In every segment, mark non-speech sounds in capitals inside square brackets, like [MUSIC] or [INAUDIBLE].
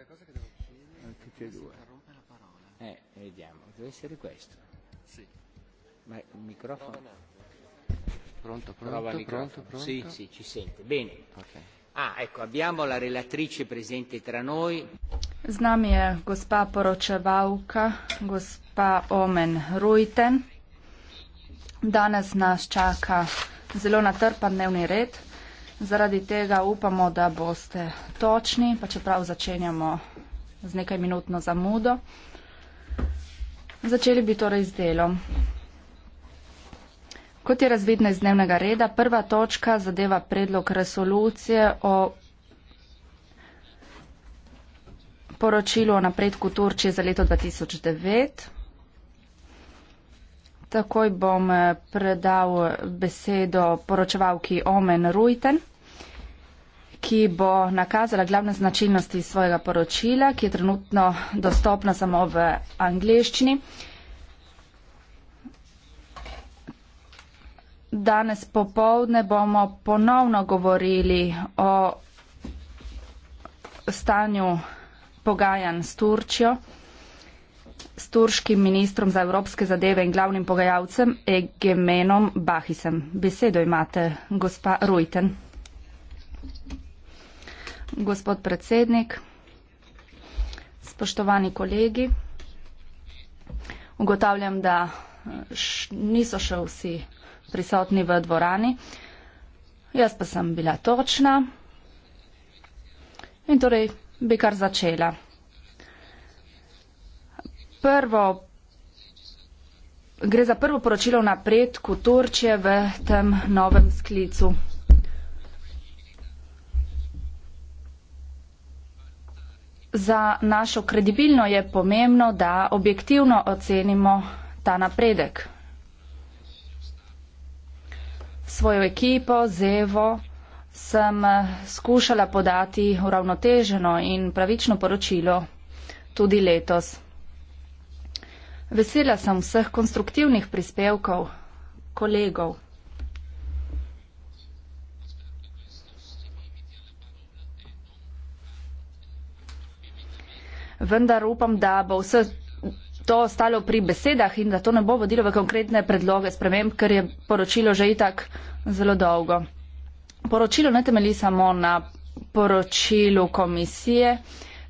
l'unica cosa che devo uscire anche eh, è che si interrompe la parola. Eh, vediamo, deve essere questo. Sì. Ma il microfono. Pronto, pronto, Prova pronto, pronto, pronto. Sì, sì, ci sente. Bene. Okay. Ah, ecco, abbiamo la relatrice presente tra noi. Z nami je gospa Poročevalka, gospa Omen Ruiten. Danes nas čaka zelo natrpan dnevni red. Zaradi tega upamo, da boste točni, pa čeprav začenjamo z nekaj minutno zamudo. Začeli bi torej z delom. Kot je razvidno iz dnevnega reda, prva točka zadeva predlog resolucije o poročilu o napredku Turčije za leto 2009. Takoj bom eh, predal besedo poročevalki Omen Rujten ki bo nakazala glavne značilnosti svojega poročila, ki je trenutno dostopna samo v angleščini. Danes popovdne bomo ponovno govorili o stanju pogajanj s Turčjo, s turškim ministrom za evropske zadeve in glavnim pogajalcem Egemenom Bahisem. Besedo imate, gospa Rujten gospod predsednik, spoštovani kolegi. Ugotavljam, da niso še vsi prisotni v dvorani. Jaz pa sem bila točna in torej bi kar začela. Prvo, gre za prvo poročilo napredku Turčije v tem novem sklicu. Za našo kredibilno je pomembno, da objektivno ocenimo ta napredek. Svojo ekipo, Zevo, sem eh, skušala podati uravnoteženo in pravično poročilo tudi letos. Vesela sem vseh konstruktivnih prispevkov kolegov. vendar upam, da bo vse to ostalo pri besedah in da to ne bo vodilo v konkretne predloge sprememb, ker je poročilo že itak zelo dolgo. Poročilo ne temeli samo na poročilu komisije,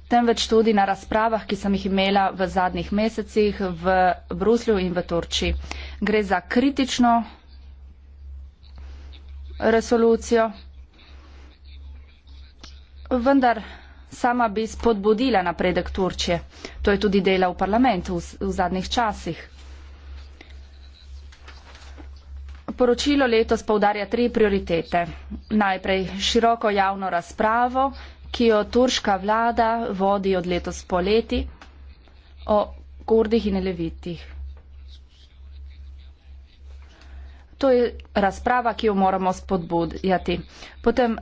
temveč tudi na razpravah, ki sem jih imela v zadnjih mesecih v Bruslju in v Turčiji. Gre za kritično resolucijo, vendar sama bi spodbudila napredek Turčije. To je tudi dela v parlamentu v, v zadnjih časih. Poročilo letos povdarja tri prioritete. Najprej široko javno razpravo, ki jo turška vlada vodi od letos poleti o kurdih in levitih. To je razprava, ki jo moramo spodbudjati. Potem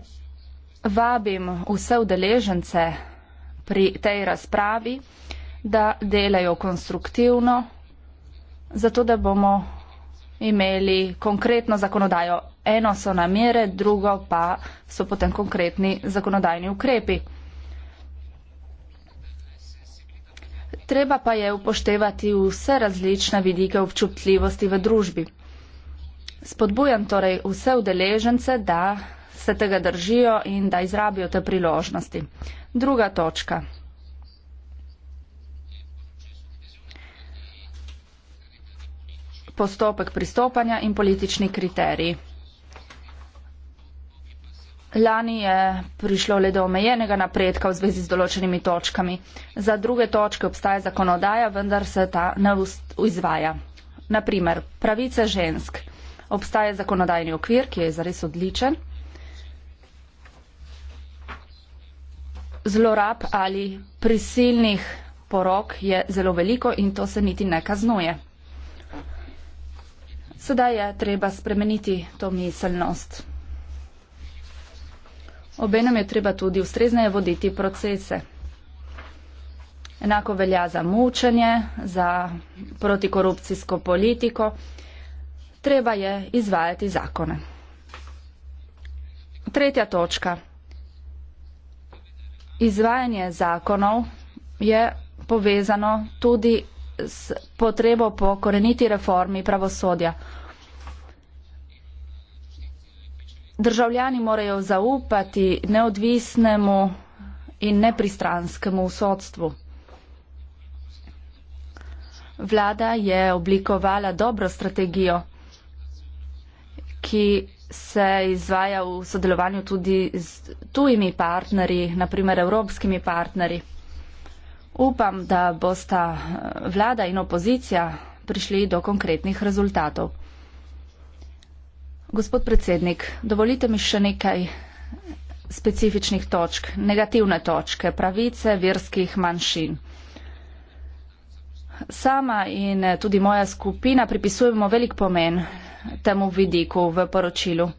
vabim vse udeležence pri tej razpravi, da delajo konstruktivno, zato da bomo imeli konkretno zakonodajo. Eno so namere, drugo pa so potem konkretni zakonodajni ukrepi. Treba pa je upoštevati vse različne vidike občutljivosti v družbi. Spodbujam torej vse udeležence, da se tega držijo in da izrabijo te priložnosti. Druga točka. Postopek pristopanja in politični kriteriji. Lani je prišlo le do omejenega napredka v zvezi z določenimi točkami. Za druge točke obstaja zakonodaja, vendar se ta ne izvaja. Naprimer, pravice žensk. Obstaja zakonodajni okvir, ki je zares odličen, zlorab ali prisilnih porok je zelo veliko in to se niti ne kaznuje. Sedaj je treba spremeniti to miselnost. Obenem je treba tudi ustrezneje voditi procese. Enako velja za mučenje, za protikorupcijsko politiko. Treba je izvajati zakone. Tretja točka. Izvajanje zakonov je povezano tudi s potrebo po koreniti reformi pravosodja. Državljani morajo zaupati neodvisnemu in nepristranskemu sodstvu. Vlada je oblikovala dobro strategijo, ki se izvaja v sodelovanju tudi z tujimi partnerji, naprimer evropskimi partnerji. Upam, da bosta eh, vlada in opozicija prišli do konkretnih rezultatov. Gospod predsednik, dovolite mi še nekaj specifičnih točk, negativne točke, pravice verskih manjšin. Sama in tudi moja skupina pripisujemo velik pomen temu vidiku v poročilu.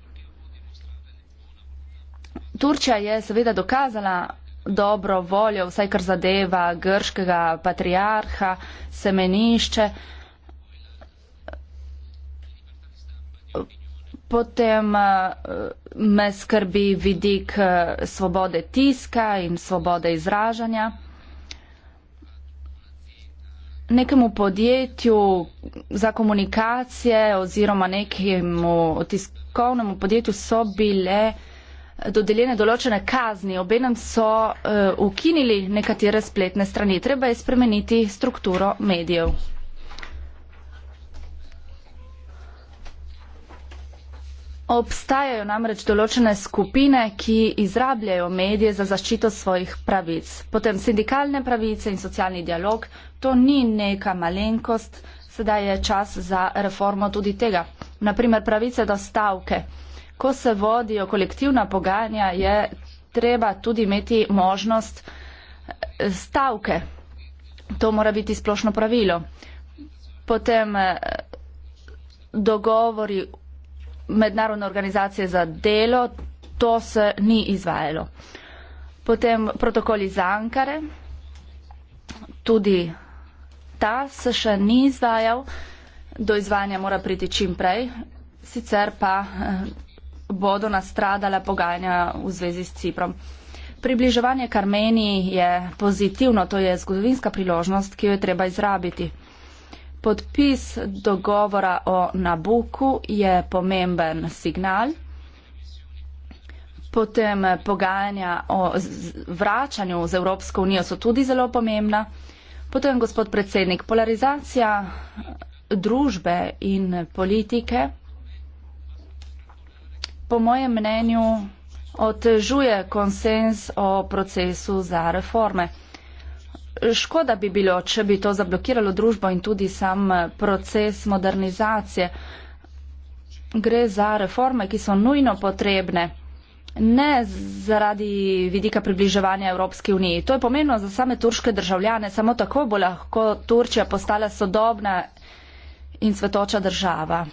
Turčija je seveda dokazala dobro voljo, vsaj kar zadeva grškega patriarha, semenišče. Potem eh, me skrbi vidik eh, svobode tiska in svobode izražanja nekemu podjetju za komunikacije oziroma nekemu tiskovnemu podjetju so bile dodeljene določene kazni. Obenem so uh, ukinili nekatere spletne strani. Treba je spremeniti strukturo medijev. Obstajajo namreč določene skupine, ki izrabljajo medije za zaščito svojih pravic. Potem sindikalne pravice in socialni dialog, to ni neka malenkost, sedaj je čas za reformo tudi tega. Naprimer pravice do stavke. Ko se vodijo kolektivna pogajanja, je treba tudi imeti možnost eh, stavke. To mora biti splošno pravilo. Potem eh, dogovori mednarodne organizacije za delo, to se ni izvajalo. Potem protokoli za Ankare, tudi ta se še ni izvajal, do izvajanja mora priti čim prej, sicer pa eh, bodo nastradala pogajanja v zvezi s Ciprom. Približevanje Karmeniji je pozitivno, to je zgodovinska priložnost, ki jo je treba izrabiti. Podpis dogovora o Nabuku je pomemben signal. Potem pogajanja o vračanju z Evropsko unijo so tudi zelo pomembna. Potem, gospod predsednik, polarizacija družbe in politike po mojem mnenju otežuje konsens o procesu za reforme. Škoda bi bilo, če bi to zablokiralo družbo in tudi sam eh, proces modernizacije. Gre za reforme, ki so nujno potrebne, ne zaradi vidika približevanja Evropski uniji. To je pomenilo za same turške državljane, samo tako bo lahko Turčija postala sodobna in svetoča država.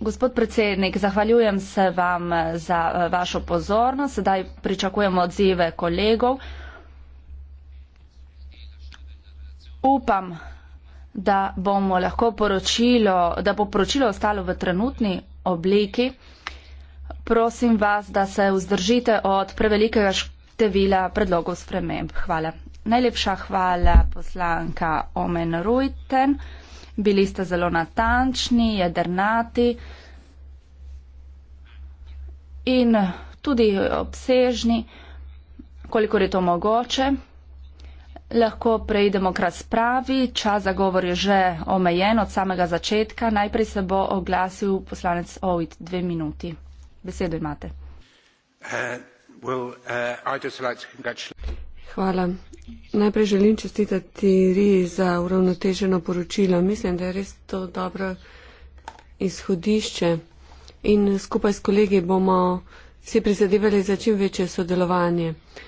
Gospod predsednik, zahvaljujem se vam eh, za eh, vašo pozornost, sedaj pričakujem odzive kolegov. upam, da bomo lahko poročilo, da bo poročilo ostalo v trenutni obliki. Prosim vas, da se vzdržite od prevelikega števila predlogov sprememb. Hvala. Najlepša hvala poslanka Omen Rujten. Bili ste zelo natančni, jedrnati in tudi obsežni, kolikor je to mogoče. Lahko preidemo k razpravi. Čas za govor je že omejen od samega začetka. Najprej se bo oglasil poslanec Ovid. Dve minuti. Besedo imate. Uh, well, uh, like Hvala. Najprej želim čestitati RI za uravnoteženo poročilo. Mislim, da je res to dobro izhodišče. In skupaj s kolegi bomo si prizadevali za čim večje sodelovanje. Uh,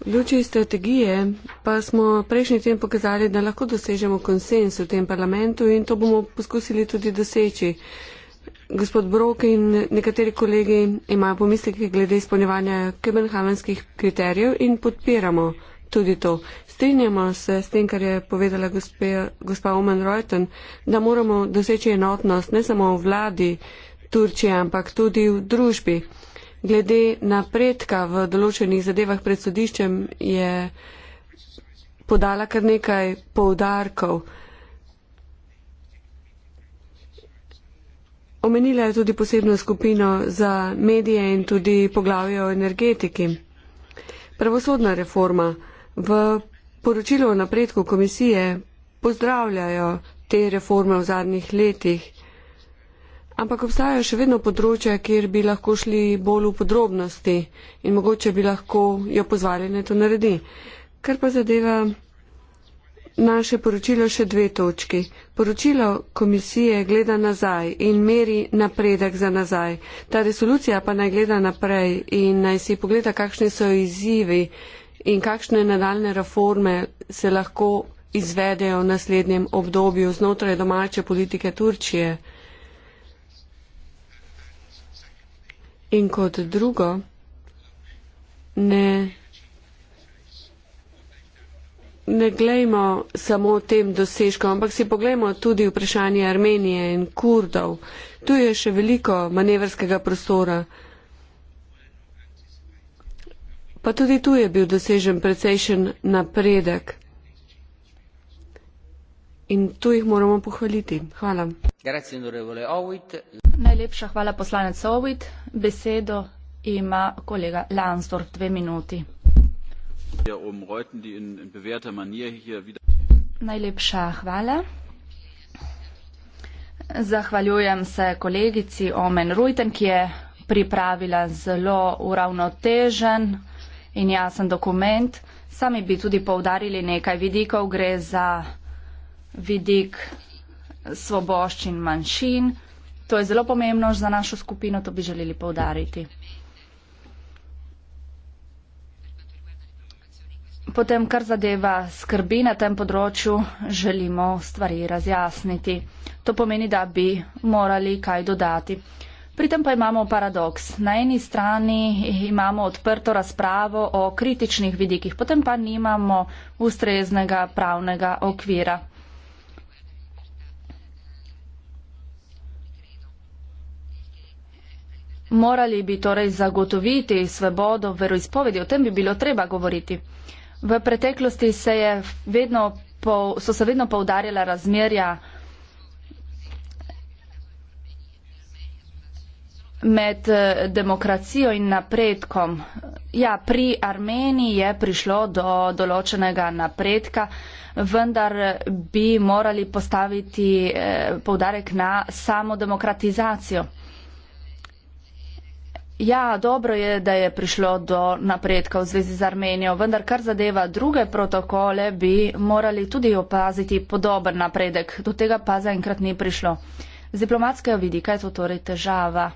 V luči strategije pa smo prejšnji tem pokazali, da lahko dosežemo konsens v tem parlamentu in to bomo poskusili tudi doseči. Gospod Brok in nekateri kolegi imajo pomisleke glede izpolnjevanja kebenhavenskih kriterijev in podpiramo tudi to. Strinjamo se s tem, kar je povedala gospe, gospa Omen Reuten, da moramo doseči enotnost ne samo v vladi Turčije, ampak tudi v družbi glede napredka v določenih zadevah pred sodiščem je podala kar nekaj poudarkov. Omenila je tudi posebno skupino za medije in tudi poglavje o energetiki. Pravosodna reforma v poročilu o napredku komisije pozdravljajo te reforme v zadnjih letih. Ampak obstajajo še vedno področja, kjer bi lahko šli bolj v podrobnosti in mogoče bi lahko jo pozvali, da to naredi. Kar pa zadeva naše poročilo še dve točki. Poročilo komisije gleda nazaj in meri napredek za nazaj. Ta resolucija pa naj gleda naprej in naj si pogleda, kakšni so izzivi in kakšne nadaljne reforme se lahko izvedejo v naslednjem obdobju znotraj domače politike Turčije. In kot drugo, ne, ne gledajmo samo tem dosežkom, ampak si pogledajmo tudi vprašanje Armenije in Kurdov. Tu je še veliko manevrskega prostora. Pa tudi tu je bil dosežen precejšen napredek in tu jih moramo pohvaliti. Hvala. Najlepša hvala poslanec Ovid. Besedo ima kolega Lansdorf, dve minuti. Ja, Najlepša hvala. Zahvaljujem se kolegici Omen Rujten, ki je pripravila zelo uravnotežen in jasen dokument. Sami bi tudi povdarili nekaj vidikov. Gre za vidik svoboščin manjšin. To je zelo pomembno za našo skupino, to bi želeli povdariti. Potem, kar zadeva skrbi na tem področju, želimo stvari razjasniti. To pomeni, da bi morali kaj dodati. Pri tem pa imamo paradoks. Na eni strani imamo odprto razpravo o kritičnih vidikih, potem pa nimamo ustreznega pravnega okvira. Morali bi torej zagotoviti svobodo veroizpovedi, o tem bi bilo treba govoriti. V preteklosti se vedno po, so se vedno poudarjala razmerja med eh, demokracijo in napredkom. Ja, pri Armeniji je prišlo do določenega napredka, vendar bi morali postaviti eh, poudarek na samo demokratizacijo. Ja, dobro je, da je prišlo do napredka v zvezi z Armenijo, vendar kar zadeva druge protokole, bi morali tudi opaziti podoben napredek. Do tega pa zaenkrat ni prišlo. Z diplomatskega vidika je to torej težava.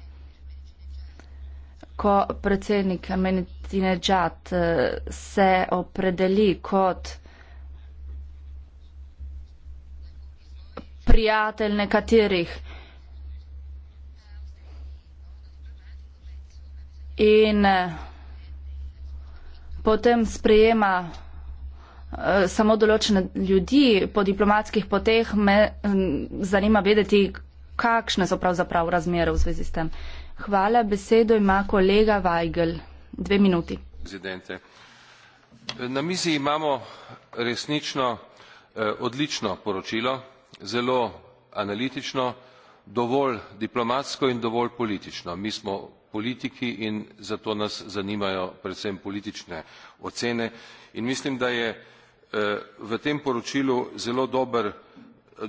Ko predsednik Menetinečat eh, se opredeli kot prijatelj nekaterih, in eh, potem sprejema eh, samo določene ljudi po diplomatskih poteh, me hm, zanima vedeti, kakšne so pravzaprav razmere v zvezi s tem. Hvala, besedo ima kolega Weigl. Dve minuti. Na mizi imamo resnično eh, odlično poročilo, zelo analitično, dovolj diplomatsko in dovolj politično. Mi smo politiki in zato nas zanimajo predvsem politične ocene in mislim da je eh, v tem poročilu zelo dober,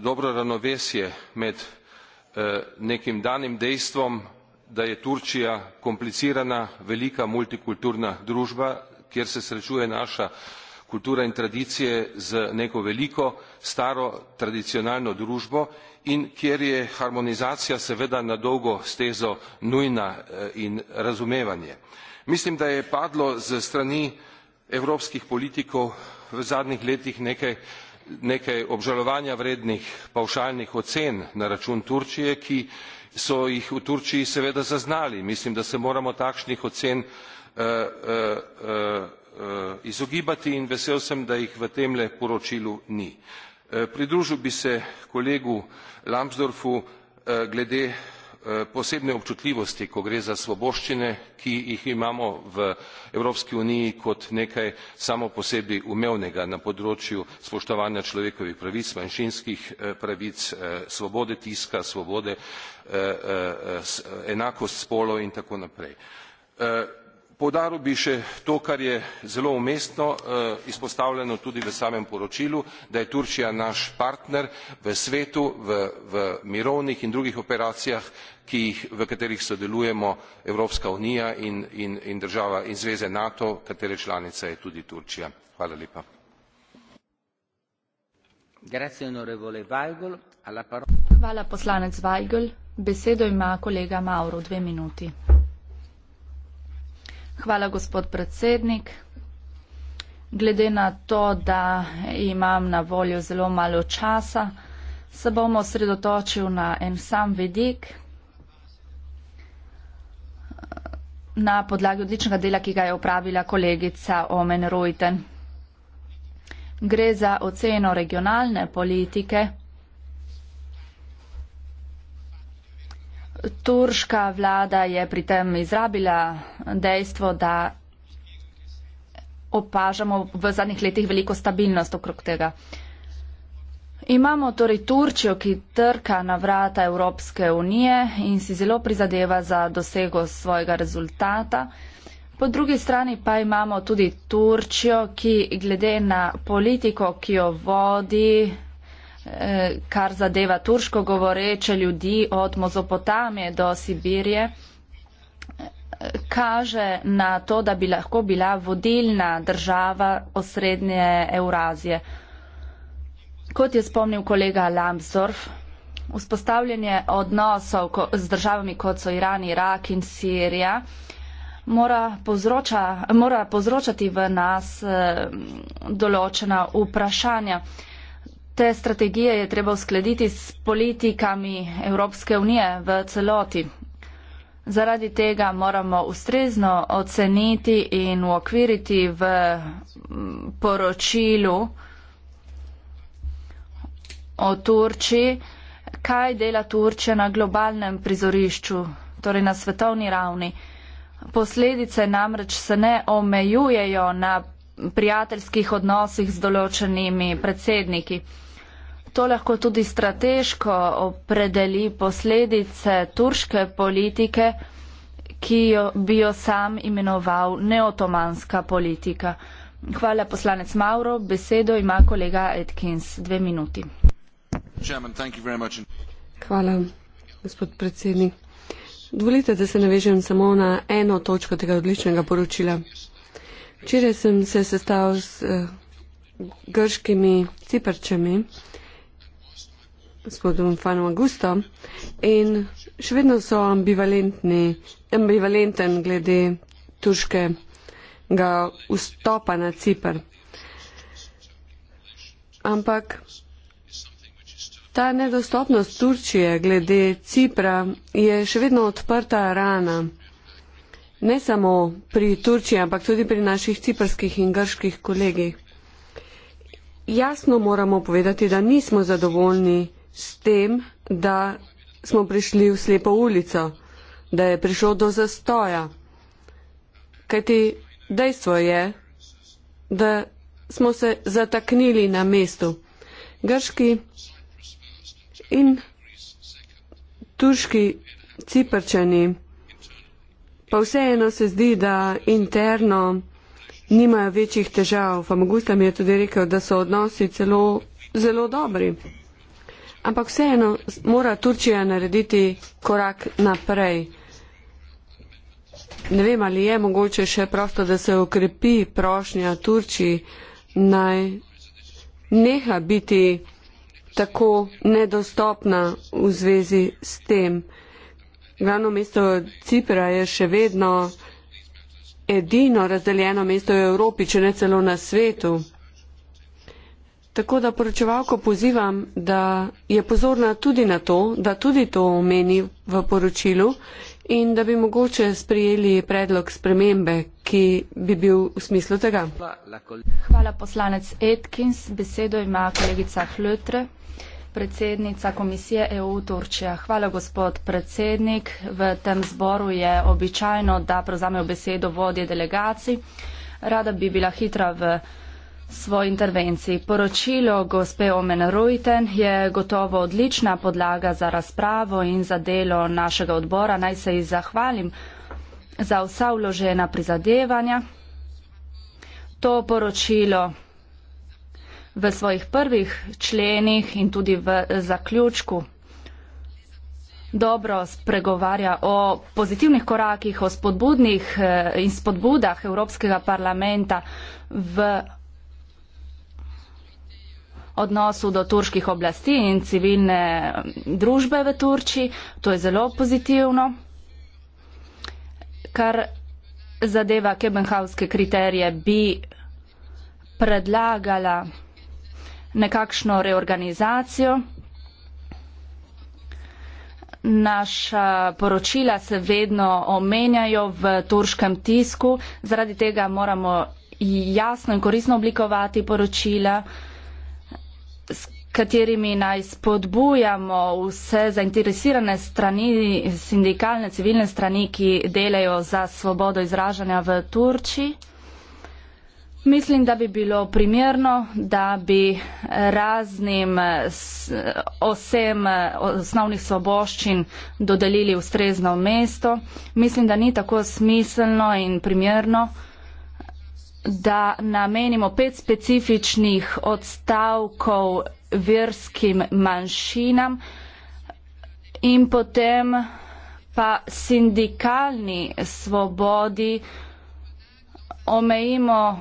dobro ravnovesje med eh, nekim danim dejstvom da je Turčija komplicirana, velika multikulturna družba, kjer se srečuje naša kultura in tradicije z neko veliko staro tradicionalno družbo in kjer je harmonizacija seveda na dolgo stezo nujna eh, in razumevanje. mislim da je padlo s strani evropskih politikov v zadnjih letih nekaj nekaj obžalovanja vrednih pavšalnih ocen na račun turčije ki so jih v turčiji seveda zaznali mislim da se moramo takšnih ocen eh, eh, Eh, izogibati in vesel sem da jih v temle poročilu ni. Eh, pridružil bi se kolegu lambsdorffu eh, glede posebne občutljivosti ko gre za svoboščine ki jih imamo v evropski uniji kot nekaj samo po sebi umevnega na področju spoštovanja človekovih pravic manjšinskih pravic svobode tiska svobode enakost spolov in tako naprej poudaril bi še to kar je zelo umestno eh, izpostavljeno tudi v samem poročilu da je turčija naš partner v svetu v mirovnih in drugih operacijah v katerih sodelujemo evropska unija in država in zveze nato katere članica je tudi turčija. Hvala, gospod predsednik. Glede na to, da imam na voljo zelo malo časa, se bom osredotočil na en sam vidik. na podlagi odličnega dela, ki ga je opravila kolegica Omen Rojten. Gre za oceno regionalne politike. turška vlada je pri tem izrabila dejstvo, da opažamo v zadnjih letih veliko stabilnost okrog tega. Imamo torej Turčijo, ki trka na vrata Evropske unije in si zelo prizadeva za dosego svojega rezultata. Po drugi strani pa imamo tudi Turčijo, ki glede na politiko, ki jo vodi, Eh, kar zadeva turško govoreče ljudi od Mozopotamije do Sibirije, kaže na to, da bi lahko bila vodilna država osrednje Eurazije. Kot je spomnil kolega Lambsdorff, vzpostavljanje odnosov z državami kot so Iran, Irak in Sirija mora, povzroča, mora povzročati v nas eh, določena vprašanja te strategije je treba uskladiti s politikami Evropske unije v celoti. Zaradi tega moramo ustrezno oceniti in uokviriti v poročilu o Turčiji, kaj dela Turčija na globalnem prizorišču, torej na svetovni ravni. Posledice namreč se ne omejujejo na prijateljskih odnosih z določenimi predsedniki to lahko tudi strateško opredeli posledice turške politike, ki jo bi jo sam imenoval neotomanska politika. Hvala poslanec Mauro. Besedo ima kolega Atkins. Dve minuti. Hvala, gospod predsednik. Dovolite, da se navežem samo na eno točko tega odličnega poročila. Včeraj sem se sestal s eh, grškimi ciparčami gospodom Fanom Augusto in še vedno so ambivalentni, ambivalenten glede turškega vstopa na Cipr. Ampak ta nedostopnost Turčije glede Cipra je še vedno odprta rana. Ne samo pri Turčiji, ampak tudi pri naših ciprskih in grških kolegih. Jasno moramo povedati, da nismo zadovoljni s tem, da smo prišli v slepo ulico, da je prišlo do zastoja. Kajti dejstvo je, da smo se zataknili na mestu. Grški in turški ciprčani pa vseeno se zdi, da interno nimajo večjih težav. Famagusta mi je tudi rekel, da so odnosi celo zelo dobri ampak vseeno mora Turčija narediti korak naprej. Ne vem, ali je mogoče še prosto, da se okrepi prošnja Turčiji naj neha biti tako nedostopna v zvezi s tem. Glavno mesto Cipra je še vedno edino razdeljeno mesto v Evropi, če ne celo na svetu. Tako da poročevalko pozivam, da je pozorna tudi na to, da tudi to omeni v poročilu in da bi mogoče sprijeli predlog spremembe, ki bi bil v smislu tega. Hvala poslanec Atkins. Besedo ima kolegica Hlutre, predsednica komisije EU Turčija. Hvala gospod predsednik. V tem zboru je običajno, da prozamejo besedo vodje delegacij. Rada bi bila hitra v svoji intervenciji. Poročilo gospe Omen Rojten je gotovo odlična podlaga za razpravo in za delo našega odbora. Naj se ji zahvalim za vsa vložena prizadevanja. To poročilo v svojih prvih členih in tudi v zaključku dobro spregovarja o pozitivnih korakih, o spodbudnih eh, in spodbudah Evropskega parlamenta v odnosu do turških oblasti in civilne družbe v Turčiji. To je zelo pozitivno. Kar zadeva kebenhavske kriterije, bi predlagala nekakšno reorganizacijo. Naša poročila se vedno omenjajo v turškem tisku, zaradi tega moramo jasno in korisno oblikovati poročila s katerimi naj spodbujamo vse zainteresirane strani, sindikalne, civilne strani, ki delajo za svobodo izražanja v Turčiji. Mislim, da bi bilo primerno, da bi raznim osem osnovnih svoboščin dodelili ustrezno mesto. Mislim, da ni tako smiselno in primerno, da namenimo pet specifičnih odstavkov verskim manjšinam in potem pa sindikalni svobodi omejimo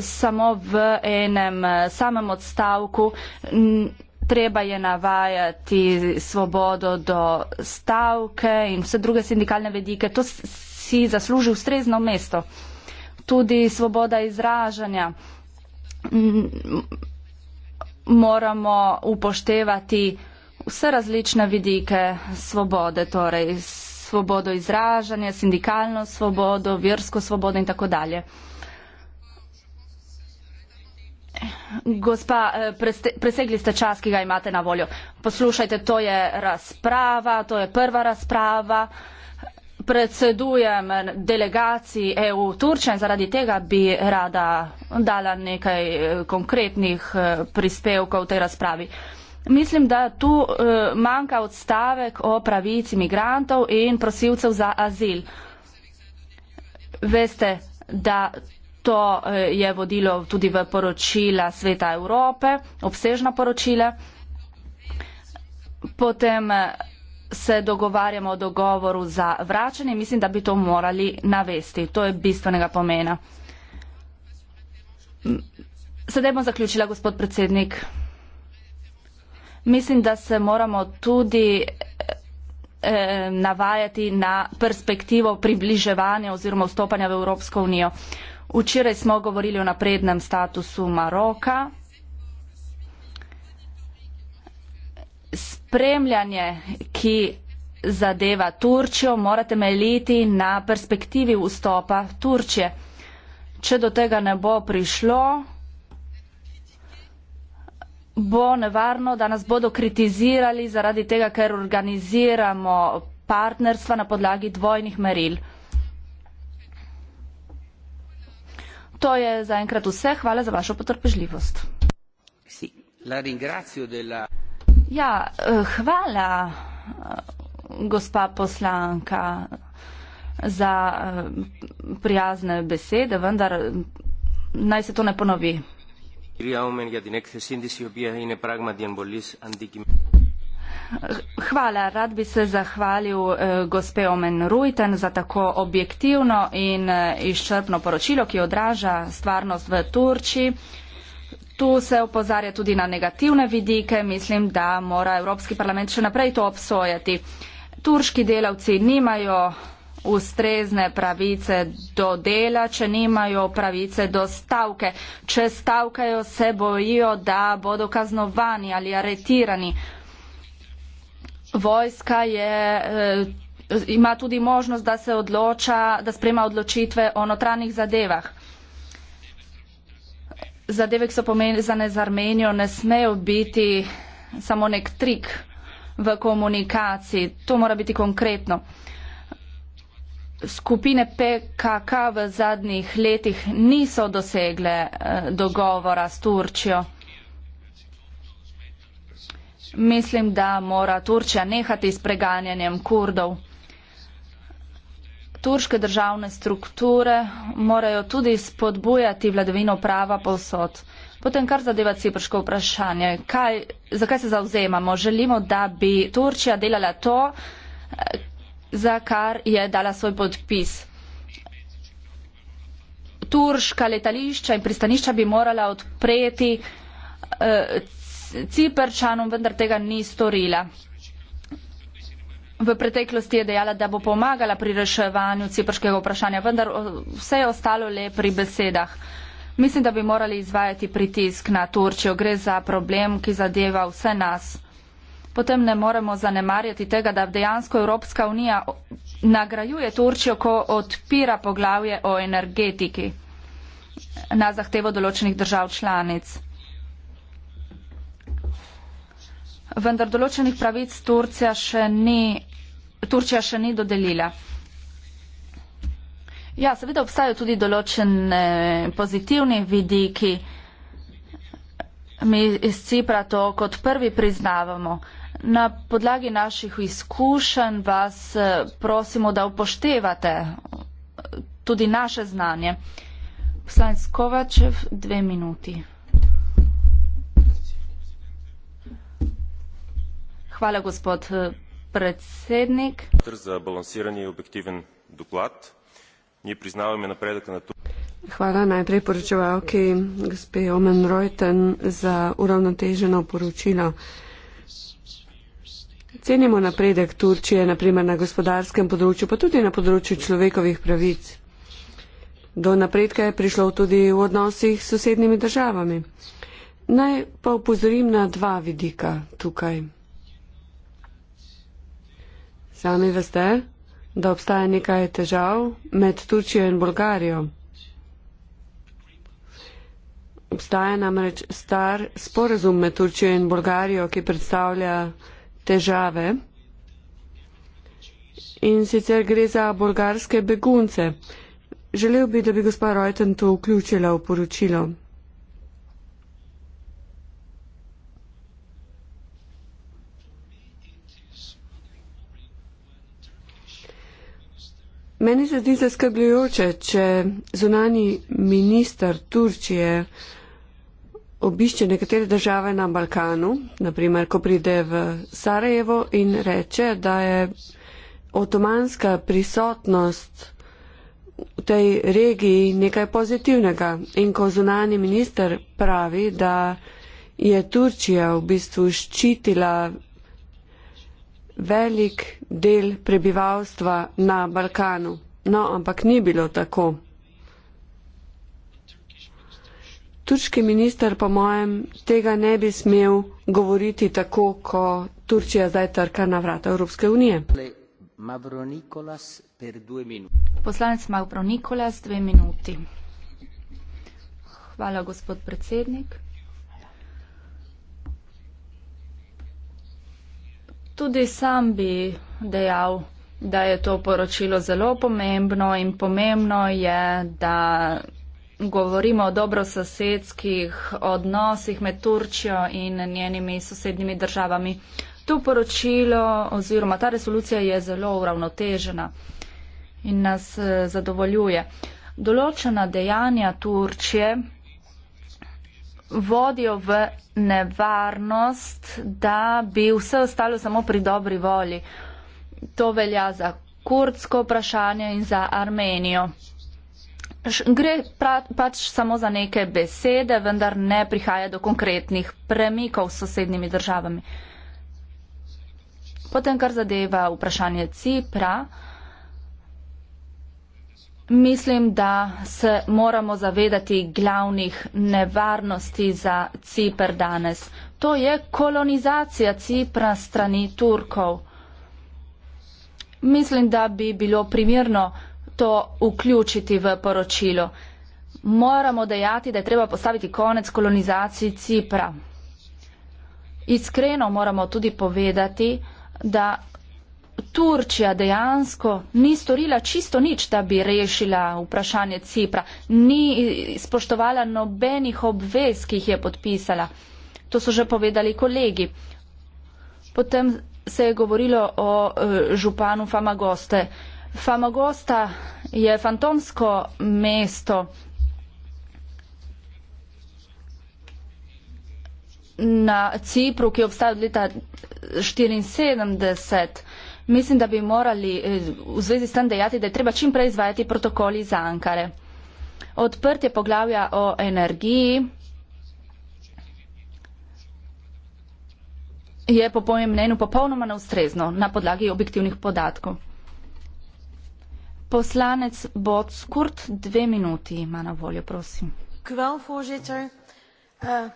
samo v enem eh, samem odstavku. Treba je navajati svobodo do stavke in vse druge sindikalne vedike. To si zasluži ustrezno mesto tudi svoboda izražanja. Moramo upoštevati vse različne vidike svobode, torej svobodo izražanja, sindikalno svobodo, versko svobodo in tako dalje. Gospa, eh, presegli ste čas, ki ga imate na voljo. Poslušajte, to je razprava, to je prva razprava predsedujem delegaciji EU Turčja in zaradi tega bi rada dala nekaj eh, konkretnih eh, prispevkov v tej razpravi. Mislim, da tu eh, manjka odstavek o pravici migrantov in prosilcev za azil. Veste, da to je vodilo tudi v poročila Sveta Evrope, obsežna poročila. Potem se dogovarjamo o dogovoru za vračanje, mislim, da bi to morali navesti. To je bistvenega pomena. Sedaj bom zaključila, gospod predsednik. Mislim, da se moramo tudi eh, navajati na perspektivo približevanja oziroma vstopanja v Evropsko unijo. Včeraj smo govorili o naprednem statusu Maroka spremljanje, ki zadeva Turčjo, morate meliti na perspektivi vstopa Turčje. Če do tega ne bo prišlo, bo nevarno, da nas bodo kritizirali zaradi tega, ker organiziramo partnerstva na podlagi dvojnih meril. To je zaenkrat vse. Hvala za vašo potrpežljivost. Si. La ringrazio della... Ja, eh, hvala, eh, gospa poslanka, za eh, prijazne besede, vendar naj se to ne ponovi. Hvala, rad bi se zahvalil gospe Omen Rujten za tako objektivno in izčrpno poročilo, ki odraža stvarnost v Turčiji. Tu se opozarja tudi na negativne vidike. Mislim, da mora Evropski parlament še naprej to obsojati. Turški delavci nimajo ustrezne pravice do dela, če nimajo pravice do stavke. Če stavkajo, se bojijo, da bodo kaznovani ali aretirani. Vojska je, eh, ima tudi možnost, da se odloča, da sprema odločitve o notranjih zadevah zadeve, ki so pomenjene za Armenijo, ne smejo biti samo nek trik v komunikaciji. To mora biti konkretno. Skupine PKK v zadnjih letih niso dosegle eh, dogovora s Turčjo. Mislim, da mora Turčja nehati s preganjanjem kurdov turške državne strukture morajo tudi spodbujati vladavino prava povsod. Potem, kar zadeva ciprško vprašanje, kaj, zakaj se zauzemamo? Želimo, da bi Turčija delala to, za kar je dala svoj podpis. Turška letališča in pristanišča bi morala odpreti eh, Ciprčanom, vendar tega ni storila. V preteklosti je dejala, da bo pomagala pri reševanju ciprškega vprašanja, vendar vse je ostalo le pri besedah. Mislim, da bi morali izvajati pritisk na Turčijo. Gre za problem, ki zadeva vse nas. Potem ne moremo zanemarjati tega, da dejansko Evropska unija nagrajuje Turčijo, ko odpira poglavje o energetiki na zahtevo določenih držav članic. Vendar določenih pravic Turčija še ni Turčija še ni dodelila. Ja, seveda obstajajo tudi določene pozitivni vidiki. Mi iz Cipra to kot prvi priznavamo. Na podlagi naših izkušenj vas eh, prosimo, da upoštevate tudi naše znanje. Poslanec Kovačev, dve minuti. Hvala, gospod eh, predsednik. Za balansiran in objektiven doklad. Mi priznavamo napredek na to. Hvala najprej poročevalki, gospe Omen Reuten, za uravnoteženo poročilo. Cenimo napredek Turčije, naprimer na gospodarskem področju, pa tudi na področju človekovih pravic. Do napredka je prišlo tudi v odnosih s sosednjimi državami. Naj pa upozorim na dva vidika tukaj. Sami veste, da obstaja nekaj težav med Turčijo in Bolgarijo. Obstaja namreč star sporazum med Turčijo in Bolgarijo, ki predstavlja težave. In sicer gre za bolgarske begunce. Želel bi, da bi gospa Rojten to vključila v poročilo. Meni se zdi zaskrbljujoče, če zunani minister Turčije obišče nekatere države na Balkanu, naprimer, ko pride v Sarajevo in reče, da je otomanska prisotnost v tej regiji nekaj pozitivnega. In ko zunani minister pravi, da je Turčija v bistvu ščitila velik del prebivalstva na Balkanu. No, ampak ni bilo tako. Turški minister, po mojem, tega ne bi smel govoriti tako, ko Turčija zdaj trka na vrata Evropske unije. Poslanec Mavro Nikolas, dve minuti. Hvala, gospod predsednik. tudi sam bi dejal, da je to poročilo zelo pomembno in pomembno je, da govorimo o dobrososedskih odnosih med Turčjo in njenimi sosednjimi državami. To poročilo oziroma ta resolucija je zelo uravnotežena in nas eh, zadovoljuje. Določena dejanja Turčje vodijo v nevarnost, da bi vse ostalo samo pri dobri volji. To velja za kurdsko vprašanje in za Armenijo. Gre pra, pač samo za neke besede, vendar ne prihaja do konkretnih premikov s sosednjimi državami. Potem, kar zadeva vprašanje Cipra, uh, mislim, da se moramo zavedati glavnih nevarnosti za Cipr danes. To je kolonizacija Cipra strani Turkov. Mislim, da bi bilo primirno to vključiti v poročilo. Moramo dejati, da je treba postaviti konec kolonizaciji Cipra. Iskreno moramo tudi povedati, da Turčija dejansko ni storila čisto nič, da bi rešila vprašanje Cipra, ni spoštovala nobenih obvez, ki jih je podpisala. To so že povedali kolegi. Potem se je govorilo o e, županu Famagoste. Famagosta je fantomsko mesto. Na Cipru, ki je obstajal od leta 1974, mislim, da bi morali eh, v zvezi s tem dejati, da je treba čim prej izvajati protokoli za Ankare. Odprtje poglavja o energiji je po mojem mnenju popolnoma neustrezno na podlagi objektivnih podatkov. Poslanec Bockurt, dve minuti ima na voljo, prosim. Eh,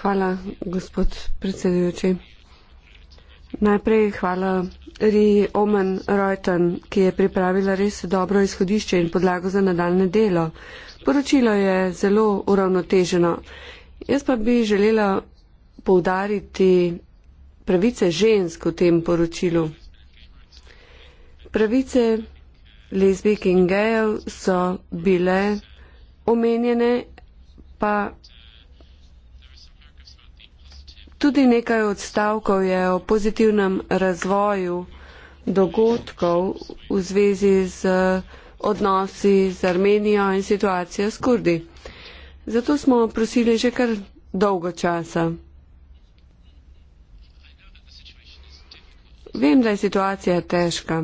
Hvala, gospod predsedujoči. Najprej hvala Ri Omen Reuten, ki je pripravila res dobro izhodišče in podlago za nadaljne delo. Poročilo je zelo uravnoteženo. Jaz pa bi želela poudariti pravice žensk v tem poročilu. Pravice lezbijk in gejev so bile omenjene, pa Tudi nekaj odstavkov je o pozitivnem razvoju dogodkov v zvezi z odnosi z Armenijo in situacijo s Kurdi. Zato smo prosili že kar dolgo časa. Vem, da je situacija težka.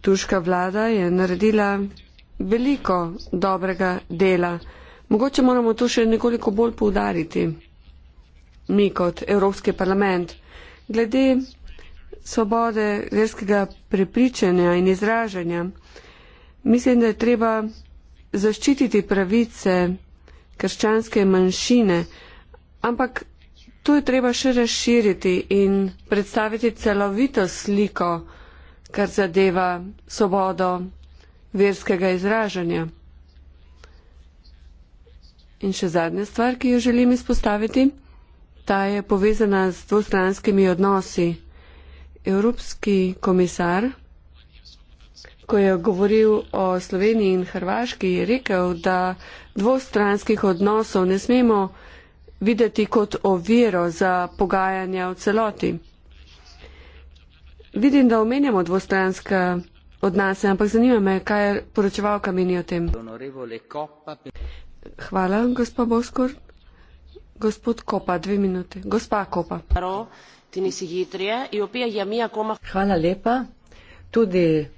Turška vlada je naredila veliko dobrega dela. Mogoče moramo to še nekoliko bolj poudariti, mi kot Evropski parlament, glede svobode verskega prepričanja in izražanja. Mislim, da je treba zaščititi pravice krščanske manjšine, ampak to je treba še razširiti in predstaviti celovito sliko, kar zadeva svobodo verskega izražanja. In še zadnja stvar, ki jo želim izpostaviti, ta je povezana z dvostranskimi odnosi. Evropski komisar, ko je govoril o Sloveniji in Hrvaški, je rekel, da dvostranskih odnosov ne smemo videti kot oviro za pogajanja v celoti. Vidim, da omenjamo dvostranska odnose, ampak zanima me, kaj poročevalka meni o tem. Hvala, gospa Boskor. Gospod Kopa, dve minute. Gospa Kopa. Hvala lepa. Tudi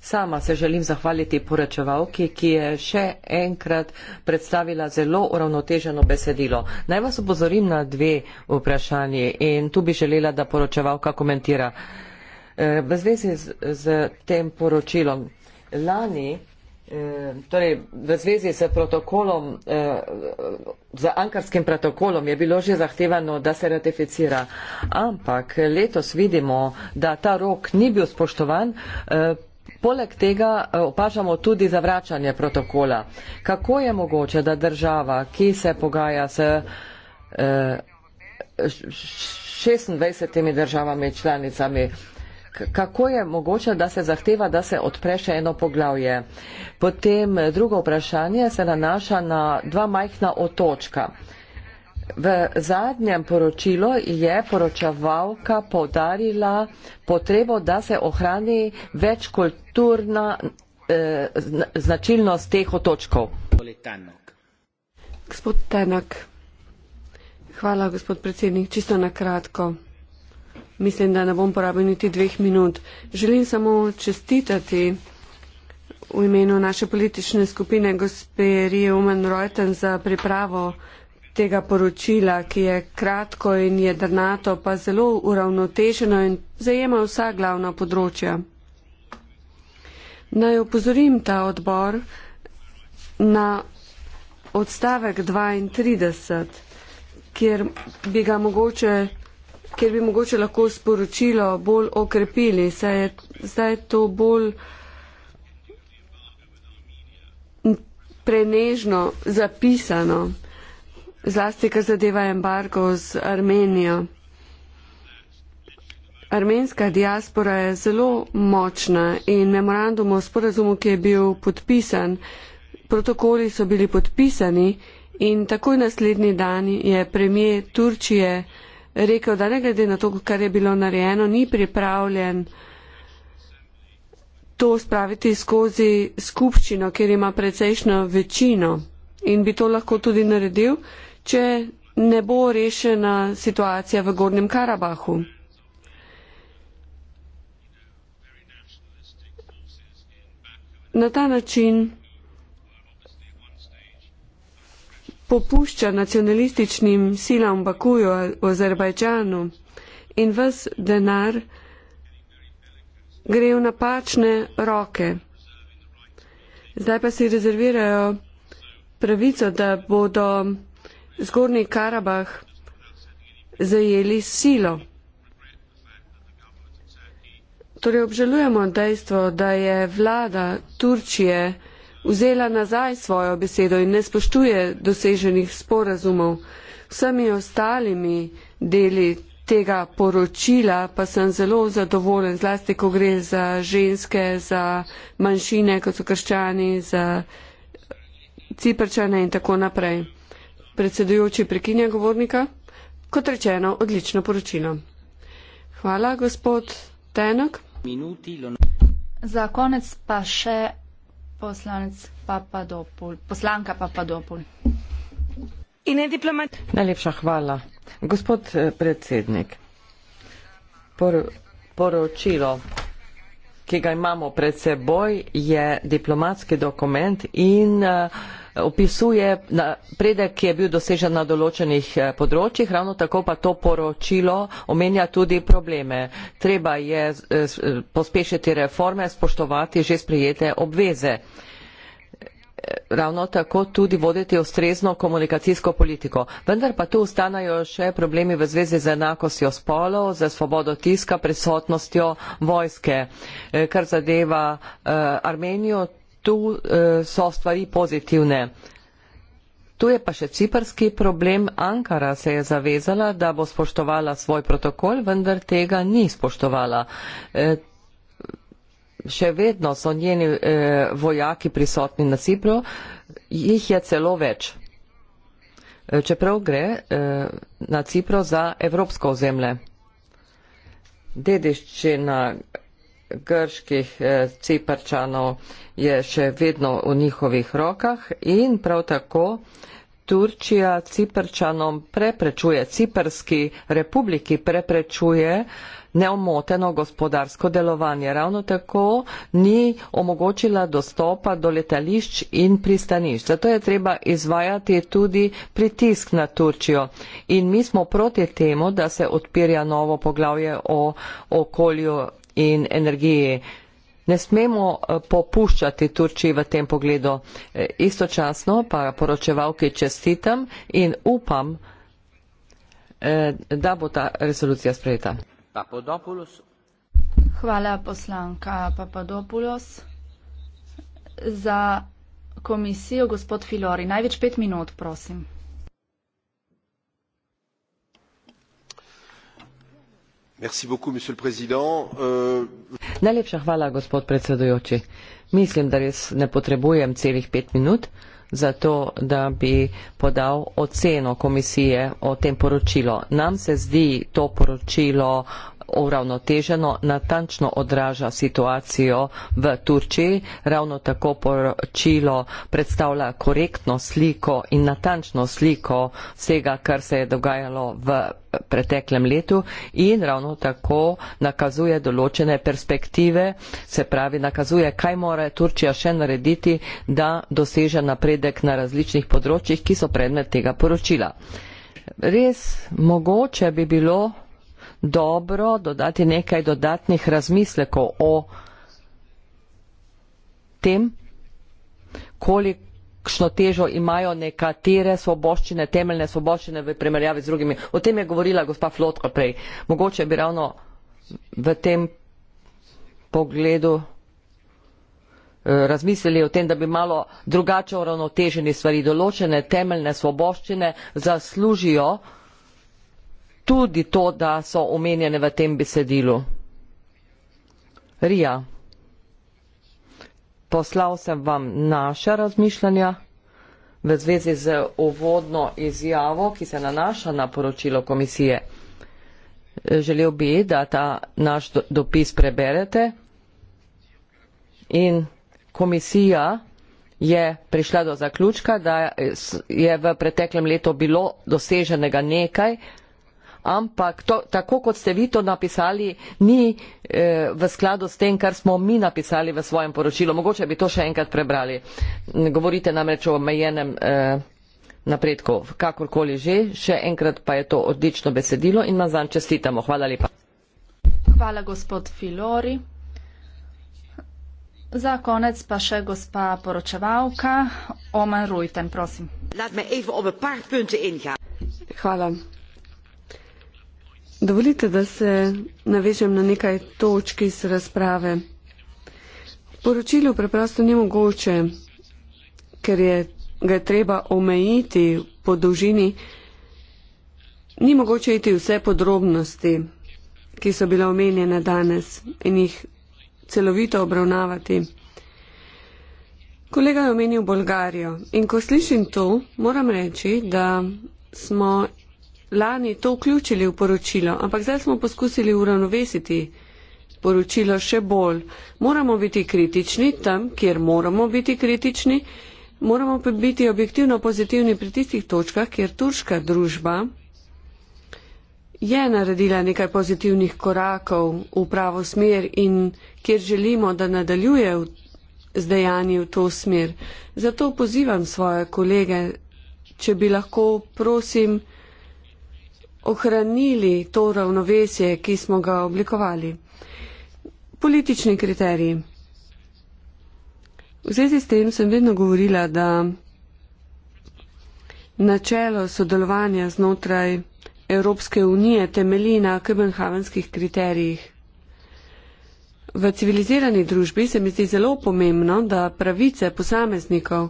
sama se želim zahvaliti poročevalki, ki je še enkrat predstavila zelo uravnoteženo besedilo. Naj vas upozorim na dve vprašanje in tu bi želela, da poročevalka komentira. Eh, v zvezi z, z tem poročilom. Lani Eh, torej, v zvezi s protokolom, eh, z ankarskim protokolom je bilo že zahtevano, da se ratificira, ampak letos vidimo, da ta rok ni bil spoštovan. Eh, poleg tega opažamo tudi zavračanje protokola. Kako je mogoče, da država, ki se pogaja s 26 državami članicami, kako je mogoče, da se zahteva, da se odpre še eno poglavje. Potem drugo vprašanje se nanaša na dva majhna otočka. V zadnjem poročilu je poročavalka podarila potrebo, da se ohrani večkulturna eh, značilnost teh otočkov. Gospod Tenak, hvala gospod predsednik, čisto na kratko mislim, da ne bom porabil niti dveh minut. Želim samo čestitati v imenu naše politične skupine gospe Rije Umen Rojten za pripravo tega poročila, ki je kratko in jedrnato, pa zelo uravnoteženo in zajema vsa glavna področja. Naj upozorim ta odbor na odstavek 32, kjer bi ga mogoče kjer bi mogoče lahko sporočilo bolj okrepili. Saj je, zdaj je to bolj prenežno zapisano, zlasti kar zadeva embargo z Armenijo. Armenska diaspora je zelo močna in memorandum o sporazumu, ki je bil podpisan, protokoli so bili podpisani in takoj naslednji dan je premije Turčije rekel, da ne glede na to, kar je bilo narejeno, ni pripravljen to spraviti skozi skupščino, kjer ima precejšno večino in bi to lahko tudi naredil, če ne bo rešena situacija v Gornjem Karabahu. Na ta način popušča nacionalističnim silam v Bakuju, v Azerbajdžanu in vas denar gre v napačne roke. Zdaj pa si rezervirajo pravico, da bodo zgornji Karabah zajeli silo. Torej obžalujemo dejstvo, da je vlada Turčije vzela nazaj svojo besedo in ne spoštuje doseženih sporazumov. Vsemi ostalimi deli tega poročila pa sem zelo zadovoljen, zlasti ko gre za ženske, za manjšine, kot so krščani, za ciprčane in tako naprej. Predsedujoči prekinja govornika. Kot rečeno, odlično poročilo. Hvala, gospod Tenok. Za konec pa še poslanec Papadopul, poslanka Papadopul. In ne diplomat. Najlepša hvala. Gospod eh, predsednik, por, poročilo, ki ga imamo pred seboj, je diplomatski dokument in uh, opisuje napredek, ki je bil dosežen na določenih eh, področjih, ravno tako pa to poročilo omenja tudi probleme. Treba je eh, eh, pospešiti reforme, spoštovati že sprijete obveze. Ravno tako tudi voditi ustrezno komunikacijsko politiko. Vendar pa tu ostanajo še problemi v zvezi z enakostjo spolov, z svobodo tiska, prisotnostjo vojske. Kar zadeva Armenijo, tu uh, so stvari pozitivne. Tu je pa še ciprski problem. Ankara se je zavezala, da bo spoštovala svoj protokol, vendar tega ni spoštovala. E, še vedno so njeni e, vojaki prisotni na Cipru, jih je celo več. E, čeprav gre e, na Cipro za evropsko ozemlje. Dediščina grških eh, ciparčanov je še vedno v njihovih rokah in prav tako Turčija ciparčanom preprečuje, ciparski republiki preprečuje neomoteno gospodarsko delovanje. Ravno tako ni omogočila dostopa do letališč in pristanišč. Zato je treba izvajati tudi pritisk na Turčijo. In mi smo proti temu, da se odpirja novo poglavje o okolju in energiji. Ne smemo eh, popuščati Turčiji v tem pogledu. Eh, istočasno pa poročevalki čestitam in upam, eh, da bo ta resolucija sprejeta. Papadopoulos. Hvala poslanka Papadopoulos za komisijo, gospod Filori. Največ pet minut, prosim. Euh, Najlepša hvala, gospod predsedujoči. Mislim, da res ne potrebujem celih pet minut za to, da bi podal oceno komisije o tem poročilu. Nam se zdi to poročilo uravnoteženo, natančno odraža situacijo v Turčiji, ravno tako poročilo predstavlja korektno sliko in natančno sliko vsega, kar se je dogajalo v preteklem letu in ravno tako nakazuje določene perspektive, se pravi nakazuje, kaj mora Turčija še narediti, da doseže napredek na različnih področjih, ki so predmet tega poročila. Res mogoče bi bilo dobro dodati nekaj dodatnih razmislekov o tem, kolikšno težo imajo nekatere svoboščine, temeljne svoboščine v primerjavi z drugimi. O tem je govorila gospa Flotka prej. Mogoče bi ravno v tem pogledu eh, razmislili o tem, da bi malo drugače uravnoteženi stvari določene temeljne svoboščine zaslužijo uh, tudi to, da so omenjene v tem besedilu. Rija, poslal sem vam naša razmišljanja v zvezi z uvodno izjavo, ki se nanaša na poročilo komisije. Želel bi, da ta naš dopis preberete in komisija je prišla do zaključka, da je v preteklem letu bilo doseženega nekaj, ampak to, tako kot ste vi to napisali, ni eh, v skladu s tem, kar smo mi napisali v svojem poročilu. Mogoče bi to še enkrat prebrali. Govorite namreč o omejenem eh, napredku, kakorkoli že. Še enkrat pa je to odlično besedilo in vam zanj čestitamo. Hvala lepa. Hvala, gospod Filori. Za konec pa še gospa poročevalka Oman Rujten, prosim. Hvala. Dovolite, da se navežem na nekaj točk iz razprave. V poročilu preprosto ni mogoče, ker je, ga je treba omejiti po dolžini, ni mogoče iti vse podrobnosti, ki so bile omenjene danes in jih celovito obravnavati. Kolega je omenil Bolgarijo in ko slišim to, moram reči, da smo lani to vključili v poročilo, ampak zdaj smo poskusili uravnovesiti poročilo še bolj. Moramo biti kritični tam, kjer moramo biti kritični, moramo pa biti objektivno pozitivni pri tistih točkah, kjer turška družba je naredila nekaj pozitivnih korakov v pravo smer in kjer želimo, da nadaljuje z dejanji v to smer. Zato pozivam svoje kolege, če bi lahko, prosim, ohranili to ravnovesje, ki smo ga oblikovali. Politični kriteriji. V zvezi s tem sem vedno govorila, da načelo sodelovanja znotraj Evropske unije temelji na Köbenhavenskih kriterijih. V civilizirani družbi se mi zdi zelo pomembno, da pravice posameznikov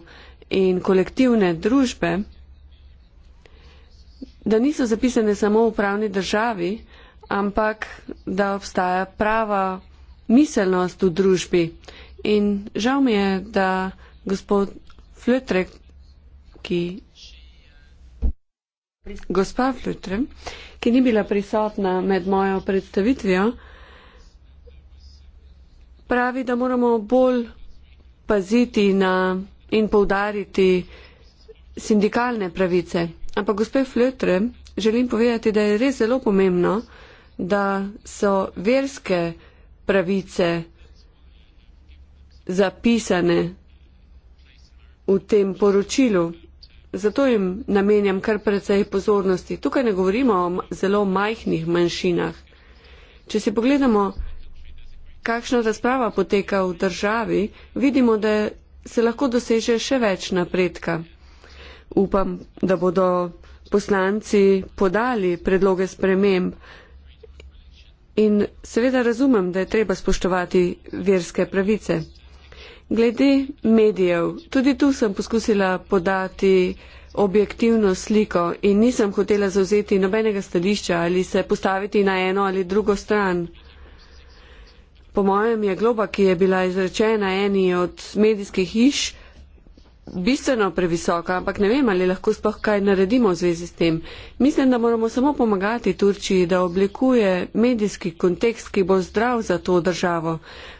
in kolektivne družbe da niso zapisane samo v pravni državi, ampak da obstaja prava miselnost v družbi. In žal mi je, da gospod Flutrek, ki. Gospa Flutrek, ki ni bila prisotna med mojo predstavitvijo, pravi, da moramo bolj paziti na in poudariti sindikalne pravice. Ampak, gospe Flötre, želim povedati, da je res zelo pomembno, da so verske pravice zapisane v tem poročilu. Zato jim namenjam kar precej pozornosti. Tukaj ne govorimo o zelo majhnih manjšinah. Če si pogledamo, kakšna razprava poteka v državi, vidimo, da se lahko doseže še več napredka upam, da bodo poslanci podali predloge sprememb. In seveda razumem, da je treba spoštovati verske pravice. Glede medijev, tudi tu sem poskusila podati objektivno sliko in nisem hotela zauzeti nobenega stališča ali se postaviti na eno ali drugo stran. Po mojem je globa, ki je bila izrečena eni od medijskih hiš, bistveno previsoka, ampak ne vem, ali lahko sploh kaj naredimo v zvezi s tem. Mislim, da moramo samo pomagati Turčiji, da oblikuje medijski kontekst, ki bo zdrav za to državo.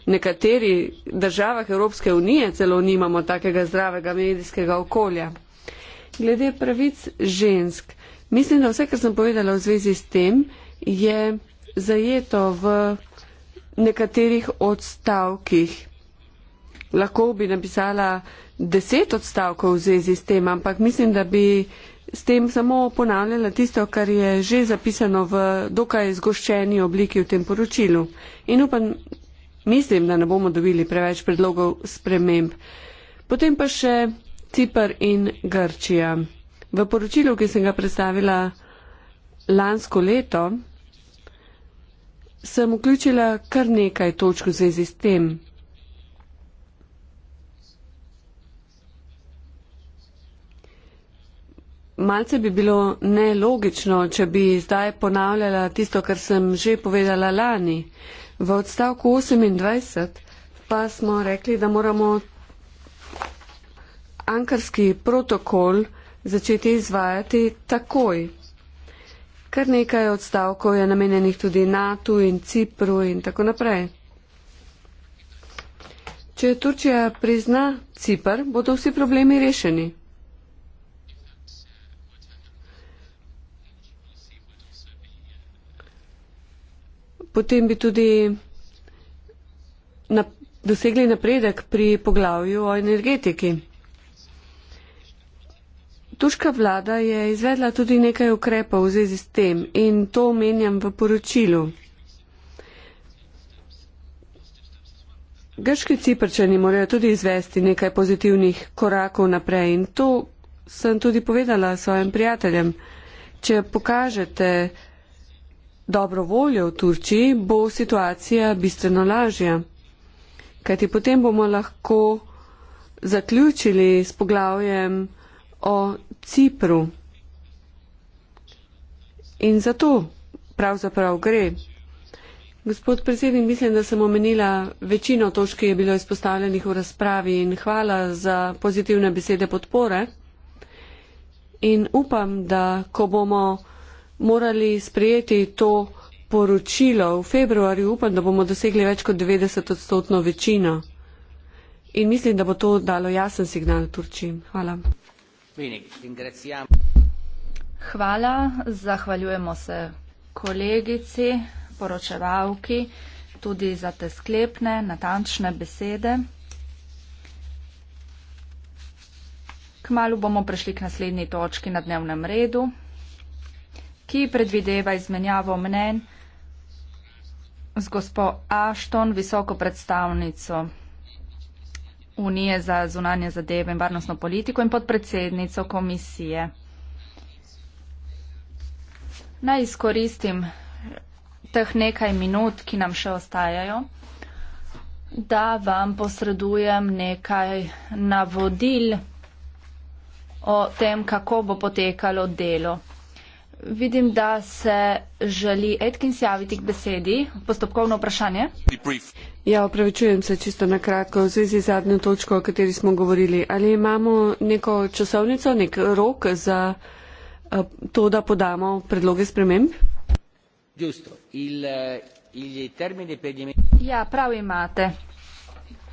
V nekateri državah Evropske unije celo nimamo takega zdravega medijskega okolja. Glede pravic žensk, mislim, da vse, kar sem povedala v zvezi s tem, je zajeto v nekaterih odstavkih. Lahko bi napisala deset odstavkov v zvezi s tem, ampak mislim, da bi s tem samo ponavljala tisto, kar je že zapisano v dokaj zgoščeni obliki v tem poročilu. In upam, mislim, da ne bomo dobili preveč predlogov sprememb. Potem pa še Cipr in Grčija. V poročilu, ki sem ga predstavila lansko leto, sem vključila kar nekaj točk v zvezi s tem. Malce bi bilo nelogično, če bi zdaj ponavljala tisto, kar sem že povedala lani. V odstavku 28 pa smo rekli, da moramo ankarski protokol začeti izvajati takoj. Kar nekaj odstavkov je namenjenih tudi NATO in Cipru in tako naprej. Če Turčija prizna Cipr, bodo vsi problemi rešeni. potem bi tudi na, dosegli napredek pri poglavju o energetiki. Tuška vlada je izvedla tudi nekaj ukrepov v zvezi s tem in to omenjam v poročilu. Grški ciprčani morajo tudi izvesti nekaj pozitivnih korakov naprej in to sem tudi povedala svojim prijateljem. Če pokažete dobro voljo v Turčiji, bo situacija bistveno lažja. Kajti potem bomo lahko zaključili s poglavjem o Cipru. In za to pravzaprav gre. Gospod predsednik, mislim, da sem omenila večino točk, ki je bilo izpostavljenih v razpravi in hvala za pozitivne besede podpore. In upam, da ko bomo morali sprejeti to poročilo v februarju, upam, da bomo dosegli več kot 90 odstotno večino. In mislim, da bo to dalo jasen signal Turčiji. Hvala. Hvala, zahvaljujemo se kolegici, poročevalki, tudi za te sklepne, natančne besede. Kmalo bomo prišli k naslednji točki na dnevnem redu ki predvideva izmenjavo mnen z gospo Ashton, visoko predstavnico Unije za zunanje zadeve in varnostno politiko in podpredsednico komisije. Naj izkoristim teh nekaj minut, ki nam še ostajajo, da vam posredujem nekaj navodil o tem, kako bo potekalo delo. Vidim, da se želi Edkins javiti k besedi. Postopkovno vprašanje. Ja, opravičujem se čisto na kratko v zvezi z zadnjo točko, o kateri smo govorili. Ali imamo neko časovnico, nek rok za eh, to, da podamo predloge sprememb? Eh, ja, prav imate.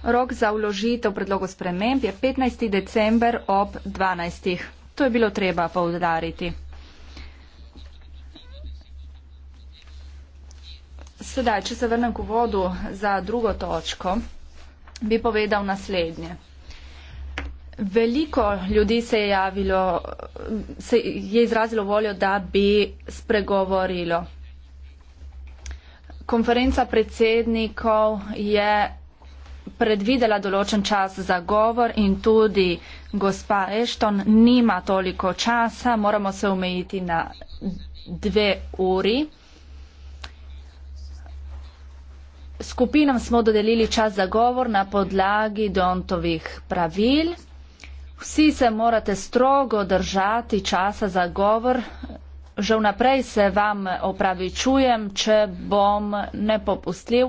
Rok za vložitev predlogov sprememb je 15. december ob 12. To je bilo treba povdariti. Sedaj, če se vrnem k uvodu za drugo točko, bi povedal naslednje. Veliko ljudi se je, javilo, se je izrazilo voljo, da bi spregovorilo. Konferenca predsednikov je predvidela določen čas za govor in tudi gospa Ešton nima toliko časa, moramo se omejiti na dve uri. skupinam smo dodelili čas za govor na podlagi Dontovih pravil. Vsi se morate strogo držati časa za govor. Že vnaprej se vam opravičujem, če bom nepopustljiv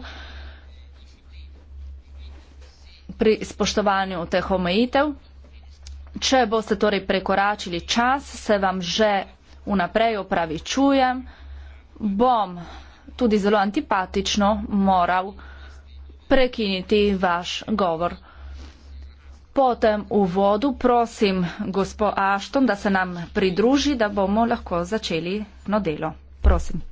pri spoštovanju teh omejitev. Če boste torej prekoračili čas, se vam že vnaprej opravičujem. Bom tudi zelo antipatično moral prekiniti vaš govor. Potem v vodu prosim gospod Ašton, da se nam pridruži, da bomo lahko začeli no delo. Prosim.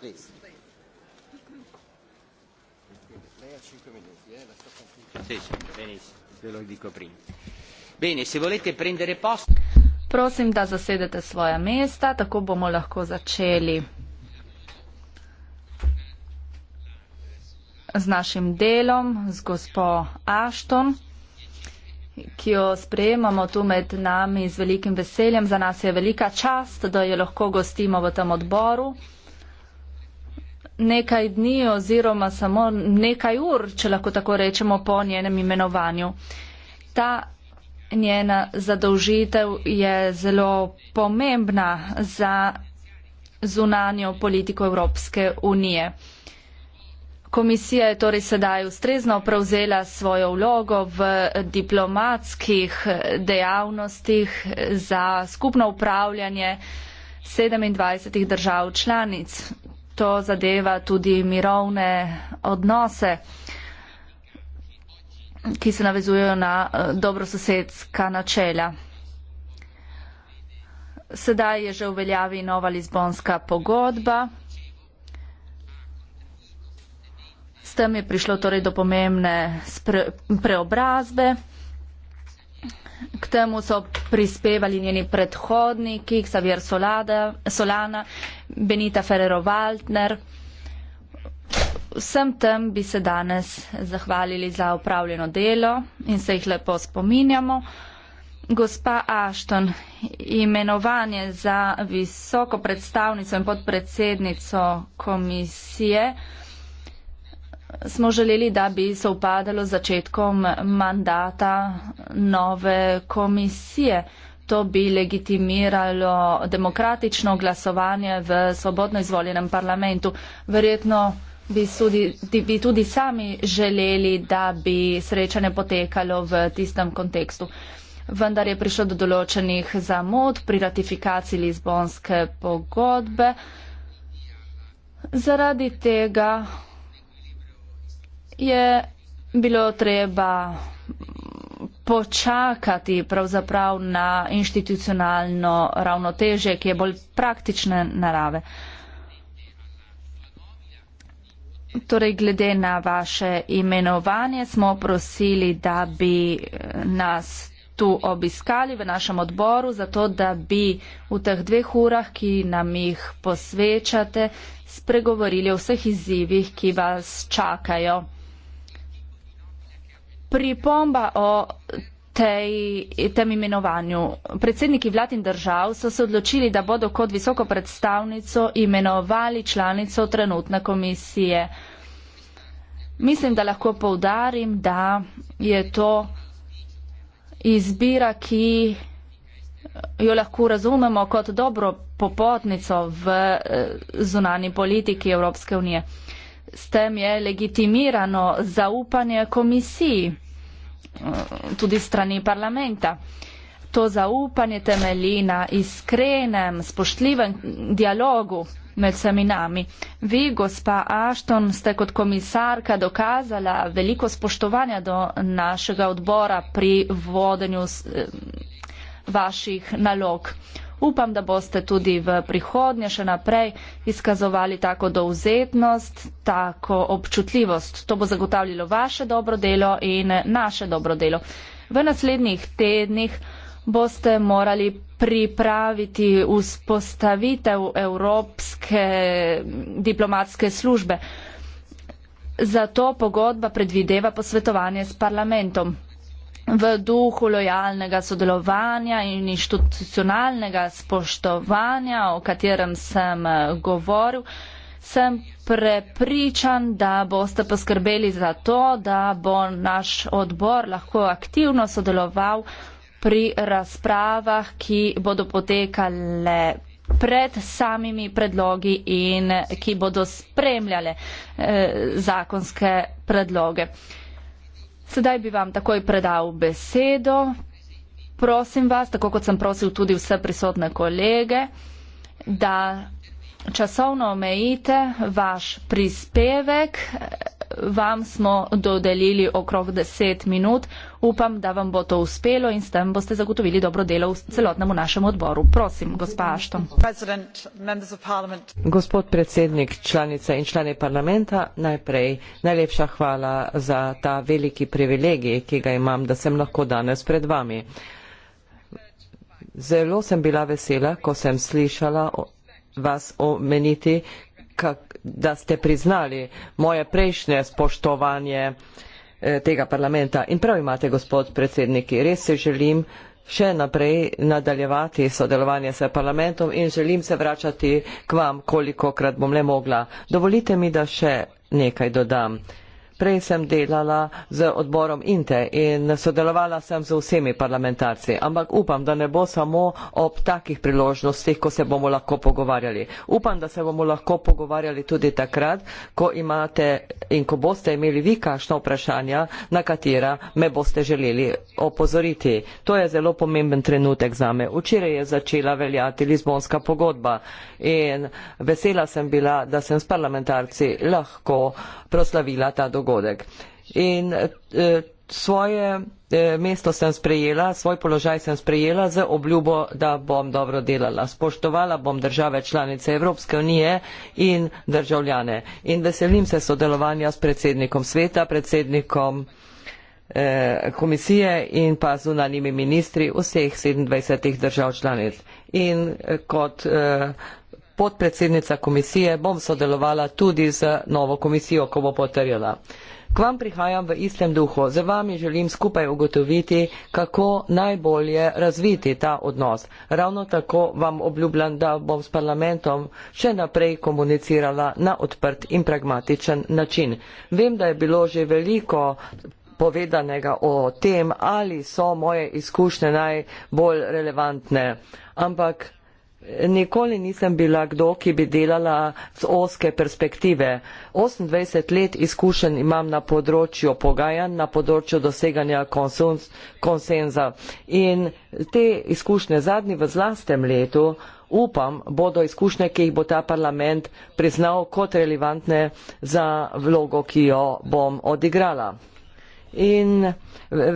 Please. Lei ha 5 minuti, eh? la sto compiendo. Sì, sì, benissimo, ve lo dico prima. Bene, se volete prendere posto. Prosim, da zasedete svoja mesta, tako bomo lahko začeli z našim delom, z gospo Ashton ki jo sprejemamo tu med nami z velikim veseljem. Za nas je velika čast, da jo lahko gostimo v tem odboru. Nekaj dni oziroma samo nekaj ur, če lahko tako rečemo, po njenem imenovanju. Ta njena zadolžitev je zelo pomembna za zunanjo politiko Evropske unije. Uh, Komisija je torej sedaj ustrezno prevzela svojo vlogo v diplomatskih dejavnostih za skupno upravljanje 27 držav članic. To zadeva tudi mirovne odnose, ki se navezujejo na eh, dobrososedska načela. Sedaj je že v veljavi nova Lizbonska pogodba. S tem je prišlo torej do pomembne preobrazbe. K temu so prispevali njeni predhodniki, Xavier Solada, Solana, Benita Ferrero-Waltner. Vsem tem bi se danes zahvalili za upravljeno delo in se jih lepo spominjamo. Gospa Ashton, imenovanje za visoko predstavnico in podpredsednico komisije smo želeli, da bi se upadalo začetkom mandata nove komisije. To bi legitimiralo demokratično glasovanje v svobodno izvoljenem parlamentu. Verjetno bi tudi, bi tudi sami želeli, da bi srečanje potekalo v tistem kontekstu. Vendar je prišlo do določenih zamud pri ratifikaciji Lizbonske pogodbe. Zaradi tega je bilo treba počakati pravzaprav na institucionalno ravnoteže, ki je bolj praktične narave. Torej, glede na vaše imenovanje smo prosili, da bi nas tu obiskali v našem odboru, zato da bi v teh dveh urah, ki nam jih posvečate, spregovorili o vseh izzivih, ki vas čakajo pripomba o tej, tem imenovanju. Predsedniki vlad in držav so se odločili, da bodo kot visoko predstavnico imenovali članico trenutne komisije. Mislim, da lahko povdarim, da je to izbira, ki jo lahko razumemo kot dobro popotnico v eh, zunani politiki Evropske unije s tem je legitimirano zaupanje komisiji, eh, tudi strani parlamenta. To zaupanje temelji na iskrenem, spoštljivem dialogu med sami nami. Vi, gospa Ashton, ste kot komisarka dokazala veliko spoštovanja do našega odbora pri vodenju eh, vaših nalog. Upam, da boste tudi v prihodnje še naprej izkazovali tako dovzetnost, tako občutljivost. To bo zagotavljalo vaše dobro delo in naše dobro delo. V naslednjih tednih boste morali pripraviti vzpostavitev Evropske diplomatske službe. Zato pogodba predvideva posvetovanje s parlamentom v duhu lojalnega sodelovanja in inštitucionalnega spoštovanja, o katerem sem eh, govoril, sem prepričan, da boste poskrbeli za to, da bo naš odbor lahko aktivno sodeloval pri razpravah, ki bodo potekale pred samimi predlogi in ki bodo spremljale eh, zakonske predloge. Eh, Sedaj bi vam takoj predal besedo. Prosim vas, tako kot sem prosil tudi vse prisotne kolege, da časovno omejite vaš prispevek vam smo dodelili okrog 10 minut. Upam, da vam bo to uspelo in s tem boste zagotovili dobro delo v celotnemu našem odboru. Prosim, gospa Ašton. Gospod predsednik, članice in člane parlamenta, najprej najlepša hvala za ta veliki privilegij, ki ga imam, da sem lahko danes pred vami. Zelo sem bila vesela, ko sem slišala vas omeniti, kako da ste priznali moje prejšnje spoštovanje eh, tega parlamenta. In prav imate, gospod predsednik, res se želim še naprej nadaljevati sodelovanje s parlamentom in želim se vračati k vam, kolikokrat bom le mogla. Dovolite mi, da še nekaj dodam prej sem delala z odborom INTE in sodelovala sem z vsemi parlamentarci, ampak upam, da ne bo samo ob takih priložnostih, ko se bomo lahko pogovarjali. Upam, da se bomo lahko pogovarjali tudi takrat, ko imate in ko boste imeli vi kakšno vprašanje, na katera me boste želeli opozoriti. To je zelo pomemben trenutek za me. Včeraj je začela veljati Lizbonska pogodba in vesela sem bila, da sem s parlamentarci lahko proslavila ta dogodek dogodek. In eh, svoje eh, mesto sem sprejela, svoj položaj sem sprejela z obljubo, da bom dobro delala. Spoštovala bom države članice Evropske unije in državljane. In veselim se sodelovanja s predsednikom sveta, predsednikom eh, komisije in pa zunanimi ministri vseh 27 držav članic. In eh, kot eh, podpredsednica komisije, bom sodelovala tudi z novo komisijo, ko bo potrjena. K vam prihajam v istem duhu. Za vami želim skupaj ugotoviti, kako najbolje razviti ta odnos. Ravno tako vam obljubljam, da bom s parlamentom še naprej komunicirala na odprt in pragmatičen način. Vem, da je bilo že veliko povedanega o tem, ali so moje izkušnje najbolj relevantne. Ampak Nikoli nisem bila kdo, ki bi delala z oske perspektive. 28 let izkušen imam na področju pogajanj, na področju doseganja konsens, konsenza in te izkušnje zadnji v zlastem letu upam bodo izkušnje, ki jih bo ta parlament priznal kot relevantne za vlogo, ki jo bom odigrala. In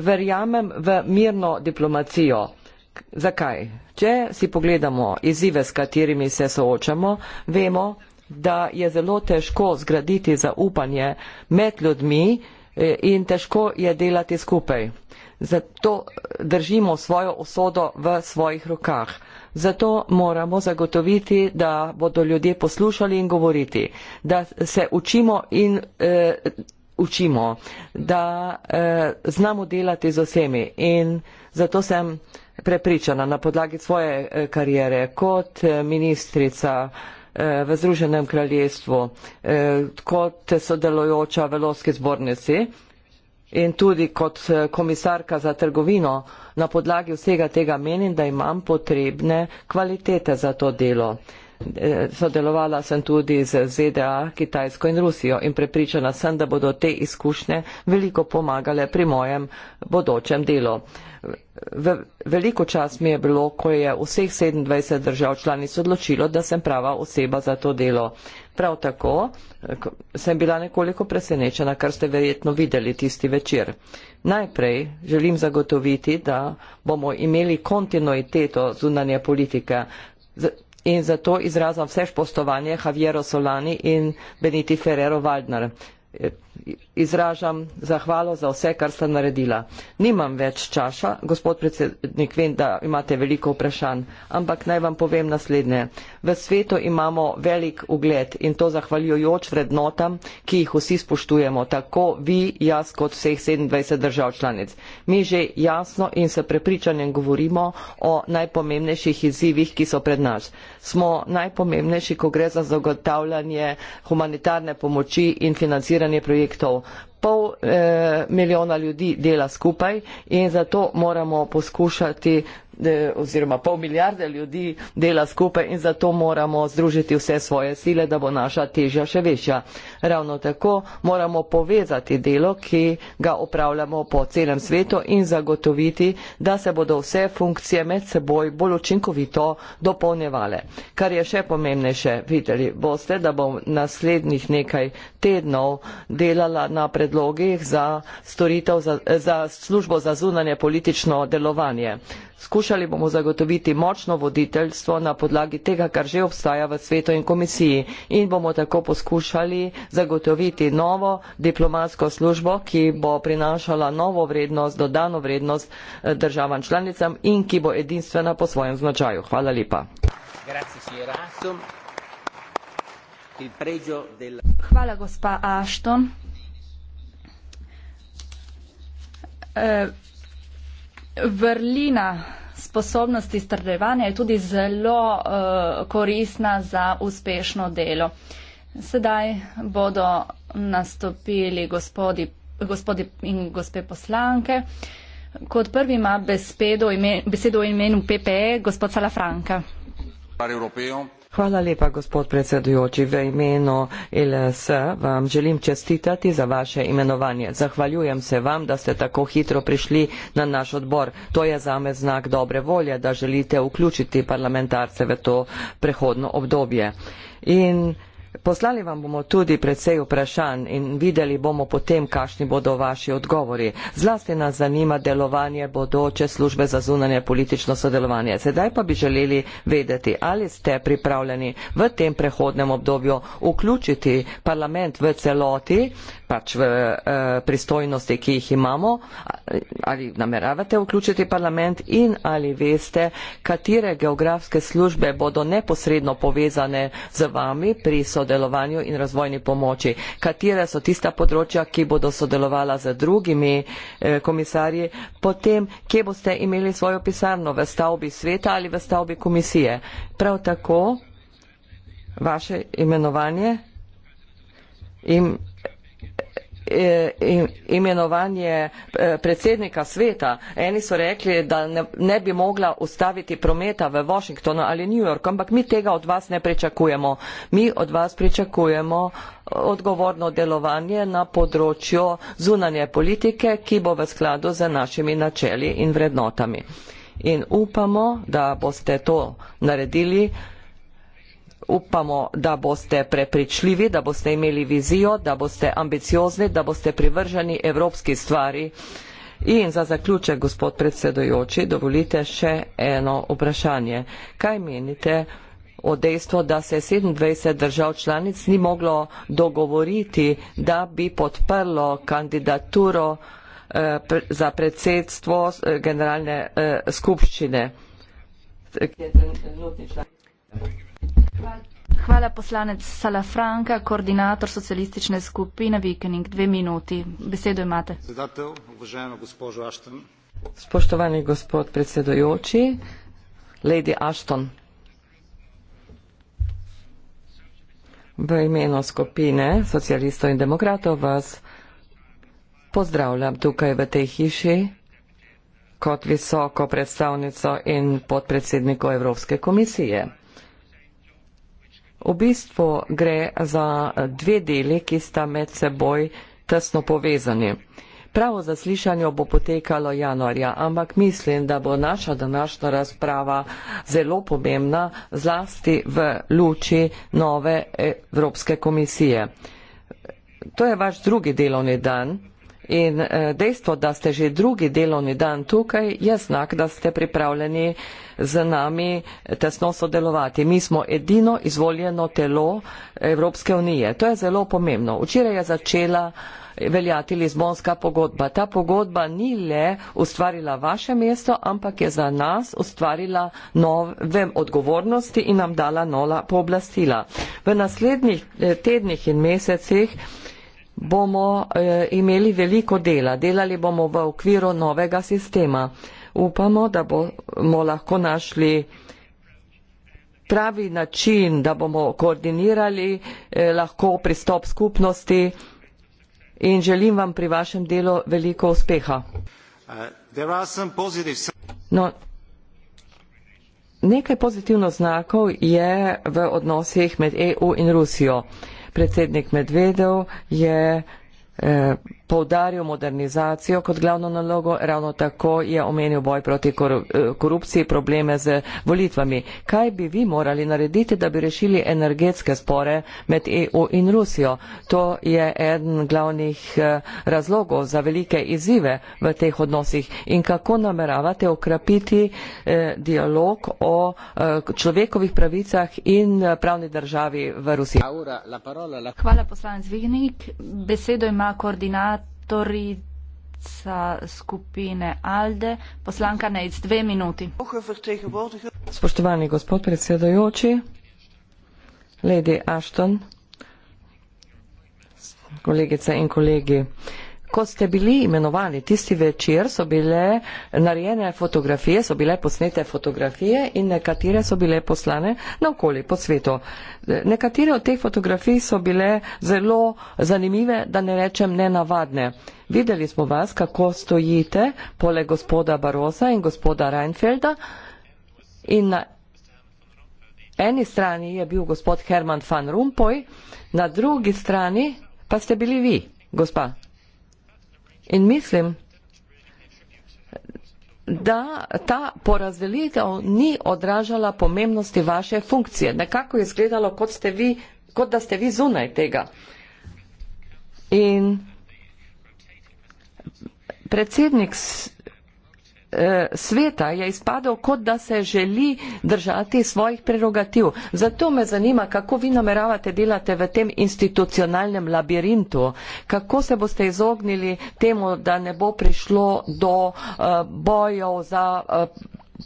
verjamem v mirno diplomacijo. Zakaj? Če si pogledamo izzive, s katerimi se soočamo, vemo, da je zelo težko zgraditi zaupanje med ljudmi eh, in težko je delati skupaj. Zato držimo svojo usodo v svojih rokah. Zato moramo zagotoviti, da bodo ljudje poslušali in govoriti, da se učimo in. Eh, učimo, da eh, znamo delati z vsemi. In zato sem prepričana na podlagi svoje eh, karijere kot eh, ministrica eh, v Združenem kraljestvu, eh, kot sodelujoča v Lovski zbornici in tudi kot eh, komisarka za trgovino, na podlagi vsega tega menim, da imam potrebne kvalitete za to delo. Eh, Eh, sodelovala sem tudi z ZDA, Kitajsko in Rusijo in prepričana sem, da bodo te izkušnje veliko pomagale pri mojem bodočem delu. Veliko čas mi je bilo, ko je vseh 27 držav članic odločilo, da sem prava oseba za to delo. Prav tako eh, sem bila nekoliko presenečena, kar ste verjetno videli tisti večer. Najprej želim zagotoviti, da bomo imeli kontinuiteto zunanje politike in zato izrazam vse spoštovanje Javieru Solani in Beniti Ferrero Waldner izražam zahvalo za vse, kar sta naredila. Nimam več časa, gospod predsednik, vem, da imate veliko vprašanj, ampak naj vam povem naslednje. V svetu imamo velik ugled in to zahvaljujoč vrednotam, ki jih vsi spoštujemo, tako vi, jaz kot vseh 27 držav članic. Mi že jasno in se prepričanjem govorimo o najpomembnejših izzivih, ki so pred nas. Smo najpomembnejši, ko gre za zagotavljanje humanitarne pomoči in financiranje projektov projektov. Pol eh, milijona ljudi dela skupaj in zato moramo poskušati oziroma pol milijarde ljudi dela skupaj in zato moramo združiti vse svoje sile, da bo naša težja še večja. Ravno tako moramo povezati delo, ki ga upravljamo po celem svetu in zagotoviti, da se bodo vse funkcije med seboj bolj učinkovito dopolnevale. Kar je še pomembnejše, videli boste, da bom naslednjih nekaj tednov delala na predlogih za, za, za službo za zunanje politično delovanje. Skušali bomo zagotoviti močno voditeljstvo na podlagi tega, kar že obstaja v svetu in komisiji. In bomo tako poskušali zagotoviti novo diplomatsko službo, ki bo prinašala novo vrednost, dodano vrednost eh, državam članicam in ki bo edinstvena po svojem značaju. Hvala lepa. Hvala, gospa Ašton. Uh, eh, Vrlina sposobnosti strdevanja je tudi zelo uh, koristna za uspešno delo. Sedaj bodo nastopili gospodi, gospodi in gospe poslanke. Kot prvi ima besedo, ime, besedo v imenu PPE gospod Salafranka. Hvala lepa, gospod predsedujoči. V imenu LS vam želim čestitati za vaše imenovanje. Zahvaljujem se vam, da ste tako hitro prišli na naš odbor. To je zame znak dobre volje, da želite vključiti parlamentarce v to prehodno obdobje. In Poslali vam bomo tudi predvsej vprašanj in videli bomo potem, kakšni bodo vaši odgovori. Zlasti nas zanima delovanje bodoče službe za zunanje politično sodelovanje. Sedaj pa bi želeli vedeti, ali ste pripravljeni v tem prehodnem obdobju vključiti parlament v celoti pač v eh, pristojnosti, ki jih imamo, ali nameravate vključiti parlament in ali veste, katere geografske službe bodo neposredno povezane z vami pri sodelovanju in razvojni pomoči, katere so tista področja, ki bodo sodelovala z drugimi eh, komisarji, potem, kje boste imeli svojo pisarno, v stavbi sveta ali v stavbi komisije. Prav tako vaše imenovanje in Eh, imenovanje eh, predsednika sveta. Eni so rekli, da ne, ne bi mogla ustaviti prometa v Washingtonu ali New Yorku, ampak mi tega od vas ne pričakujemo. Mi od vas pričakujemo odgovorno delovanje na področju zunanje politike, ki bo v skladu z našimi načeli in vrednotami. In upamo, da boste to naredili upamo, da boste prepričljivi, da boste imeli vizijo, da boste ambiciozni, da boste privrženi evropski stvari. In za zaključek, gospod predsedojoči, dovolite še eno vprašanje. Kaj menite o dejstvu, da se 27 držav članic ni moglo dogovoriti, da bi podprlo kandidaturo eh, za predsedstvo eh, generalne eh, skupščine? Hvala poslanec Salafranka, koordinator socialistične skupine Vikening. Dve minuti. Besedo imate. Spoštovani gospod predsedojoči, Lady Ashton. V imenu skupine socialistov in demokratov vas pozdravljam tukaj v tej hiši kot visoko predstavnico in podpredsedniko Evropske komisije. V bistvu gre za dve deli, ki sta med seboj tesno povezani. Pravo zaslišanje bo potekalo januarja, ampak mislim, da bo naša današnja razprava zelo pomembna, zlasti v luči nove Evropske komisije. To je vaš drugi delovni dan. In eh, dejstvo, da ste že drugi delovni dan tukaj, je znak, da ste pripravljeni z nami eh, tesno sodelovati. Mi smo edino izvoljeno telo Evropske unije. To je zelo pomembno. Včeraj je začela veljati Lizbonska pogodba. Ta pogodba ni le ustvarila vaše mesto, ampak je za nas ustvarila nove odgovornosti in nam dala nola pooblastila. V naslednjih eh, tednih in mesecih bomo eh, imeli veliko dela. Delali bomo v okviru novega sistema. Upamo, da bomo lahko našli pravi način, da bomo koordinirali eh, lahko pristop skupnosti in želim vam pri vašem delu veliko uspeha. Uh, no, nekaj pozitivno znakov je v odnosih med EU in Rusijo. Eh, predsednik Medvedev je eh, poudaril modernizacijo kot glavno nalogo, ravno tako je omenil boj proti eh, korupciji, probleme z volitvami. Kaj bi vi morali narediti, da bi rešili energetske spore med EU in Rusijo? To je eden glavnih eh, razlogov za velike izzive v teh odnosih. In kako nameravate okrepiti eh, dialog o človekovih pravicah in pravni državi v Rusiji? Hvala poslanec Vignik. Besedo ima koordinat doktorica. Skupine Alde, poslanka Nec, dve minuti. Spoštovani gospod predsedojoči, Lady Ashton, kolegice in kolegi. Uh, ko ste bili imenovani tisti večer, so bile narejene fotografije, so bile posnete fotografije in nekatere so bile poslane naokoli po svetu. Nekatere od teh fotografij so bile zelo zanimive, da ne rečem nenavadne. Videli smo vas, kako stojite poleg gospoda Barosa in gospoda Reinfelda. In na eni strani je bil gospod Herman van Rumpoj, na drugi strani pa ste bili vi, gospa In mislim, da ta porazdelitev ni odražala pomembnosti vaše funkcije. Nekako je izgledalo, kot, ste vi, kot da ste vi zunaj tega. In predsednik Eh, sveta je izpadel, kot da se želi držati svojih prerogativ. Zato me zanima, kako vi nameravate delati v tem institucionalnem labirintu, kako se boste izognili temu, da ne bo prišlo do eh, bojev za eh,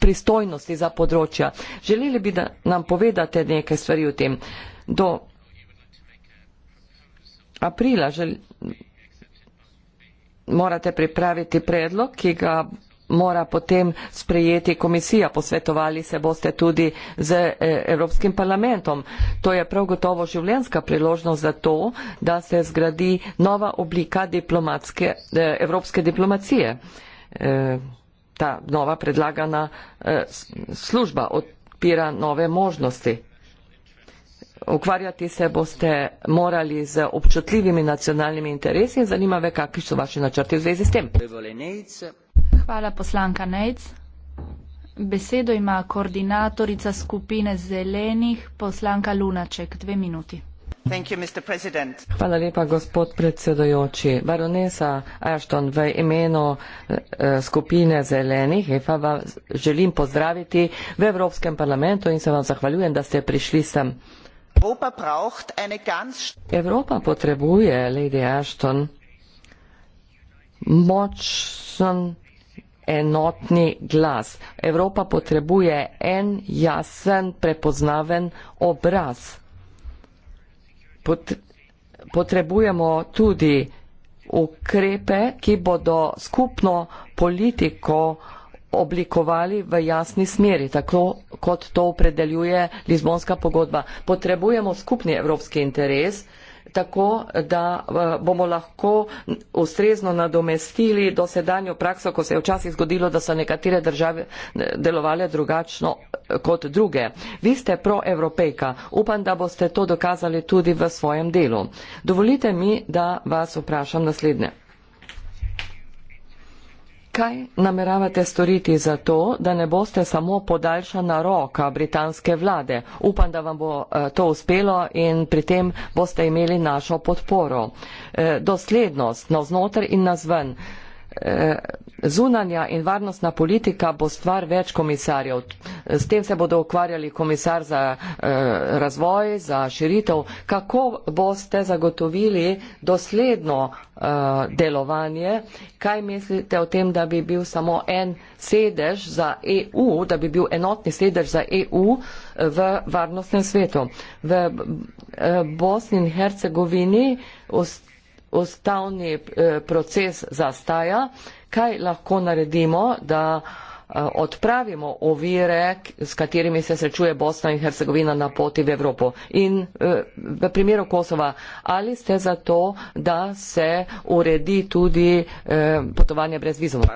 pristojnosti za področja. Želeli bi, da nam povedate neke stvari o tem. Do aprila želi, morate pripraviti predlog, ki ga mora potem sprejeti komisija. Posvetovali se boste tudi z eh, Evropskim parlamentom. To je prav gotovo življenska priložnost za to, da se zgradi nova oblika diplomatske, eh, evropske diplomacije. Eh, ta nova predlagana služba odpira nove možnosti. Ukvarjati se boste morali z občutljivimi nacionalnimi interesi in zanima me, kakšni so vaši načrti v zvezi s tem. Hvala, poslanka Nejc. Besedo ima koordinatorica skupine zelenih, poslanka Lunaček, dve minuti. Thank you, Mr. Hvala lepa, gospod predsedojoči. Baronesa Ashton, v imenu eh, skupine zelenih pa vam želim pozdraviti v Evropskem parlamentu in se vam zahvaljujem, da ste prišli sem. Evropa potrebuje, Lady Ashton, močen enotni glas. Evropa potrebuje en jasen, prepoznaven obraz. Potrebujemo tudi ukrepe, ki bodo skupno politiko oblikovali v jasni smeri, tako kot to opredeljuje Lizbonska pogodba. Potrebujemo skupni evropski interes, tako, da eh, bomo lahko ustrezno nadomestili dosedanjo prakso, ko se je včasih zgodilo, da so nekatere države eh, delovale drugačno eh, kot druge. Vi ste proevropejka. Upam, da boste to dokazali tudi v svojem delu. Dovolite mi, da vas vprašam naslednje. Kaj nameravate storiti za to, da ne boste samo podaljšana roka britanske vlade? Upam, da vam bo eh, to uspelo in pri tem boste imeli našo podporo. Eh, doslednost na znotraj in na zven. Eh, zunanja in varnostna politika bo stvar več komisarjev. S tem se bodo ukvarjali komisar za eh, razvoj, za širitev. Kako boste zagotovili dosledno eh, delovanje? Kaj mislite o tem, da bi bil samo en sedež za EU, da bi bil enotni sedež za EU v varnostnem svetu? V Bosni in Hercegovini ustavni eh, proces zastaja, kaj lahko naredimo, da eh, odpravimo ovire, s katerimi se srečuje Bosna in Hercegovina na poti v Evropo. In eh, v primeru Kosova, ali ste za to, da se uredi tudi potovanje brez vizumov?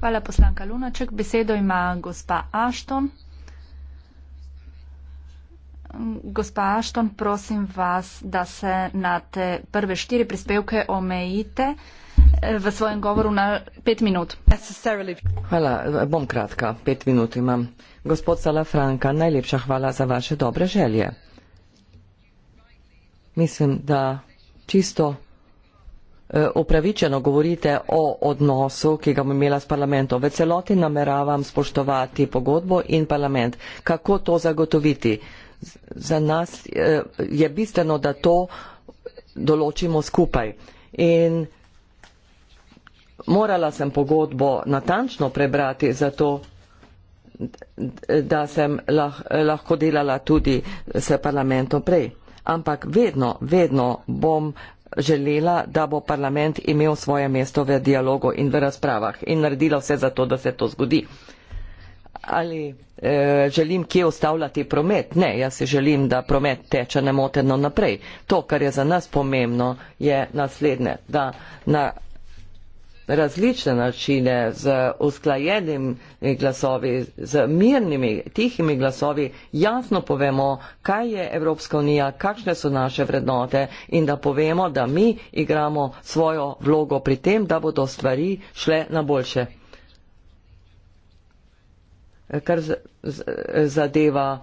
Hvala poslanka Lunaček. Besedo ima gospa Ašton. Gospa Ašton, prosim vas, da se na te prve štiri prispevke omejite eh, v svojem govoru na pet minut. Hvala, bom kratka, pet minut imam. Gospod Salafranka, najlepša hvala za vaše dobre želje. Mislim, da čisto eh, upravičeno govorite o odnosu, ki ga bom imela s parlamentom. V celoti nameravam spoštovati pogodbo in parlament. Kako to zagotoviti? za nas eh, je bistveno, da to določimo skupaj. In morala sem pogodbo natančno prebrati za to, da sem lahko delala tudi s parlamentom prej. Ampak vedno, vedno bom želela, da bo parlament imel svoje mesto v dialogu in v razpravah in naredila vse za to, da se to zgodi. Uh, ali e, želim kje ustavljati promet. Ne, jaz si želim, da promet teče nemoteno naprej. To, kar je za nas pomembno, je naslednje, da na različne načine z usklajenimi glasovi, z mirnimi, tihimi glasovi jasno povemo, kaj je Evropska unija, kakšne so naše vrednote in da povemo, da mi igramo svojo vlogo pri tem, da bodo stvari šle na boljše kar zadeva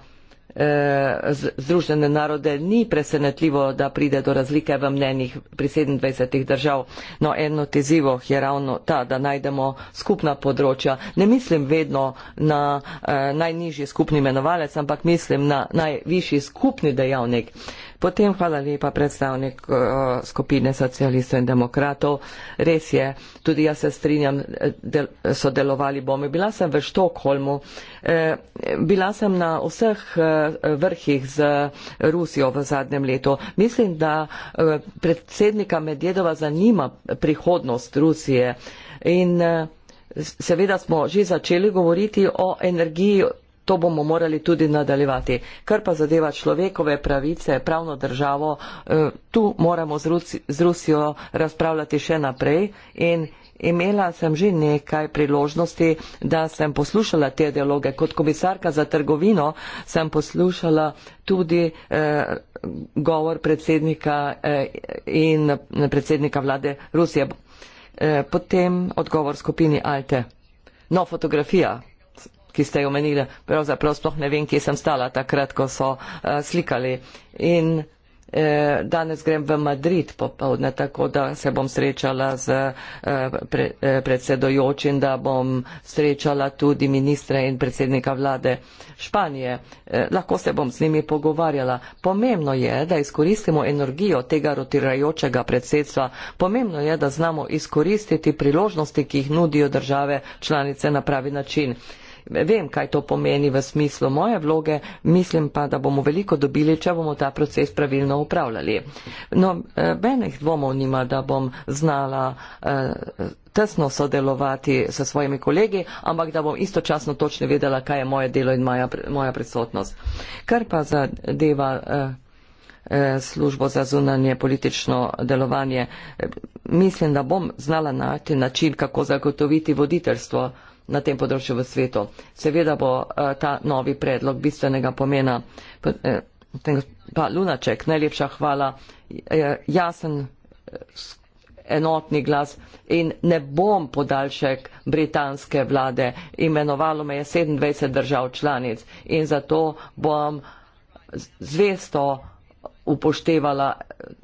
eh, Združene narode, ni presenetljivo, da pride do razlike v mnenjih pri 27 držav. No, eno tezivo je ravno ta, da najdemo skupna področja. Ne mislim vedno na eh, najnižji skupni menovalec, ampak mislim na najvišji skupni dejavnik. Potem hvala lepa predstavnik eh, skupine socialistov in demokratov. Res je, tudi jaz se strinjam, eh, del, sodelovali bomo. Bila sem v Štokholmu, eh, bila sem na vseh vrhih z Rusijo v zadnjem letu. Mislim, da predsednika Medjedova zanima prihodnost Rusije. In seveda smo že začeli govoriti o energiji to bomo morali tudi nadaljevati. Kar pa zadeva človekove pravice, pravno državo, eh, tu moramo z, Rusi, z Rusijo razpravljati še naprej in imela sem že nekaj priložnosti, da sem poslušala te dialoge. Kot komisarka za trgovino sem poslušala tudi eh, govor predsednika eh, in predsednika vlade Rusije. Eh, potem odgovor skupini Alte. No, fotografija, ki ste jo omenili, pravzaprav sploh ne vem, kje sem stala takrat, ko so uh, slikali. In uh, danes grem v Madrid popovdne, tako da se bom srečala z uh, pre, uh, predsedojočim, da bom srečala tudi ministra in predsednika vlade Španije. Uh, lahko se bom z njimi pogovarjala. Pomembno je, da izkoristimo energijo tega rotirajočega predsedstva. Pomembno je, da znamo izkoristiti priložnosti, ki jih nudijo države članice na pravi način vem, kaj to pomeni v smislu moje vloge, mislim pa, da bomo veliko dobili, če bomo ta proces pravilno upravljali. No, eh, benih dvomov nima, da bom znala eh, tesno sodelovati s svojimi kolegi, ampak da bom istočasno točno vedela, kaj je moje delo in moja, moja prisotnost. Kar pa zadeva eh, službo za zunanje politično delovanje. Mislim, da bom znala najti način, kako zagotoviti voditeljstvo na tem področju v svetu. Seveda bo eh, ta novi predlog bistvenega pomena. Eh, pa Lunaček, najlepša hvala, jasen, eh, enotni glas in ne bom podaljšek britanske vlade. Imenovalo me je 27 držav članic in zato bom zvesto upoštevala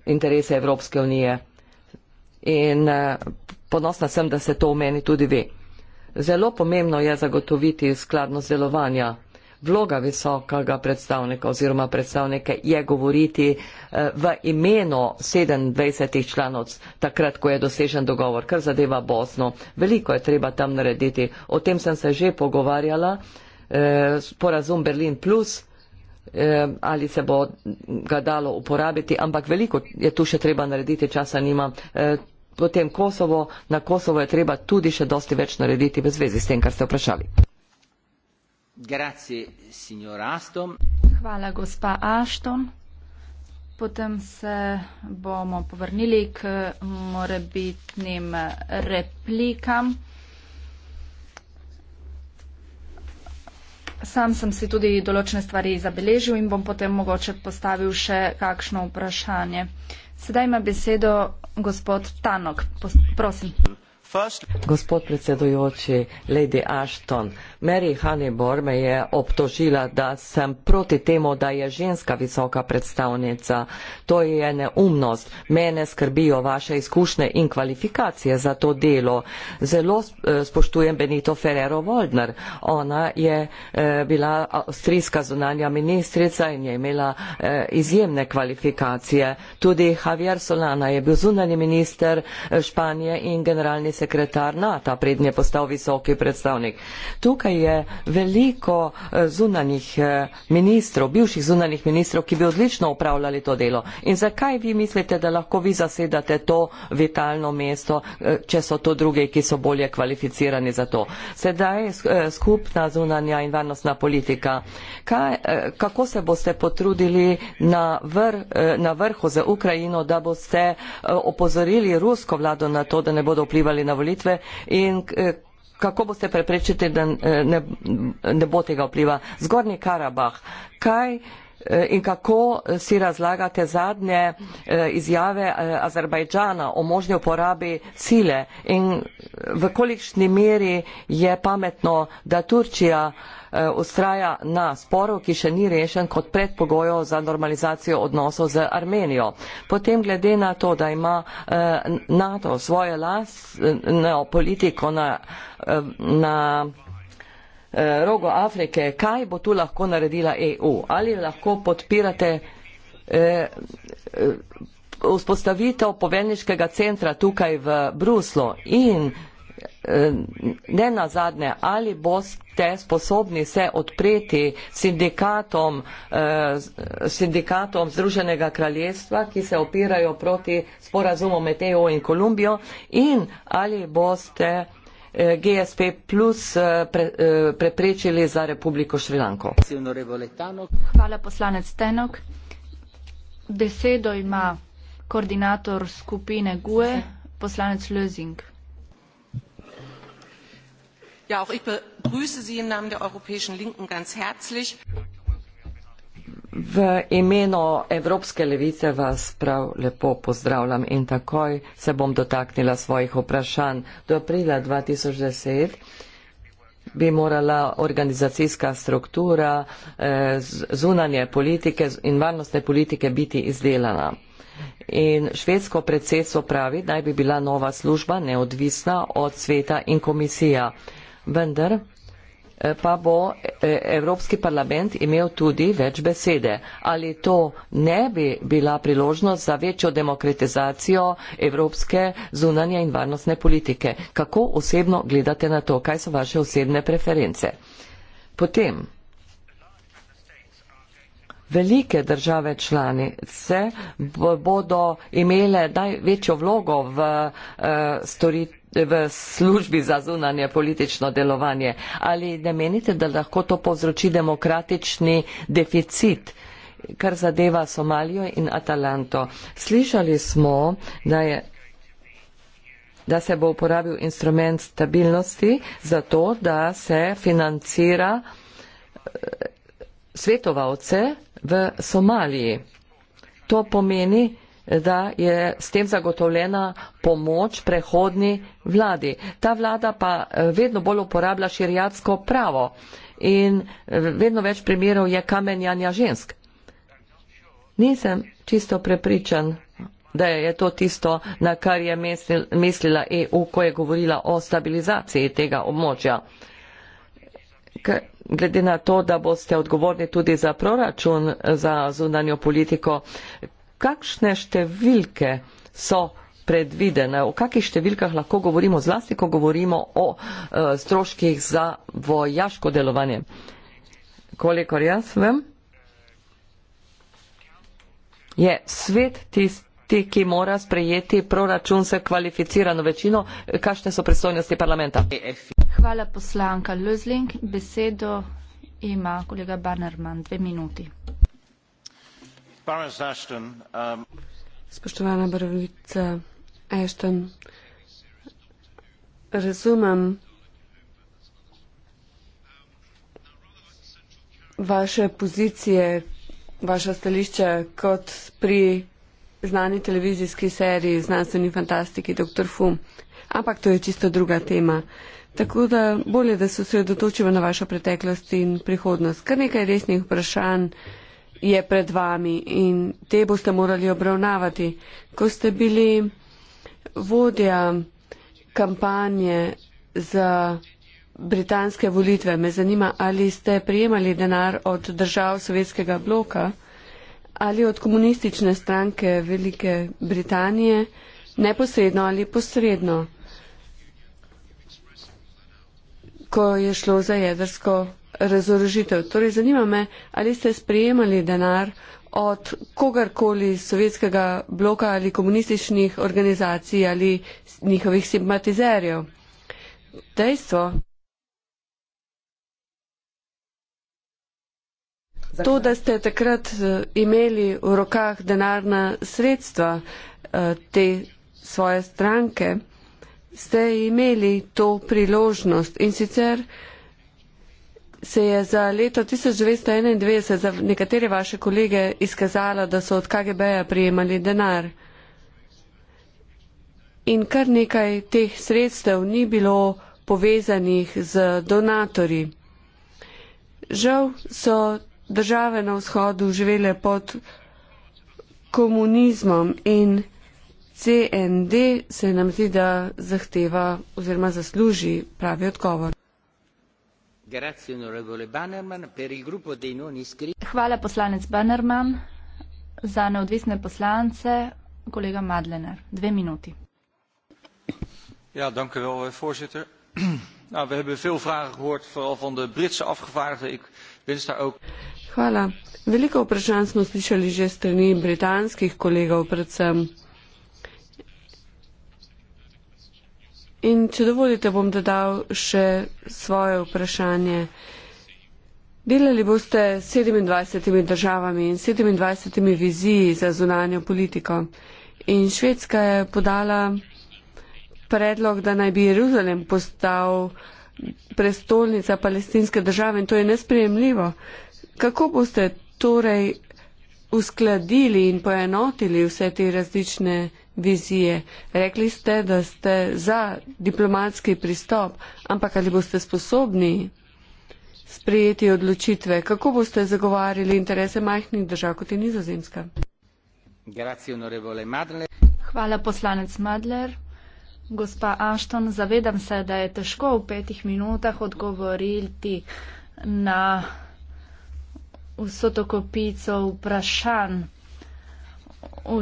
interese Evropske unije. In ponosna sem, da se to v meni tudi ve. Zelo pomembno je zagotoviti skladnost delovanja. Vloga visokega predstavnika oziroma predstavnike je govoriti eh, v imenu 27 članov takrat, ko je dosežen dogovor, kar zadeva Bosno. Veliko je treba tam narediti. O tem sem se že pogovarjala. Eh, Porazum Berlin plus eh, ali se bo ga dalo uporabiti, ampak veliko je tu še treba narediti, časa nima potem Kosovo, na Kosovo je treba tudi še dosti več narediti v zvezi s tem, kar ste vprašali. Grazie, signor Aston. Hvala, gospa Ashton. Potem se bomo povrnili k morebitnim replikam. Sam sem si tudi določene stvari zabeležil in bom potem mogoče postavil še kakšno vprašanje. Uh, Sedaj ima besedo gospod Tanok. Pos prosim. Gospod predsedujoči, Lady Ashton, Mary Hanibor me je obtožila, da sem proti temu, da je ženska visoka predstavnica. To je neumnost. Mene skrbijo vaše izkušnje in kvalifikacije za to delo. Zelo eh, spoštujem Benito Ferrero-Voldner. Ona je eh, bila avstrijska zunanja ministrica in je imela eh, izjemne kvalifikacije. Tudi Javier Solana je bil zunanji minister Španije in generalni sekretar sekretar NATO, prednje postal visoki predstavnik. Tukaj je veliko eh, zunanih eh, ministrov, bivših zunanih ministrov, ki bi odlično upravljali to delo. In zakaj vi mislite, da lahko vi zasedate to vitalno mesto, eh, če so to druge, ki so bolje kvalificirani za to? Sedaj skupna zunanja in varnostna politika. Kaj, kako se boste potrudili na, vr, na vrhu za Ukrajino, da boste opozorili rusko vlado na to, da ne bodo vplivali na volitve in eh, kako boste preprečili, da eh, ne, ne bo tega vpliva. Zgornji Karabah, kaj eh, in kako si razlagate zadnje izjave Azerbajdžana o možni uporabi sile in v kolikšni meri je pametno, da Turčija Eh, ustraja na sporu, ki še ni rešen kot predpogojo za normalizacijo odnosov z Armenijo. Potem glede na to, da ima eh, NATO svojo lastno politiko na, eh, na rogo Afrike, kaj bo tu lahko naredila EU? Ali lahko podpirate vzpostavitev poveljniškega centra tukaj v Bruslu in Eh, ne na zadnje, ali boste sposobni se odpreti sindikatom, eh, sindikatom Združenega kraljestva, ki se opirajo proti sporazumu med EU in Kolumbijo in ali boste eh, GSP plus pre, preprečili za Republiko Šrilanko. Hvala poslanec Tenok. Besedo ima koordinator skupine GUE, poslanec Lözing. Ja, auch ich begrüße Sie im Namen der Europäischen Linken ganz herzlich. V imenu Evropske levice vas prav lepo pozdravljam in takoj se bom dotaknila svojih vprašanj. Do aprila 2010 bi morala organizacijska struktura eh, zunanje politike in varnostne politike biti izdelana. In švedsko predsedstvo pravi, naj bi bila nova služba neodvisna od sveta in komisija vendar eh, pa bo eh, Evropski parlament imel tudi več besede. Ali to ne bi bila priložnost za večjo demokratizacijo evropske zunanje in varnostne politike? Kako osebno gledate na to? Kaj so vaše osebne preference? Potem, velike države članice bodo imele največjo vlogo v eh, storitvi v službi za zunanje politično delovanje. Ali ne menite, da lahko to povzroči demokratični deficit, kar zadeva Somalijo in Atalanto? Slišali smo, da je da se bo uporabil instrument stabilnosti za to, da se financira eh, svetovalce v Somaliji. To pomeni, da je s tem zagotovljena pomoč prehodni vladi. Ta vlada pa eh, vedno bolj uporablja širjatsko pravo in eh, vedno več primerov je kamenjanja žensk. Nisem čisto prepričan, da je to tisto, na kar je mislila EU, ko je govorila o stabilizaciji tega območja. Glede na to, da boste odgovorni tudi za proračun, za zunanjo politiko, kakšne številke so predvidene, o kakih številkah lahko govorimo, zlasti ko govorimo o e, stroških za vojaško delovanje. Kolikor jaz vem, je svet tisti, ki mora sprejeti proračun se kvalificirano večino, kakšne so predstavnosti parlamenta. Hvala poslanka Lüzling. Besedo ima kolega Bannerman. Dve minuti. Um, Spoštovana baronica Ashton, razumem vaše pozicije, vaša stališča kot pri znani televizijski seriji Znanstveni fantastiki Dr. Fu, ampak to je čisto druga tema. Tako da bolje, da se osredotočimo na vašo preteklost in prihodnost. Kar nekaj resnih vprašanj je pred vami in te boste morali obravnavati. Ko ste bili vodja kampanje za britanske volitve, me zanima, ali ste prijemali denar od držav Sovjetskega bloka ali od komunistične stranke Velike Britanije, neposredno ali posredno, ko je šlo za jedrsko razorožitev. Torej, zanima me, ali ste sprejemali denar od kogarkoli iz sovjetskega bloka ali komunističnih organizacij ali njihovih simpatizerjev. Dejstvo. To, da ste takrat eh, imeli v rokah denarna sredstva eh, te svoje stranke, ste imeli to priložnost in sicer se je za leto 1991 za nekatere vaše kolege izkazalo, da so od KGB-ja prijemali denar. In kar nekaj teh sredstev ni bilo povezanih z donatori. Žal so države na vzhodu živele pod komunizmom in CND se nam zdi, da zahteva oziroma zasluži pravi odgovor. Hvala, poslanec Bannerman. Za neodvisne poslance kolega Madlener. Dve minuti. Ja, eh, voorzitter [CLEARS THROAT] we hebben veel vragen gehoord vooral van de britse afgevaardigde ik wens daar ook. hvala veliko vprašanj smo slišali že s strani britanskih kolegov predvsem. In če dovolite, bom dodal še svoje vprašanje. Delali boste s 27 državami in 27 viziji za zunanjo politiko. In Švedska je podala predlog, da naj bi Jeruzalem postal prestolnica palestinske države in to je nesprejemljivo. Kako boste torej uskladili in poenotili vse te različne vizije. Rekli ste, da ste za diplomatski pristop, ampak ali boste sposobni sprejeti odločitve, kako boste zagovarjali interese majhnih držav kot je nizozemska? Hvala poslanec Madler. Gospa Ashton, zavedam se, da je težko v petih minutah odgovoriti na vso to kopico vprašanj,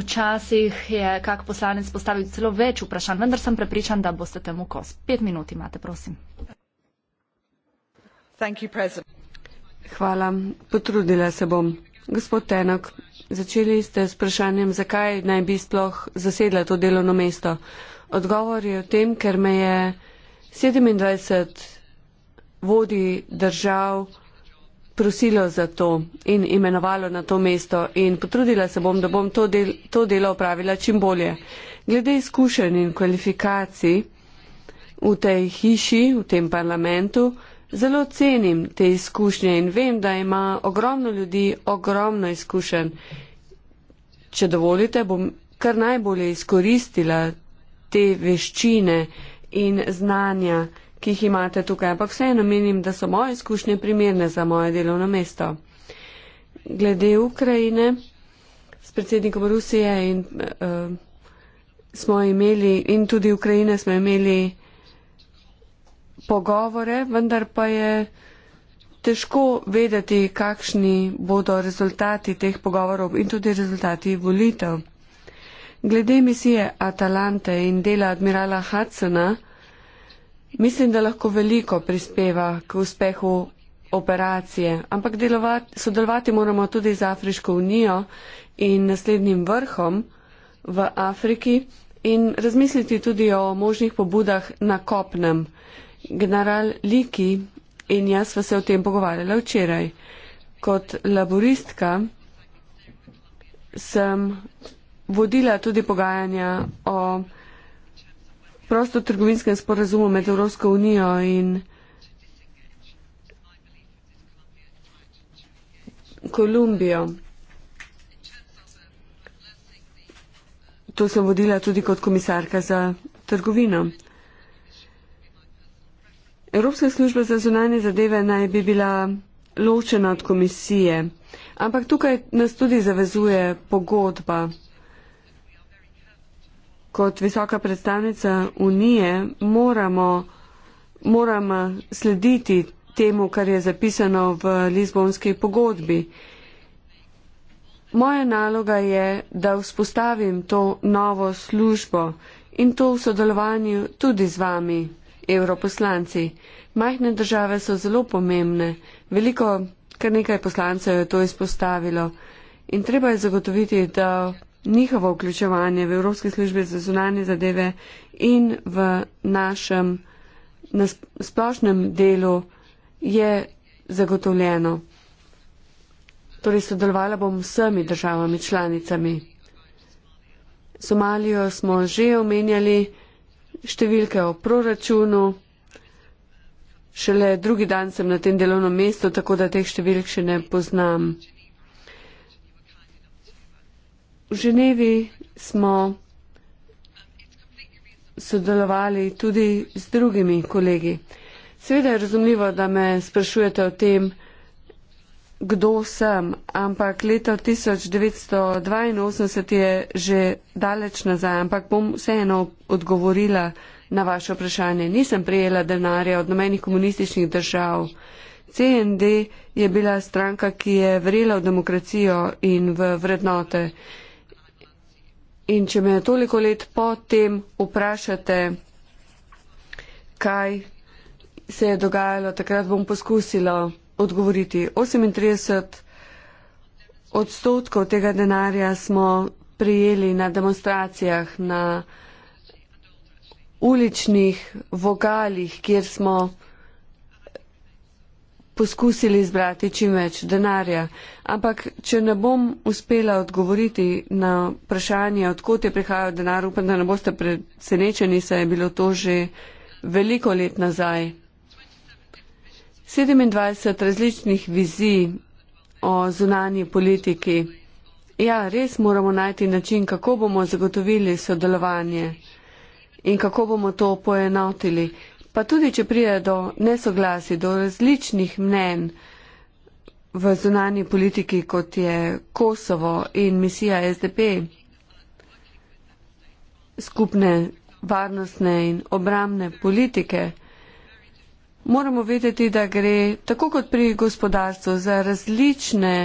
Včasih je kak poslanec postavil celo več vprašanj, vendar sem prepričan, da boste temu kos. Pet minut imate, prosim. Hvala, potrudila se bom. Gospod Tenok, začeli ste s vprašanjem, zakaj naj bi sploh zasedla to delovno mesto. Odgovor je v tem, ker me je 27 vodi držav prosilo za to in imenovalo na to mesto in potrudila se bom, da bom to, del, to delo opravila čim bolje. Glede izkušenj in kvalifikacij v tej hiši, v tem parlamentu, zelo cenim te izkušnje in vem, da ima ogromno ljudi ogromno izkušenj. Če dovolite, bom kar najbolje izkoristila te veščine in znanja ki jih imate tukaj, ampak vseeno menim, da so moje izkušnje primerne za moje delovno mesto. Glede Ukrajine s predsednikom Rusije in, uh, smo imeli, in tudi Ukrajine smo imeli pogovore, vendar pa je težko vedeti, kakšni bodo rezultati teh pogovorov in tudi rezultati volitev. Glede misije Atalante in dela admirala Hudsona, Mislim, da lahko veliko prispeva k uspehu operacije, ampak delovati, sodelovati moramo tudi z Afriško unijo in naslednjim vrhom v Afriki in razmisliti tudi o možnih pobudah na kopnem. General Liki in jaz sva se o tem pogovarjala včeraj. Kot laboristka sem vodila tudi pogajanja o prostotrgovinskem sporazumu med Evropsko unijo in Kolumbijo. To sem vodila tudi kot komisarka za trgovino. Evropska služba za zunanje zadeve naj bi bila ločena od komisije, ampak tukaj nas tudi zavezuje pogodba kot visoka predstavnica Unije moramo, moramo slediti temu, kar je zapisano v Lizbonski pogodbi. Moja naloga je, da vzpostavim to novo službo in to v sodelovanju tudi z vami, europoslanci. Majhne države so zelo pomembne. Veliko, kar nekaj poslancev je to izpostavilo. In treba je zagotoviti, da njihovo vključevanje v Evropske službe za zunanje zadeve in v našem na splošnem delu je zagotovljeno. Torej sodelovala bom s vsemi državami članicami. Somalijo smo že omenjali, številke o proračunu. Šele drugi dan sem na tem delovnem mestu, tako da teh številk še ne poznam. V Ženevi smo sodelovali tudi z drugimi kolegi. Seveda je razumljivo, da me sprašujete o tem, kdo sem, ampak leto 1982 je že daleč nazaj, ampak bom vseeno odgovorila na vaše vprašanje. Nisem prijela denarja od nomenih komunističnih držav. CND je bila stranka, ki je verjela v demokracijo in v vrednote. In če me toliko let potem vprašate, kaj se je dogajalo, takrat bom poskusila odgovoriti. 38 odstotkov tega denarja smo prijeli na demonstracijah, na uličnih vogalih, kjer smo poskusili zbrati čim več denarja. Ampak, če ne bom uspela odgovoriti na vprašanje, odkot je prihajal denar, upam, da ne boste presenečeni, saj je bilo to že veliko let nazaj. 27 različnih vizij o zunanji politiki. Ja, res moramo najti način, kako bomo zagotovili sodelovanje in kako bomo to poenotili pa tudi, če pride do nesoglasi, do različnih mnen v zunani politiki, kot je Kosovo in misija SDP, skupne varnostne in obramne politike, moramo vedeti, da gre tako kot pri gospodarstvu za različne,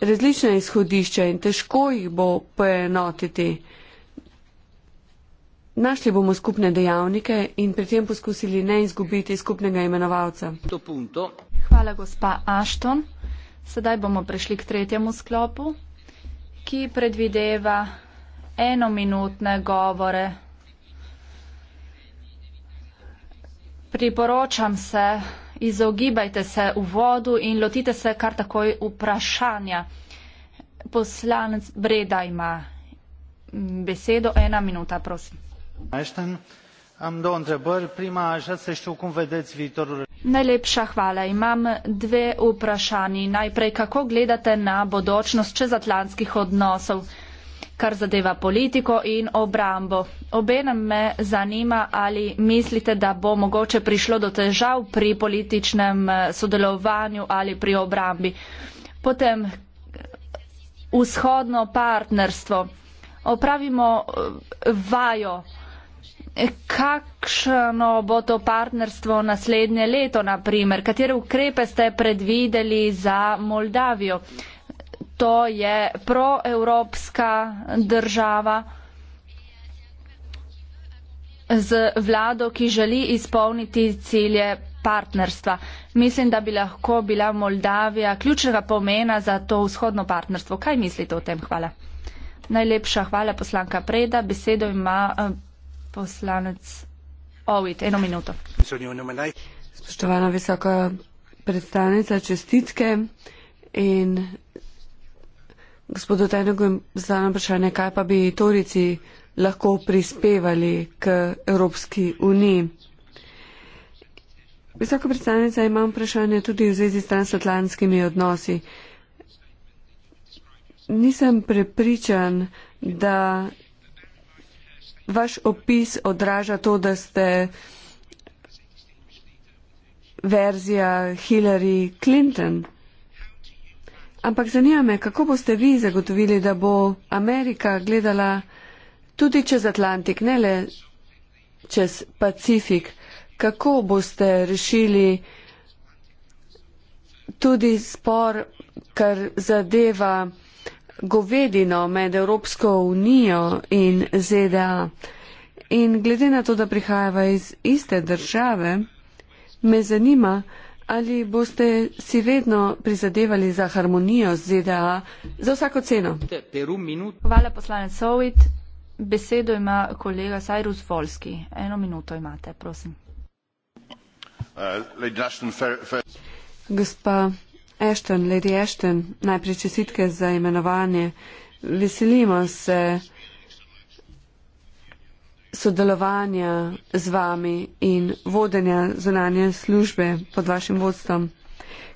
različne izhodišče in težko jih bo poenotiti. Našli bomo skupne dejavnike in pri tem poskusili ne izgubiti skupnega imenovalca. Hvala, gospa Ashton. Sedaj bomo prišli k tretjemu sklopu, ki predvideva enominutne govore. Priporočam se, izogibajte se v vodu in lotite se kar takoj vprašanja. Poslanec Breda ima besedo, ena minuta, prosim. Najlepša hvala. Imam dve vprašanji. Najprej, kako gledate na bodočnost čezatlantskih odnosov, kar zadeva politiko in obrambo? Obenem me zanima, ali mislite, da bo mogoče prišlo do težav pri političnem eh, sodelovanju ali pri obrambi. Potem vzhodno partnerstvo. Opravimo eh, vajo. Kakšno bo to partnerstvo naslednje leto, na primer? Katere ukrepe ste predvideli za Moldavijo? To je proevropska država z vlado, ki želi izpolniti cilje partnerstva. Mislim, da bi lahko bila Moldavija ključnega pomena za to vzhodno partnerstvo. Kaj mislite o tem? Hvala. Najlepša hvala, poslanka Preda. Besedo ima eh, poslanec Ovid, eno minuto. Spoštovana visoka predstavnica, čestitke in gospodu Tajnogu zadano vprašanje, kaj pa bi Torici lahko prispevali k Evropski uniji. Visoka predstavnica, imam vprašanje tudi v zvezi s transatlantskimi odnosi. Nisem prepričan, da vaš opis odraža to, da ste verzija Hillary Clinton. Ampak zanima me, kako boste vi zagotovili, da bo Amerika gledala tudi čez Atlantik, ne le čez Pacifik. Kako boste rešili tudi spor, kar zadeva govedino med Evropsko unijo in ZDA. In glede na to, da prihajava iz iste države, me zanima, ali boste si vedno prizadevali za harmonijo z ZDA za vsako ceno. Hvala poslanec Sovit. Besedo ima kolega Cyrus Volski. Eno minuto imate, prosim. Uh, Gospa Ashton, Lady Ashton, najprej čestitke za imenovanje. Veselimo se sodelovanja z vami in vodenja zunanje službe pod vašim vodstvom.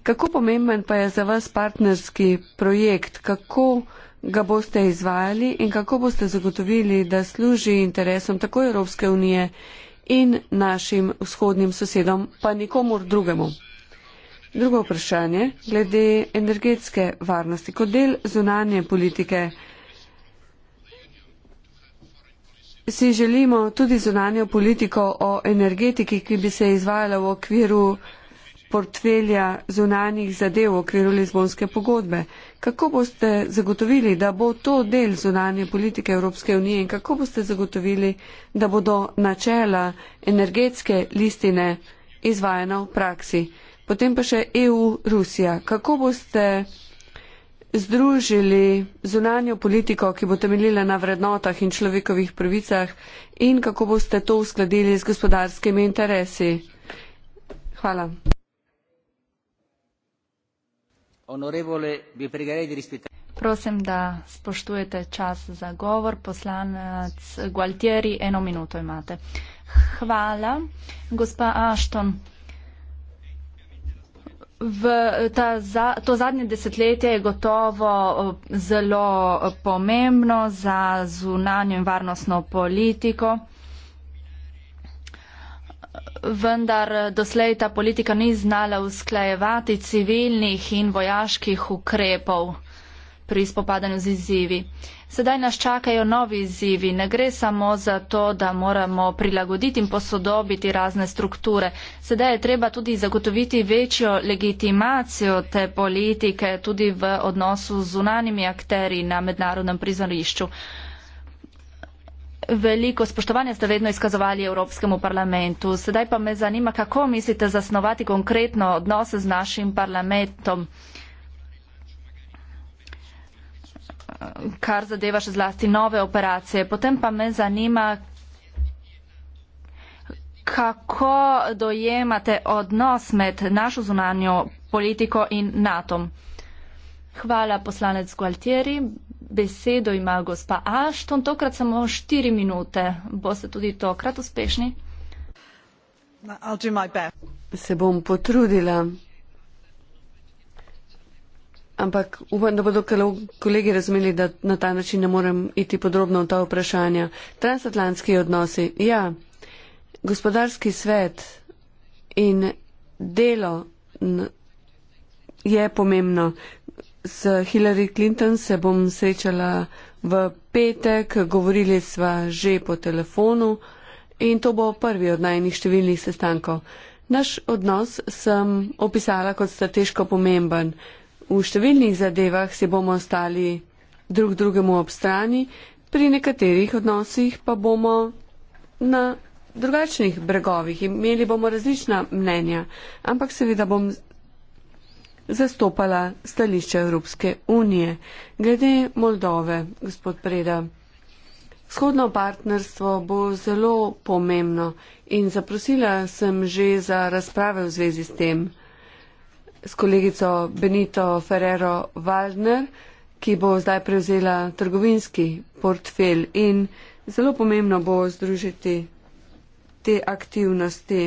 Kako pomemben pa je za vas partnerski projekt, kako ga boste izvajali in kako boste zagotovili, da služi interesom tako Evropske unije in našim vzhodnim sosedom, pa nikomu drugemu. Drugo vprašanje glede energetske varnosti kot del zunanje politike. Si želimo tudi zunanjo politiko o energetiki, ki bi se izvajala v okviru portfelja zunanjih zadev v okviru Lizbonske pogodbe. Kako boste zagotovili, da bo to del zunanje politike Evropske unije in kako boste zagotovili, da bodo načela energetske listine izvajena v praksi? Potem pa še EU-Rusija. Kako boste združili zunanjo politiko, ki bo temeljila na vrednotah in človekovih prvicah in kako boste to uskladili z gospodarskimi interesi? Hvala. Onorevole, bi pregledali rispite. Prosim, da spoštujete čas za govor. Poslanec Gualtieri, eno minuto imate. Hvala. Gospa Ašton. V ta, za, to zadnje desetletje je gotovo zelo pomembno za zunanjo in varnostno politiko, vendar doslej ta politika ni znala usklajevati civilnih in vojaških ukrepov pri spopadanju z izzivi. Sedaj nas čakajo novi izzivi. Ne gre samo za to, da moramo prilagoditi in posodobiti razne strukture. Sedaj je treba tudi zagotoviti večjo legitimacijo te politike tudi v odnosu z zunanimi akteri na mednarodnem prizorišču. Veliko spoštovanja ste vedno izkazovali Evropskemu parlamentu. Sedaj pa me zanima, kako mislite zasnovati konkretno odnose z našim parlamentom. kar zadeva še zlasti nove operacije. Potem pa me zanima, kako dojemate odnos med našo zunanjo politiko in NATO. Hvala, poslanec Gualtieri. Besedo ima gospa Ashton, tokrat samo štiri minute. Boste tudi tokrat uspešni? Se bom potrudila ampak upam, da bodo kolegi razumeli, da na ta način ne morem iti podrobno v ta vprašanja. Transatlantski odnosi. Ja, gospodarski svet in delo je pomembno. S Hillary Clinton se bom srečala v petek, govorili sva že po telefonu in to bo prvi od najnih številnih sestankov. Naš odnos sem opisala kot strateško pomemben. V številnih zadevah se bomo stali drug drugemu ob strani, pri nekaterih odnosih pa bomo na drugačnih bregovih, imeli bomo različna mnenja, ampak seveda bom zastopala stališče Evropske unije. Glede Moldove, gospod Preda, vzhodno partnerstvo bo zelo pomembno in zaprosila sem že za razprave v zvezi s tem s kolegico Benito Ferrero Waldner, ki bo zdaj prevzela trgovinski portfelj in zelo pomembno bo združiti te aktivnosti.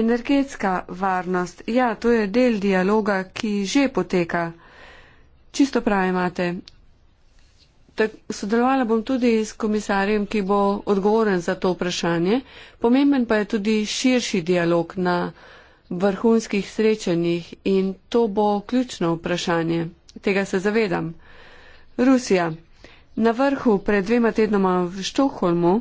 Energetska varnost. Ja, to je del dialoga, ki že poteka. Čisto prav imate. Tak, sodelovala bom tudi s komisarjem, ki bo odgovoren za to vprašanje. Pomemben pa je tudi širši dialog na vrhunskih srečanjih in to bo ključno vprašanje. Tega se zavedam. Rusija. Na vrhu pred dvema tednoma v Štokholmu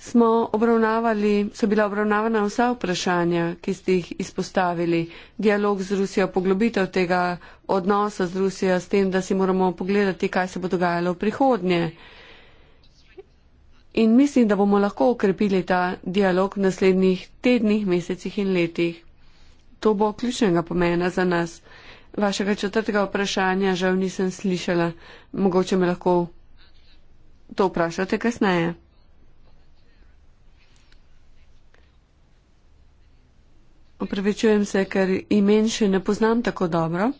so bila obravnavana vsa vprašanja, ki ste jih izpostavili. Dialog z Rusijo, poglobitev tega odnosa z Rusijo, s tem, da si moramo pogledati, kaj se bo dogajalo v prihodnje. In mislim, da bomo lahko okrepili ta dialog v naslednjih tednih, mesecih in letih to bo ključnega pomena za nas. Vašega četrtega vprašanja žal nisem slišala. Mogoče me lahko to vprašate kasneje. Opravičujem se, ker imen še ne poznam tako dobro.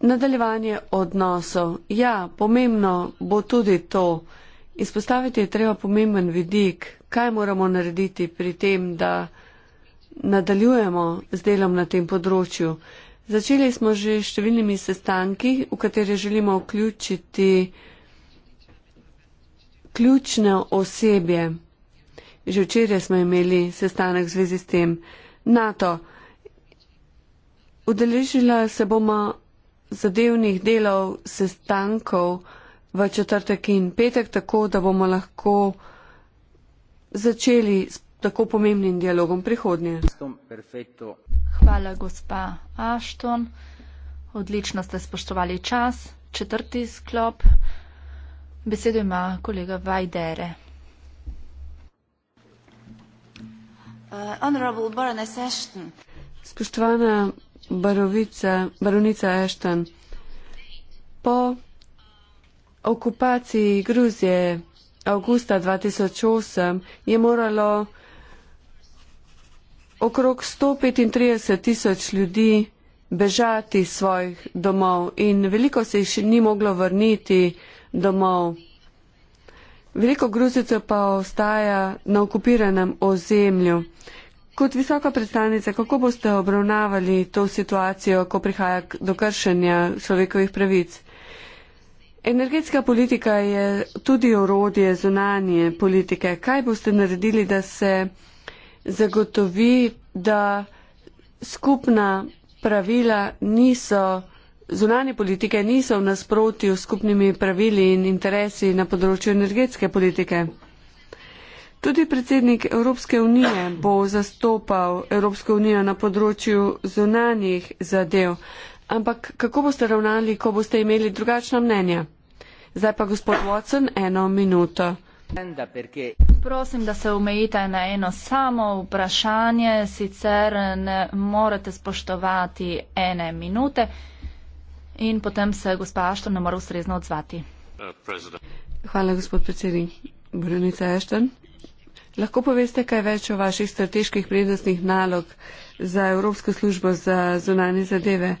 Nadaljevanje odnosov. Ja, pomembno bo tudi to. Izpostaviti je treba pomemben vidik, kaj moramo narediti pri tem, da nadaljujemo z delom na tem področju. Začeli smo že s številnimi sestanki, v kateri želimo vključiti ključne osebje. Že včeraj smo imeli sestanek v zvezi s tem NATO. Udeležila se bomo zadevnih delov sestankov v četrtek in petek, tako da bomo lahko začeli s tako pomembnim dialogom prihodnje. Hvala, gospa Ashton. Odlično ste spoštovali čas. Četrti sklop. Besedo ima kolega Vajdere. Uh, Spoštovana barovica, baronica Ashton, po okupaciji Gruzije avgusta 2008 je moralo okrog 135 tisoč ljudi bežati iz svojih domov in veliko se jih še ni moglo vrniti domov. Veliko gruzice pa ostaja na okupiranem ozemlju. Kot visoka predstavnica, kako boste obravnavali to situacijo, ko prihaja do kršenja človekovih pravic? Energetska politika je tudi orodje zunanje politike. Kaj boste naredili, da se zagotovi, da skupna pravila niso, zunanje politike niso v nasprotju s skupnimi pravili in interesi na področju energetske politike. Tudi predsednik Evropske unije bo zastopal Evropsko unijo na področju zunanjih zadev. Ampak kako boste ravnali, ko boste imeli drugačno mnenje? Zdaj pa gospod Watson, eno minuto prosim, da se omejite na eno samo vprašanje, sicer ne morete spoštovati ene minute in potem se gospa Ašton ne more ustrezno odzvati. Hvala, gospod predsednik. Brunica Ešton. Lahko poveste kaj več o vaših strateških prednostnih nalog za Evropsko službo za zunanje zadeve?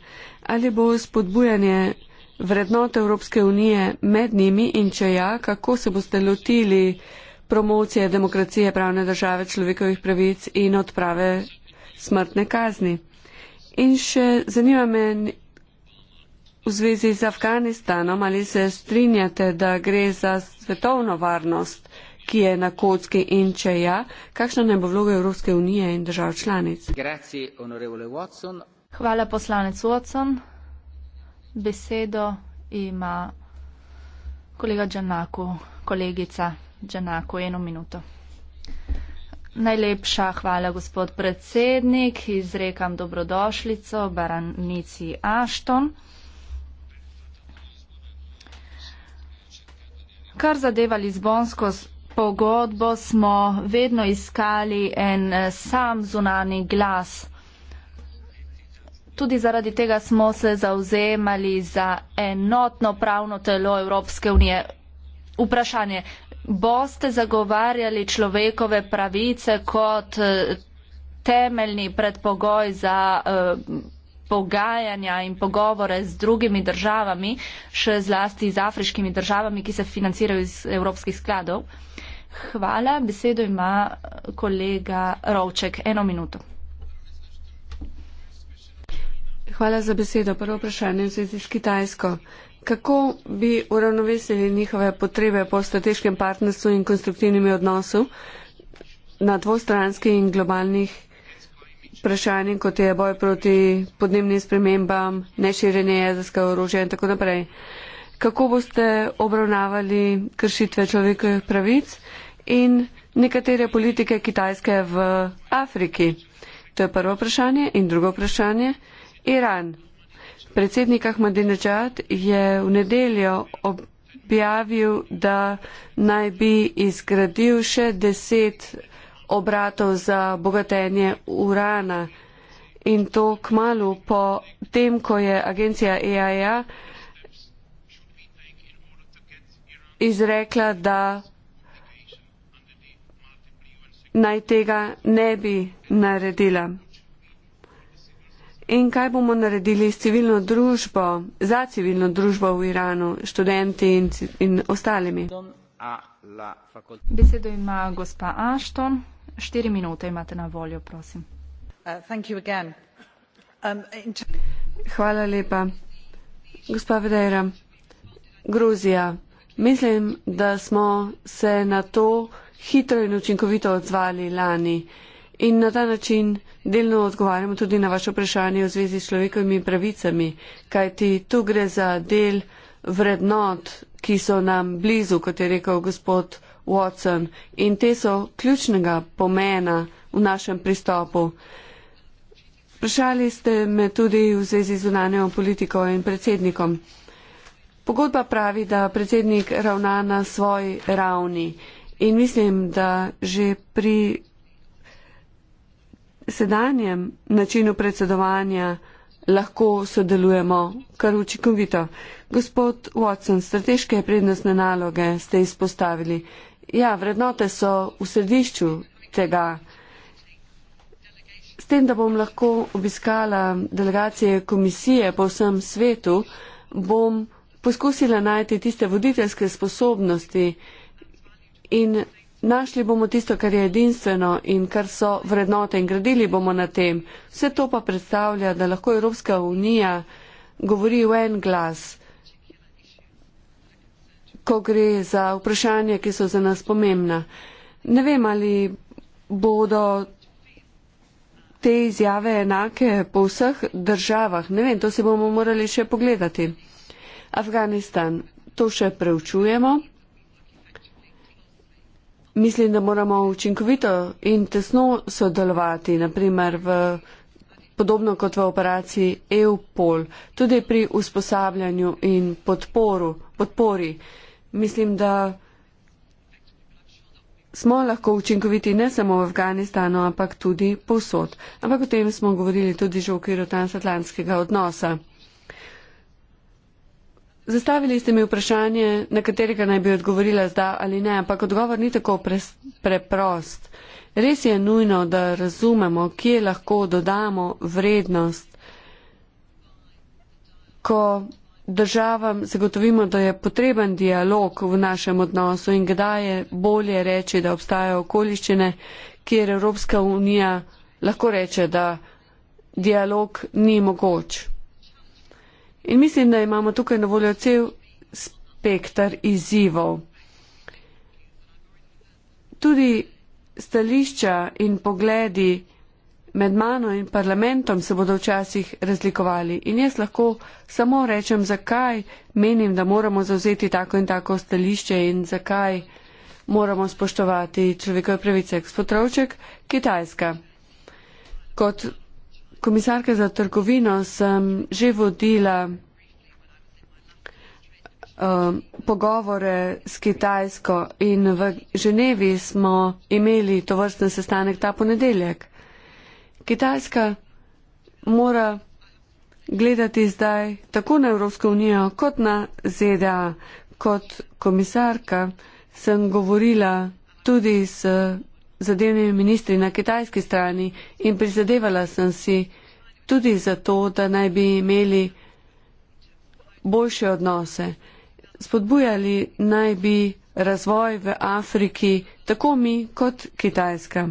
Ali bo spodbujanje vrednot Evropske unije med njimi in če ja, kako se boste lotili? promocije demokracije, pravne države, človekovih pravic in odprave smrtne kazni. In še zanima me v zvezi z Afganistanom, ali se strinjate, da gre za svetovno varnost, ki je na kocki in če ja, kakšna ne bo vloga Evropske unije in držav članic? Hvala poslanec Watson. Besedo ima kolega Džanaku, kolegica. Đanako, eno minuto. Najlepša hvala, gospod predsednik. Izrekam dobrodošljico baranici Ašton. Kar zadeva Lizbonsko pogodbo, smo vedno iskali en eh, sam zunani glas. Tudi zaradi tega smo se zauzemali za enotno pravno telo Evropske unije. Vprašanje, boste zagovarjali človekove pravice kot eh, temeljni predpogoj za eh, pogajanja in pogovore z drugimi državami, še zlasti z afriškimi državami, ki se financirajo iz evropskih skladov. Hvala. Besedo ima eh, kolega Rovček. Eno minuto. Hvala za besedo. Prvo vprašanje v zvezi s Kitajsko kako bi uravnovesili njihove potrebe po strateškem partnerstvu in konstruktivnimi odnosu na dvostranskih in globalnih vprašanjih, kot je boj proti podnebnim spremembam, neširjenje jezerske orožja in tako naprej. Kako boste obravnavali kršitve človekovih pravic in nekatere politike Kitajske v Afriki? To je prvo vprašanje. In drugo vprašanje. Iran. Predsednik Ahmadinejad je v nedeljo objavil, da naj bi izgradil še deset obratov za bogatenje urana in to kmalo po tem, ko je agencija EIA izrekla, da naj tega ne bi naredila. In kaj bomo naredili s civilno družbo, za civilno družbo v Iranu, študenti in, in ostalimi? Besedo ima gospa Ashton. Štiri minute imate na voljo, prosim. Uh, um, Hvala lepa. Gospa Vedera, Gruzija. Mislim, da smo se na to hitro in učinkovito odzvali lani. In na ta način delno odgovarjamo tudi na vaše vprašanje v zvezi s človekovimi pravicami, kajti tu gre za del vrednot, ki so nam blizu, kot je rekel gospod Watson, in te so ključnega pomena v našem pristopu. Vprašali ste me tudi v zvezi z zunanjo politiko in predsednikom. Pogodba pravi, da predsednik ravna na svoj ravni in mislim, da že pri sedanjem načinu predsedovanja lahko sodelujemo kar učinkovito. Gospod Watson, strateške prednostne naloge ste izpostavili. Ja, vrednote so v središču tega. S tem, da bom lahko obiskala delegacije komisije po vsem svetu, bom poskusila najti tiste voditeljske sposobnosti in Našli bomo tisto, kar je edinstveno in kar so vrednote in gradili bomo na tem. Vse to pa predstavlja, da lahko Evropska unija govori v en glas, ko gre za vprašanja, ki so za nas pomembna. Ne vem, ali bodo te izjave enake po vseh državah. Ne vem, to si bomo morali še pogledati. Afganistan, to še preučujemo. Mislim, da moramo učinkovito in tesno sodelovati, naprimer v, podobno kot v operaciji EUPOL, tudi pri usposabljanju in podporu, podpori. Mislim, da smo lahko učinkoviti ne samo v Afganistanu, ampak tudi povsod. Ampak o tem smo govorili tudi že v okviru transatlantskega odnosa. Zastavili ste mi vprašanje, na katerega naj bi odgovorila zdaj ali ne, ampak odgovor ni tako pre, preprost. Res je nujno, da razumemo, kje lahko dodamo vrednost, ko državam zagotovimo, da je potreben dialog v našem odnosu in kdaj je bolje reči, da obstajajo okoliščine, kjer Evropska unija lahko reče, da dialog ni mogoč. In mislim, da imamo tukaj na voljo cel spektar izzivov. Tudi stališča in pogledi med mano in parlamentom se bodo včasih razlikovali. In jaz lahko samo rečem, zakaj menim, da moramo zauzeti tako in tako stališče in zakaj moramo spoštovati človekove pravice. Gospod Trovček, Kitajska. Kot komisarka za trgovino sem že vodila um, pogovore s Kitajsko in v Ženevi smo imeli to vrstne sestanek ta ponedeljek. Kitajska mora gledati zdaj tako na Evropsko unijo kot na ZDA. Kot komisarka sem govorila tudi s zadevnimi ministri na kitajski strani in prizadevala sem si tudi za to, da naj bi imeli boljše odnose. Spodbujali naj bi razvoj v Afriki, tako mi kot Kitajska.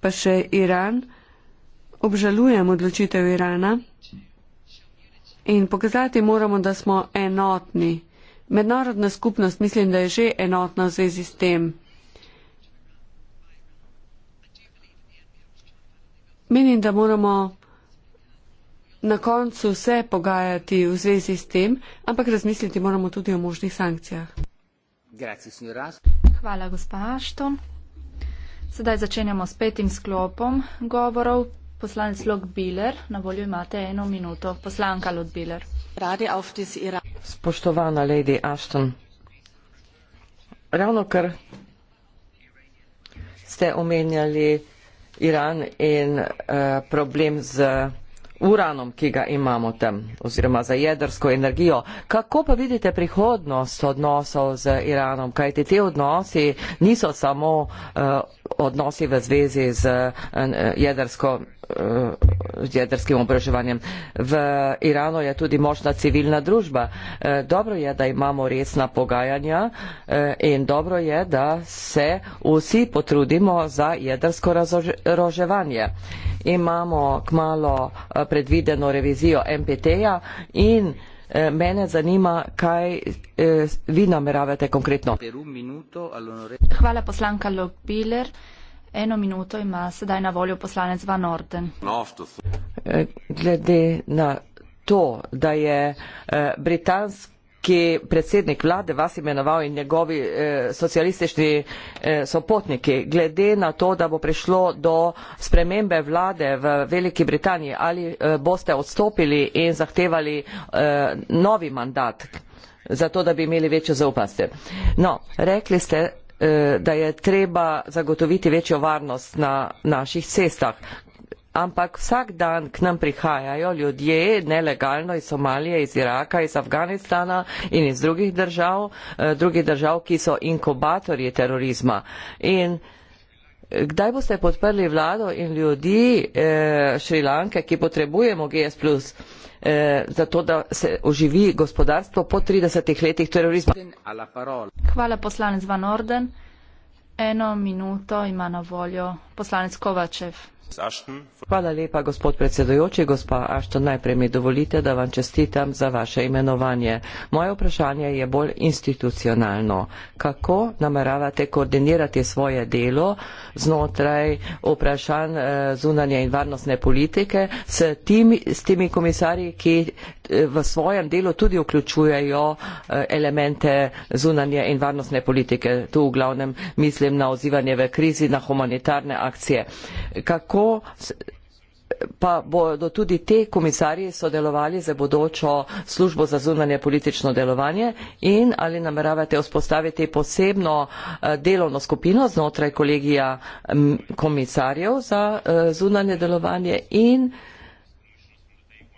Pa še Iran. Obžalujem odločitev Irana in pokazati moramo, da smo enotni. Mednarodna skupnost mislim, da je že enotna v zvezi s tem. Menim, da moramo na koncu vse pogajati v zvezi s tem, ampak razmisliti moramo tudi o možnih sankcijah. Hvala, gospa Ašton. Sedaj začenjamo s petim sklopom govorov. Poslanec Lok Biler, na voljo imate eno minuto. Poslanka Lok Biler. Spoštovana Lady Ashton, ravno kar ste omenjali Iran in eh, problem z uranom, ki ga imamo tam, oziroma za jedrsko energijo. Kako pa vidite prihodnost odnosov z Iranom? Kaj ti te odnosi niso samo uh, odnosi v zvezi z uh, jedrsko z jedrskim obraževanjem. V Iranu je tudi močna civilna družba. E, dobro je, da imamo resna pogajanja e, in dobro je, da se vsi potrudimo za jedrsko razoževanje. Imamo kmalo e, predvideno revizijo MPT-ja in Mene zanima, kaj vi nameravate konkretno. Hvala poslanka Lopiler. Eno minuto ima sedaj na voljo poslanec Van Orden. E, glede na to, da je e, britanski ki predsednik vlade vas imenoval in njegovi eh, socialistični eh, sopotniki, glede na to, da bo prišlo do spremembe vlade v Veliki Britaniji, ali eh, boste odstopili in zahtevali eh, novi mandat, zato da bi imeli večjo zaupanje. No, rekli ste, Eh, da je treba zagotoviti večjo varnost na naših cestah. Ampak vsak dan k nam prihajajo ljudje nelegalno iz Somalije, iz Iraka, iz Afganistana in iz drugih držav, eh, drugih držav ki so inkubatorji terorizma. In kdaj boste podprli vlado in ljudi eh, Šrilanke, ki potrebujemo GS, eh, zato da se oživi gospodarstvo po 30 letih terorizma? Hvala poslanec Van Orden. Eno minuto ima na voljo poslanec Kovačev najprej mi dovolite da vam čestitam za vaše imenovanje moje vprašanje je bolj institucionalno kako nameravate koordinirati svoje delo znotraj vprašanj eh, zunanje in varnostne politike s timi s timi komisarji ki eh, v svojem delu tudi vključujejo eh, elemente zunanje in varnostne politike tu v glavnem mislim na odzivanje v krizi na humanitarne akcije kako pa bodo tudi te komisarji sodelovali za bodočo službo za zunanje politično delovanje in ali nameravate vzpostaviti posebno eh, delovno skupino znotraj kolegija komisarjev za eh, zunanje delovanje in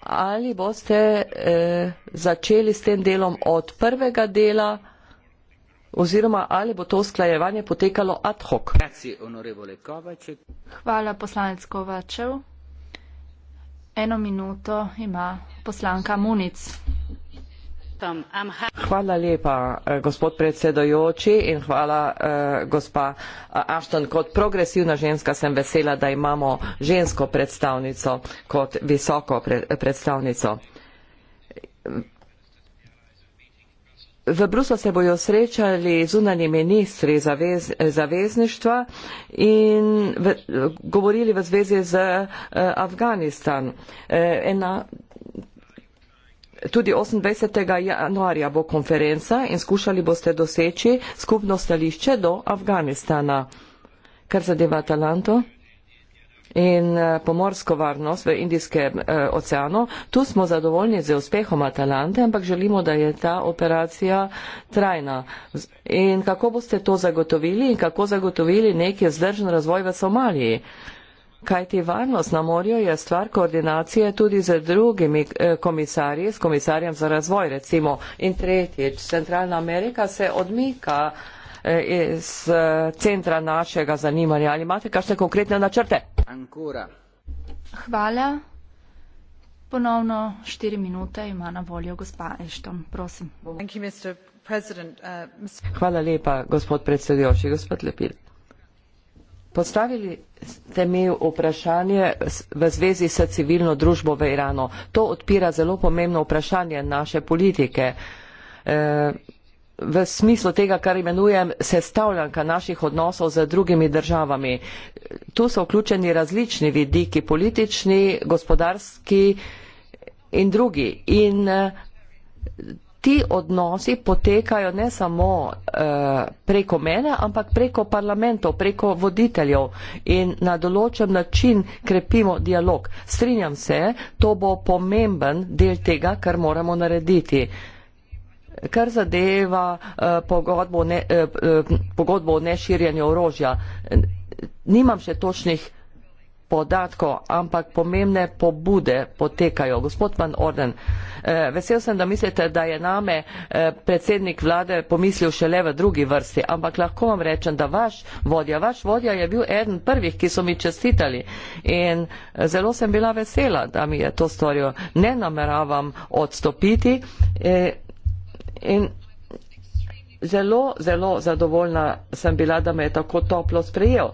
ali boste eh, začeli s tem delom od prvega dela oziroma ali bo to usklajevanje potekalo ad hoc. Hvala, poslanec Kovačev. Eno minuto ima poslanka Munic. Hvala lepa, eh, gospod predsedojoči in hvala, eh, gospa eh, Ashton. Kot progresivna ženska sem vesela, da imamo žensko predstavnico kot visoko predstavnico. V Bruslu se bojo srečali zunani ministri zavez, zavezništva in v, govorili v zvezi z uh, Afganistan. Uh, ena, tudi 28. januarja bo konferenca in skušali boste doseči skupno stališče do Afganistana. Kar zadeva Talanto? in eh, pomorsko varnost v Indijskem eh, oceanu. Tu smo zadovoljni z uspehom Atalante, ampak želimo, da je ta operacija trajna. In kako boste to zagotovili in kako zagotovili neki vzdržen razvoj v Somaliji? Kajti varnost na morju je stvar koordinacije tudi z drugimi eh, komisarji, s komisarjem za razvoj recimo. In tretjič, Centralna Amerika se odmika iz eh, centra našega zanimanja. Ali imate kakšne konkretne načrte? Ankura. Hvala. Ponovno štiri minute ima na voljo gospa Ešton. Prosim. Uh, Hvala lepa, gospod predsedujoči, gospod Lepil. Postavili ste mi vprašanje v zvezi s civilno družbo v Iranu. To odpira zelo pomembno vprašanje naše politike. Eh, v smislu tega, kar imenujem sestavljanka naših odnosov z drugimi državami. Tu so vključeni različni vidiki, politični, gospodarski in drugi. In eh, ti odnosi potekajo ne samo eh, preko mene, ampak preko parlamentov, preko voditeljev in na določen način krepimo dialog. Strinjam se, to bo pomemben del tega, kar moramo narediti kar zadeva eh, pogodbo, ne, eh, eh, pogodbo o neširjenju orožja. Nimam še točnih podatkov, ampak pomembne pobude potekajo. Gospod Van Orden, vesel sem, da mislite, da je name predsednik vlade pomislil šele v drugi vrsti, ampak lahko vam rečem, da vaš vodja, vaš vodja je bil eden prvih, ki so mi čestitali in zelo sem bila vesela, da mi je to storil. Ne nameravam odstopiti in zelo, zelo zadovoljna sem bila, da me je tako toplo sprejel.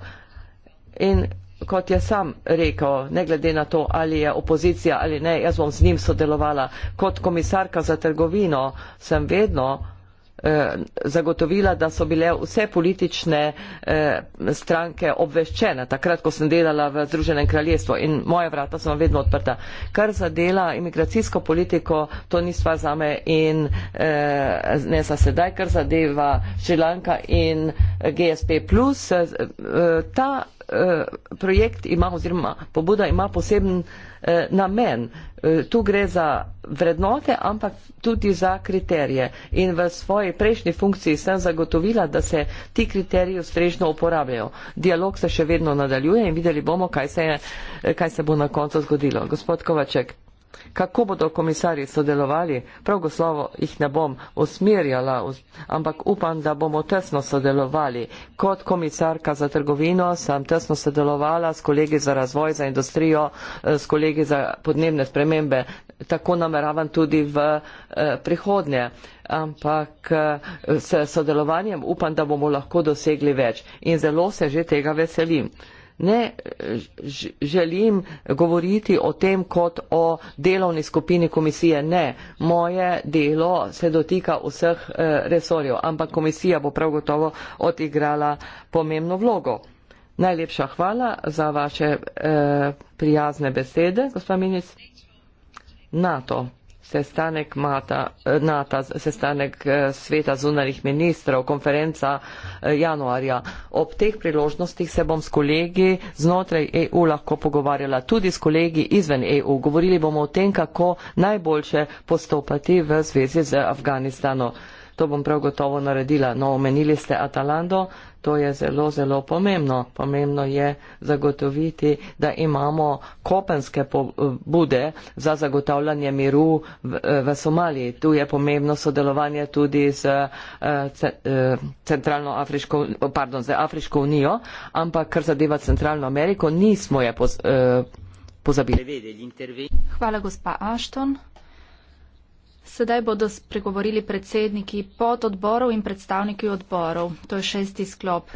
In kot je sam rekel, ne glede na to, ali je opozicija ali ne, jaz bom z njim sodelovala. Kot komisarka za trgovino sem vedno Eh, zagotovila, da so bile vse politične eh, stranke obveščene, takrat, ko sem delala v Združenem kraljestvu in moja vrata so vam vedno odprta. Kar zadela imigracijsko politiko, to ni stvar za me in eh, ne za sedaj, kar zadeva Šrilanka in GSP. Ta Eh, projekt ima oziroma pobuda ima poseben eh, namen. Eh, tu gre za vrednote, ampak tudi za kriterije. In v svoji prejšnji funkciji sem zagotovila, da se ti kriteriji ustrežno uporabljajo. Dialog se še vedno nadaljuje in videli bomo, kaj se, je, kaj se bo na koncu zgodilo. Gospod Kovaček. Kako bodo komisarji sodelovali, prav gotovo jih ne bom usmerjala, ampak upam, da bomo tesno sodelovali. Kot komisarka za trgovino sem tesno sodelovala s kolegi za razvoj, za industrijo, eh, s kolegi za podnebne spremembe. Tako nameravam tudi v eh, prihodnje. Ampak eh, s sodelovanjem upam, da bomo lahko dosegli več. In zelo se že tega veselim ne želim govoriti o tem kot o delovni skupini komisije. Ne, moje delo se dotika vseh eh, resorjev, ampak komisija bo prav gotovo odigrala pomembno vlogo. Najlepša hvala za vaše eh, prijazne besede, gospod ministr. NATO sestanek Mata, NATO, sestanek eh, sveta zunarih ministrov, konferenca eh, januarja. Ob teh priložnostih se bom s kolegi znotraj EU lahko pogovarjala tudi s kolegi izven EU. Govorili bomo o tem, kako najboljše postopati v zvezi z Afganistano. To bom prav gotovo naredila. No, omenili ste Atalando, To je zelo, zelo pomembno. Pomembno je zagotoviti, da imamo kopenske eh, pobude za zagotavljanje miru v, eh, v Somaliji. Tu je pomembno sodelovanje tudi z, eh, Afriško, pardon, z Afriško unijo, ampak kar zadeva Centralno Ameriko, nismo je poz, pozabili. Hvala, gospa Ashton. Sedaj bodo spregovorili predsedniki pododborov in predstavniki odborov. To je šesti sklop.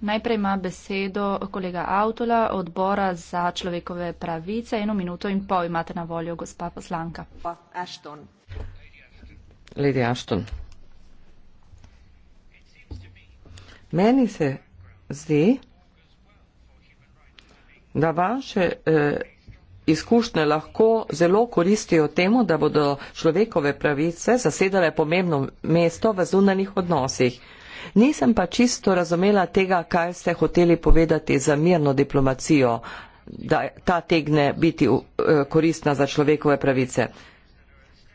Najprej ima besedo kolega Avtola, odbora za človekove pravice. Eno minuto in pol imate na voljo, gospa poslanka. Pa, Ashton. Lady Ashton. Meni se zdi, da vaše eh, izkušnje lahko zelo koristijo temu, da bodo človekove pravice zasedale pomembno mesto v zunanih odnosih. Nisem pa čisto razumela tega, kaj ste hoteli povedati za mirno diplomacijo, da ta tegne biti eh, koristna za človekove pravice.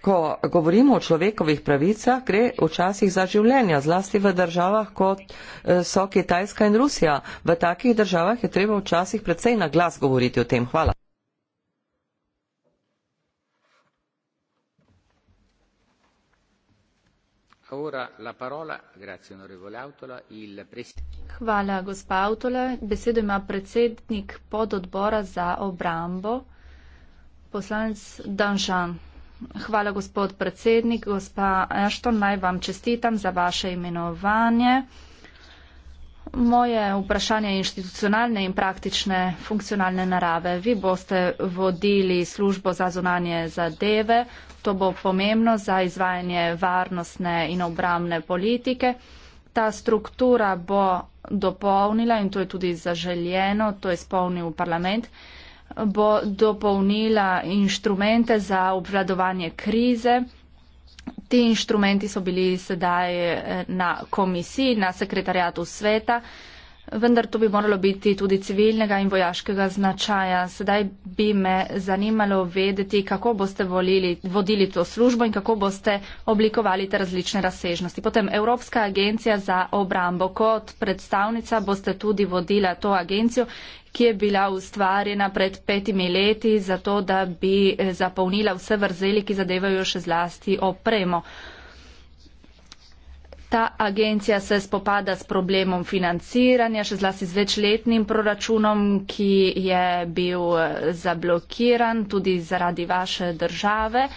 Ko govorimo o človekovih pravicah, gre včasih za življenja, zlasti v državah, kot eh, so Kitajska in Rusija. V takih državah je treba včasih predvsej na glas govoriti o tem. Hvala. Hvala, gospa Avtola. Besedo ima predsednik pododbora za obrambo, poslanec Danžan. Hvala, gospod predsednik. Gospa Ashton, naj vam čestitam za vaše imenovanje moje vprašanje institucionalne in praktične funkcionalne narave. Vi boste vodili službo za zunanje zadeve, to bo pomembno za izvajanje varnostne in obramne politike. Ta struktura bo dopolnila in to je tudi zaželjeno, to je spolnil parlament, bo dopolnila inštrumente za obvladovanje krize. Ti inštrumenti so bili sedaj eh, na komisiji, na sekretarijatu sveta vendar to bi moralo biti tudi civilnega in vojaškega značaja. Sedaj bi me zanimalo vedeti, kako boste volili, vodili to službo in kako boste oblikovali te različne razsežnosti. Potem Evropska agencija za obrambo kot predstavnica boste tudi vodila to agencijo ki je bila ustvarjena pred petimi leti za to, da bi zapolnila vse vrzeli, ki zadevajo še zlasti opremo ta agencija se spopada s problemom financiranja, še zlasti z večletnim proračunom, ki je bil eh, zablokiran tudi zaradi vaše države.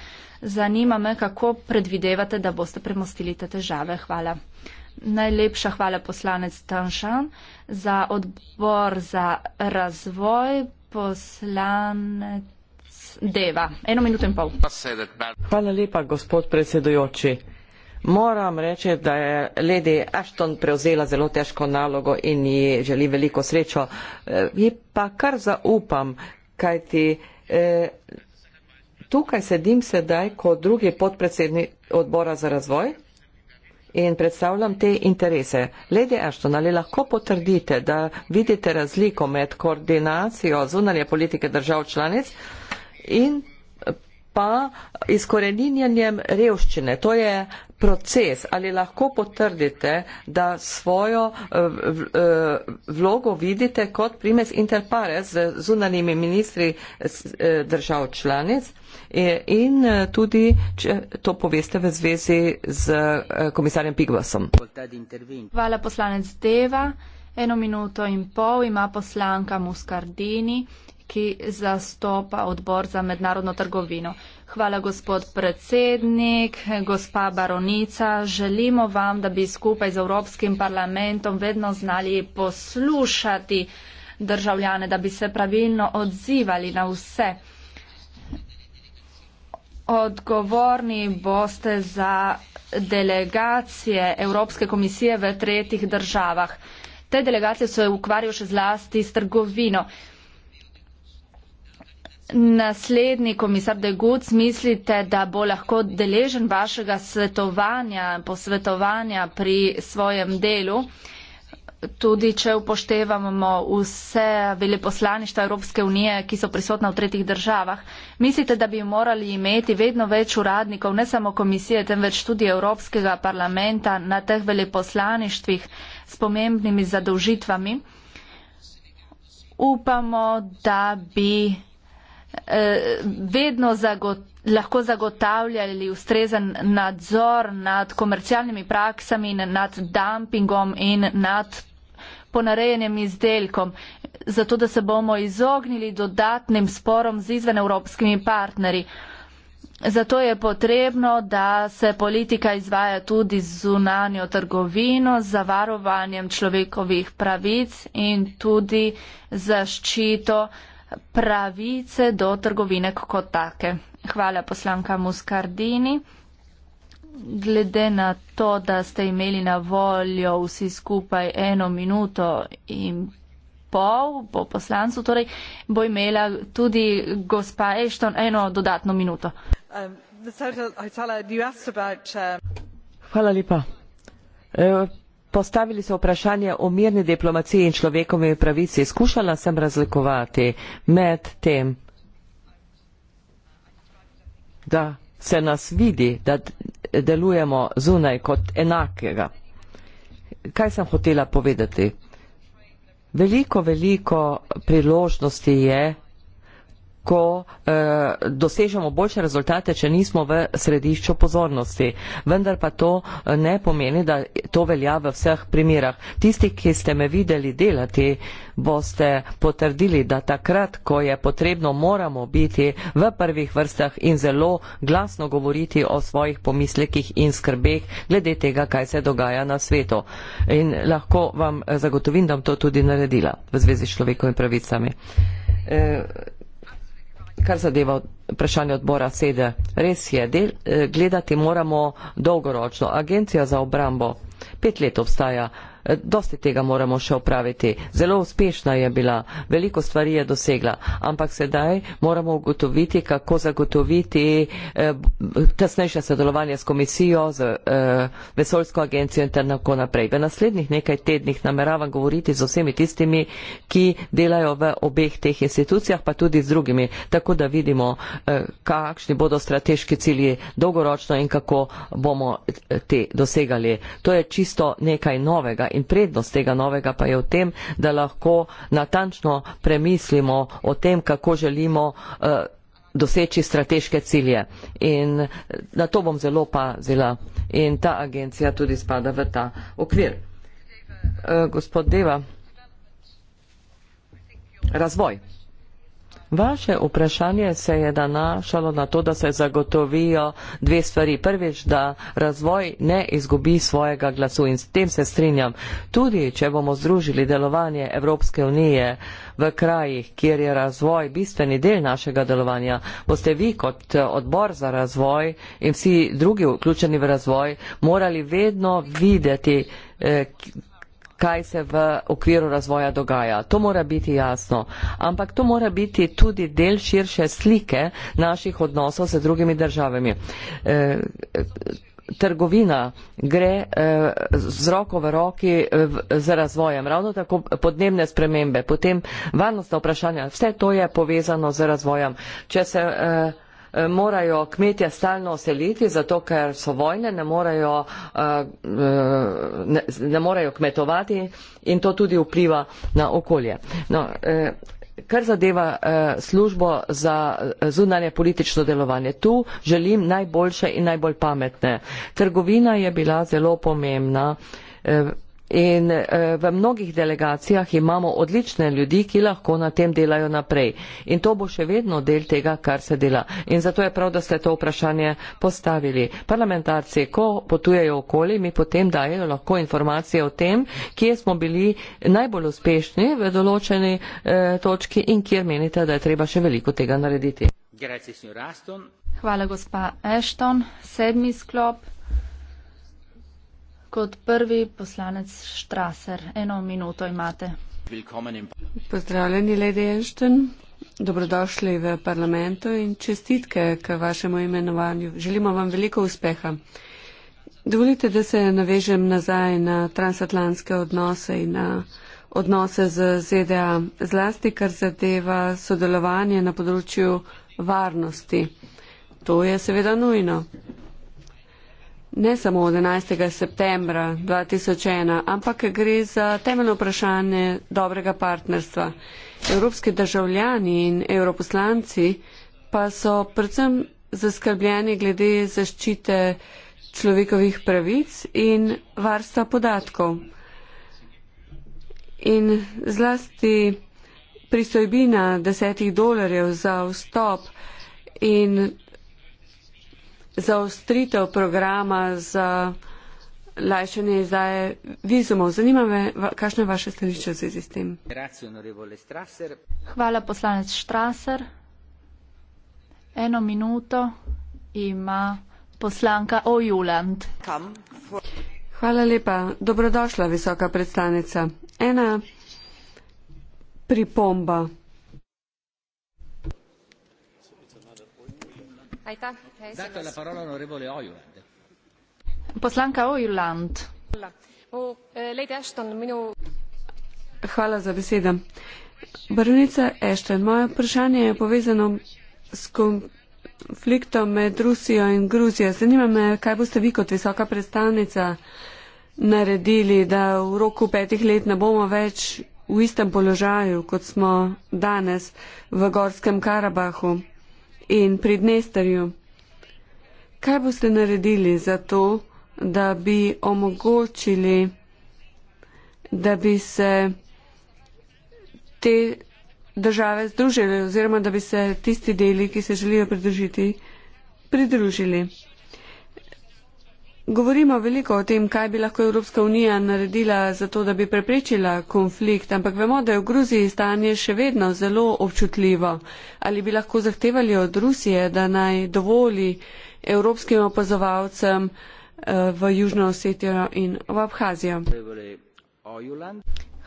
Zanima me, kako predvidevate, da boste premostili te težave. Hvala. Najlepša hvala poslanec Tanšan za odbor za razvoj poslanec Deva. Eno minuto in pol. Hvala lepa, gospod predsedujoči. Moram reči, da je Lady Ashton prevzela zelo težko nalogo in ji želi veliko srečo. Eh, ji pa kar zaupam, kaj ti eh, tukaj sedim sedaj kot drugi podpredsednik odbora za razvoj in predstavljam te interese. Lady Ashton, ali lahko potrdite, da vidite razliko med koordinacijo zunanje politike držav članic in pa izkoreninjanjem revščine. To je proces. Ali lahko potrdite, da svojo eh, eh, vlogo vidite kot primes interpares z zunanimi ministri eh, držav članic e, in tudi, če to poveste v zvezi z komisarjem Pigvasom? Hvala poslanec Deva. Eno minuto in pol ima poslanka Muscardini ki zastopa odbor za mednarodno trgovino. Hvala, gospod predsednik, gospa baronica. Želimo vam, da bi skupaj z Evropskim parlamentom vedno znali poslušati državljane, da bi se pravilno odzivali na vse. Odgovorni boste za delegacije Evropske komisije v tretjih državah. Te delegacije so se ukvarjale še zlasti s trgovino naslednji komisar De Guc mislite, da bo lahko deležen vašega svetovanja, posvetovanja pri svojem delu, tudi če upoštevamo vse veleposlaništva Evropske unije, ki so prisotna v tretjih državah? Mislite, da bi morali imeti vedno več uradnikov, ne samo komisije, temveč tudi Evropskega parlamenta na teh veleposlaništvih s pomembnimi zadolžitvami? Upamo, da bi vedno zagot, lahko zagotavljali ustrezen nadzor nad komercialnimi praksami, nad dumpingom in nad ponarejenim izdelkom, zato da se bomo izognili dodatnim sporom z izvenevropskimi partnerji. Zato je potrebno, da se politika izvaja tudi z zunanjo trgovino, z zavarovanjem človekovih pravic in tudi zaščito pravice do trgovine kot take. Hvala poslanka Muscardini. Glede na to, da ste imeli na voljo vsi skupaj eno minuto in pol po poslancu, torej bo imela tudi gospa Ešton eno dodatno minuto. Um, um, Hvala lepa postavili so vprašanje o mirni diplomaciji in človekovi pravici. Skušala sem razlikovati med tem, da se nas vidi, da delujemo zunaj kot enakega. Kaj sem hotela povedati? Veliko, veliko priložnosti je lahko eh, dosežemo boljše rezultate, če nismo v središču pozornosti. Vendar pa to eh, ne pomeni, da to velja v vseh primerah. Tisti, ki ste me videli delati, boste potrdili, da takrat, ko je potrebno, moramo biti v prvih vrstah in zelo glasno govoriti o svojih pomislekih in skrbeh glede tega, kaj se dogaja na svetu. In lahko vam eh, zagotovim, da bom to tudi naredila v zvezi s človekovimi pravicami. Eh, kar zadeva vprašanje odbora sede. Res je, del, eh, gledati moramo dolgoročno. Agencija za obrambo pet let obstaja. Eh, dosti tega moramo še opraviti. Zelo uspešna je bila, veliko stvari je dosegla, ampak sedaj moramo ugotoviti, kako zagotoviti eh, tesnejše sodelovanje s komisijo, z eh, vesoljsko agencijo in tako naprej. V naslednjih nekaj tednih nameravam govoriti z vsemi tistimi, ki delajo v obeh teh institucijah, pa tudi z drugimi, tako da vidimo, eh, kakšni bodo strateški cilji dolgoročno in kako bomo eh, te dosegali. To je čisto nekaj novega in prednost tega novega pa je v tem, da lahko natančno premislimo o tem, kako želimo uh, doseči strateške cilje. In eh, na to bom zelo pazila in ta agencija tudi spada v ta okvir. Uh, gospod Deva, razvoj. Vaše vprašanje se je nanašalo na to, da se zagotovijo dve stvari. Prvič, da razvoj ne izgubi svojega glasu in s tem se strinjam. Tudi, če bomo združili delovanje Evropske unije v krajih, kjer je razvoj bistveni del našega delovanja, boste vi kot odbor za razvoj in vsi drugi vključeni v razvoj morali vedno videti eh, kaj se v okviru razvoja dogaja. To mora biti jasno. Ampak to mora biti tudi del širše slike naših odnosov z drugimi državami. E, trgovina gre e, z roko v roki e, z razvojem, ravno tako podnebne spremembe, potem varnostna vprašanja, vse to je povezano z razvojem. Če se e, Eh, morajo kmetje stalno oseliti, zato ker so vojne, ne morajo, eh, eh, ne, ne morajo kmetovati in to tudi vpliva na okolje. No, kar zadeva službo za zunanje politično delovanje. Tu želim najboljše in najbolj pametne. Trgovina je bila zelo pomembna In eh, v mnogih delegacijah imamo odlične ljudi, ki lahko na tem delajo naprej. In to bo še vedno del tega, kar se dela. In zato je prav, da ste to vprašanje postavili. Parlamentarci, ko potujejo okoli, mi potem dajejo lahko informacije o tem, kje smo bili najbolj uspešni v določeni eh, točki in kjer menite, da je treba še veliko tega narediti. Hvala, gospa Ashton. Sedmi sklop kot prvi poslanec Štraser. Eno minuto imate. Pozdravljeni, Lady Enšten. Dobrodošli v parlamentu in čestitke k vašemu imenovanju. Želimo vam veliko uspeha. Dovolite, da se navežem nazaj na transatlantske odnose in na odnose z ZDA, zlasti kar zadeva sodelovanje na področju varnosti. To je seveda nujno ne samo od 11. septembra 2001, ampak gre za temeljno vprašanje dobrega partnerstva. Evropski državljani in europoslanci pa so predvsem zaskrbljeni glede zaščite človekovih pravic in varstva podatkov. In zlasti pristojbina desetih dolarjev za vstop in zaostritev programa za lajšanje izdaje vizumov. Zanima me, kakšno je vaše stališče v zvezi s tem? Hvala, poslanec Strasser. Eno minuto ima poslanka Ojuland. Hvala lepa. Dobrodošla, visoka predstavnica. Ena pripomba. poslanka ojuland eh, baronica ashton moje vprašanje je povezano s konfliktom med rusijo in gruzijo zanima me kaj boste vi kot visoka predstavnica naredili da v roku petih let ne bomo več v istem položaju kot smo danes v gorskem karabahu in Pridnesterju. Kaj boste naredili za to, da bi omogočili, da bi se te države združile oziroma da bi se tisti deli, ki se želijo pridružiti, pridružili? Govorimo veliko o tem, kaj bi lahko Evropska unija naredila za to, da bi preprečila konflikt, ampak vemo, da je v Gruziji stanje še vedno zelo občutljivo. Ali bi lahko zahtevali od Rusije, da naj dovoli evropskim opazovalcem eh, v Južno Osetijo in v Abhazijo?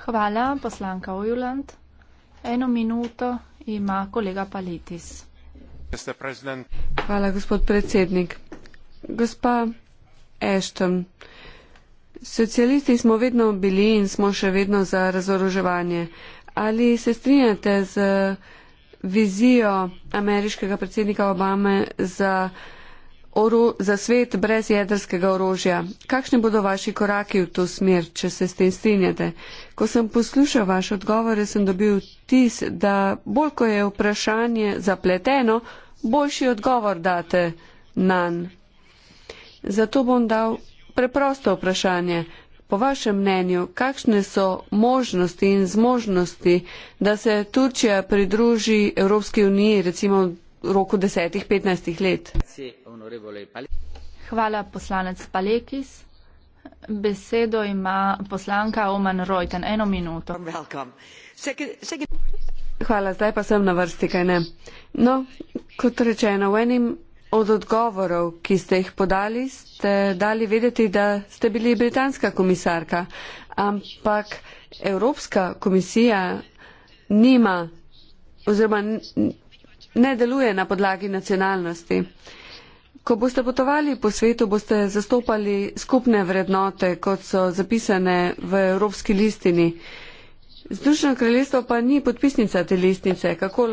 Hvala, poslanka Ojuland. Eno minuto ima kolega Palitis. Hvala, gospod predsednik. Gospa Ashton. Socialisti smo vedno bili in smo še vedno za razoroževanje. Ali se strinjate z vizijo ameriškega predsednika Obame za, za svet brez jedrskega orožja? Kakšni bodo vaši koraki v to smer, če se s tem strinjate? Ko sem poslušal vaše odgovore, sem dobil tis, da bolj ko je vprašanje zapleteno, boljši odgovor date na njega. Zato bom dal preprosto vprašanje. Po vašem mnenju, kakšne so možnosti in zmožnosti, da se Turčija pridruži Evropski uniji, recimo v roku 10-15 let? Hvala, poslanec Palekis. Besedo ima poslanka Oman Reuten. Eno minuto. Hvala, zdaj pa sem na vrsti, kaj ne. No, kot rečeno, v enem Od odgovorov, ki ste jih podali, ste dali vedeti, da ste bili britanska komisarka, ampak Evropska komisija nima oziroma ne deluje na podlagi nacionalnosti. Ko boste potovali po svetu, boste zastopali skupne vrednote, kot so zapisane v Evropski listini. Združeno kraljestvo pa ni podpisnica te listnice. Kako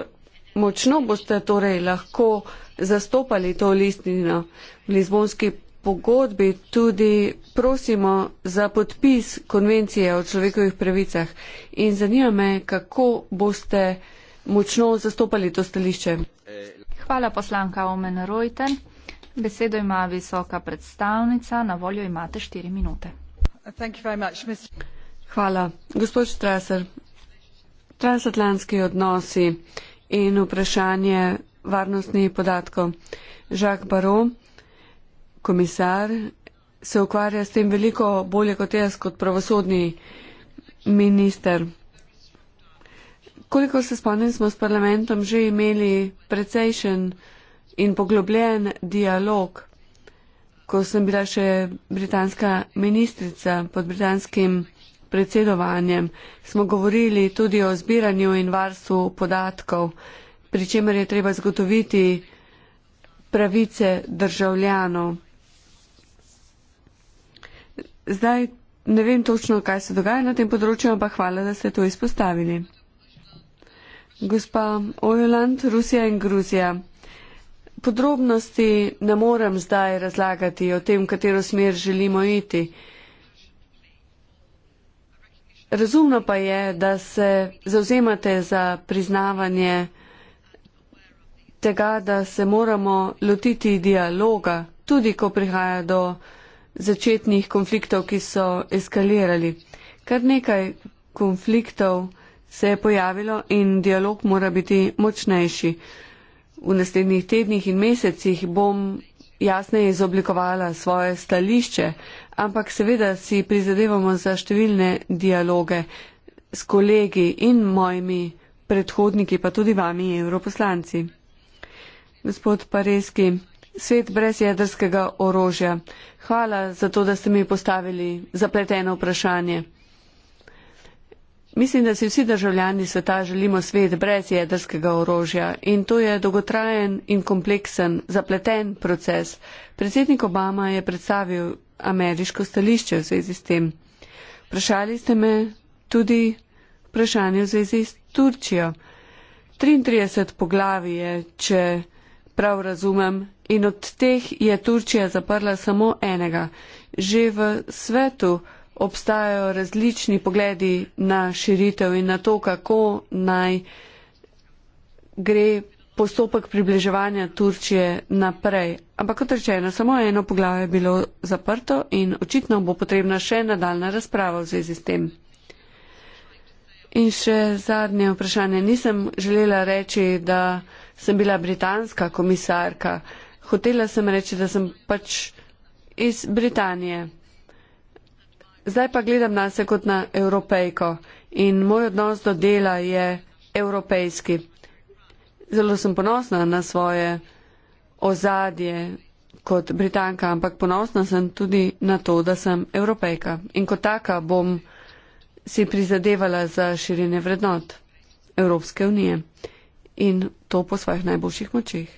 močno boste torej lahko zastopali to listnino v Lizbonski pogodbi, tudi prosimo za podpis konvencije o človekovih pravicah. In zanima me, kako boste močno zastopali to stališče. Hvala poslanka Omen Rojten. Besedo ima visoka predstavnica. Na voljo imate štiri minute. Hvala. Gospod Strasser, transatlantski odnosi in vprašanje varnostnih podatkov. Jacques Barrault, komisar, se ukvarja s tem veliko bolje kot jaz, kot pravosodni minister. Koliko se spomnim, smo s parlamentom že imeli precejšen in poglobljen dialog, ko sem bila še britanska ministrica pod britanskim predsedovanjem. Smo govorili tudi o zbiranju in varstvu podatkov pri čemer je treba zagotoviti pravice državljanov. Zdaj ne vem točno, kaj se dogaja na tem področju, ampak hvala, da ste to izpostavili. Gospa Ojoland, Rusija in Gruzija. Podrobnosti ne morem zdaj razlagati o tem, v katero smer želimo iti. Razumno pa je, da se zauzemate za priznavanje tega, da se moramo lotiti dialoga, tudi ko prihaja do začetnih konfliktov, ki so eskalirali. Kar nekaj konfliktov se je pojavilo in dialog mora biti močnejši. V naslednjih tednih in mesecih bom jasneje izoblikovala svoje stališče, ampak seveda si prizadevamo za številne dialoge s kolegi in mojimi predhodniki, pa tudi vami, europoslanci gospod Pareski, svet brez jedrskega orožja. Hvala za to, da ste mi postavili zapleteno vprašanje. Mislim, da si vsi državljani sveta želimo svet brez jedrskega orožja in to je dolgotrajen in kompleksen, zapleten proces. Predsednik Obama je predstavil ameriško stališče v zvezi s tem. Vprašali ste me tudi vprašanje v zvezi s Turčijo. 33 poglavi je, če. Prav razumem. In od teh je Turčija zaprla samo enega. Že v svetu obstajajo različni pogledi na širitev in na to, kako naj gre postopek približevanja Turčije naprej. Ampak kot rečeno, samo eno poglavje je bilo zaprto in očitno bo potrebna še nadaljna razprava v zvezi s tem. In še zadnje vprašanje. Nisem želela reči, da sem bila britanska komisarka. Hotela sem reči, da sem pač iz Britanije. Zdaj pa gledam na se kot na evropejko in moj odnos do dela je evropejski. Zelo sem ponosna na svoje ozadje kot Britanka, ampak ponosna sem tudi na to, da sem evropejka in kot taka bom si prizadevala za širjenje vrednot Evropske unije in to po svojih najboljših močeh.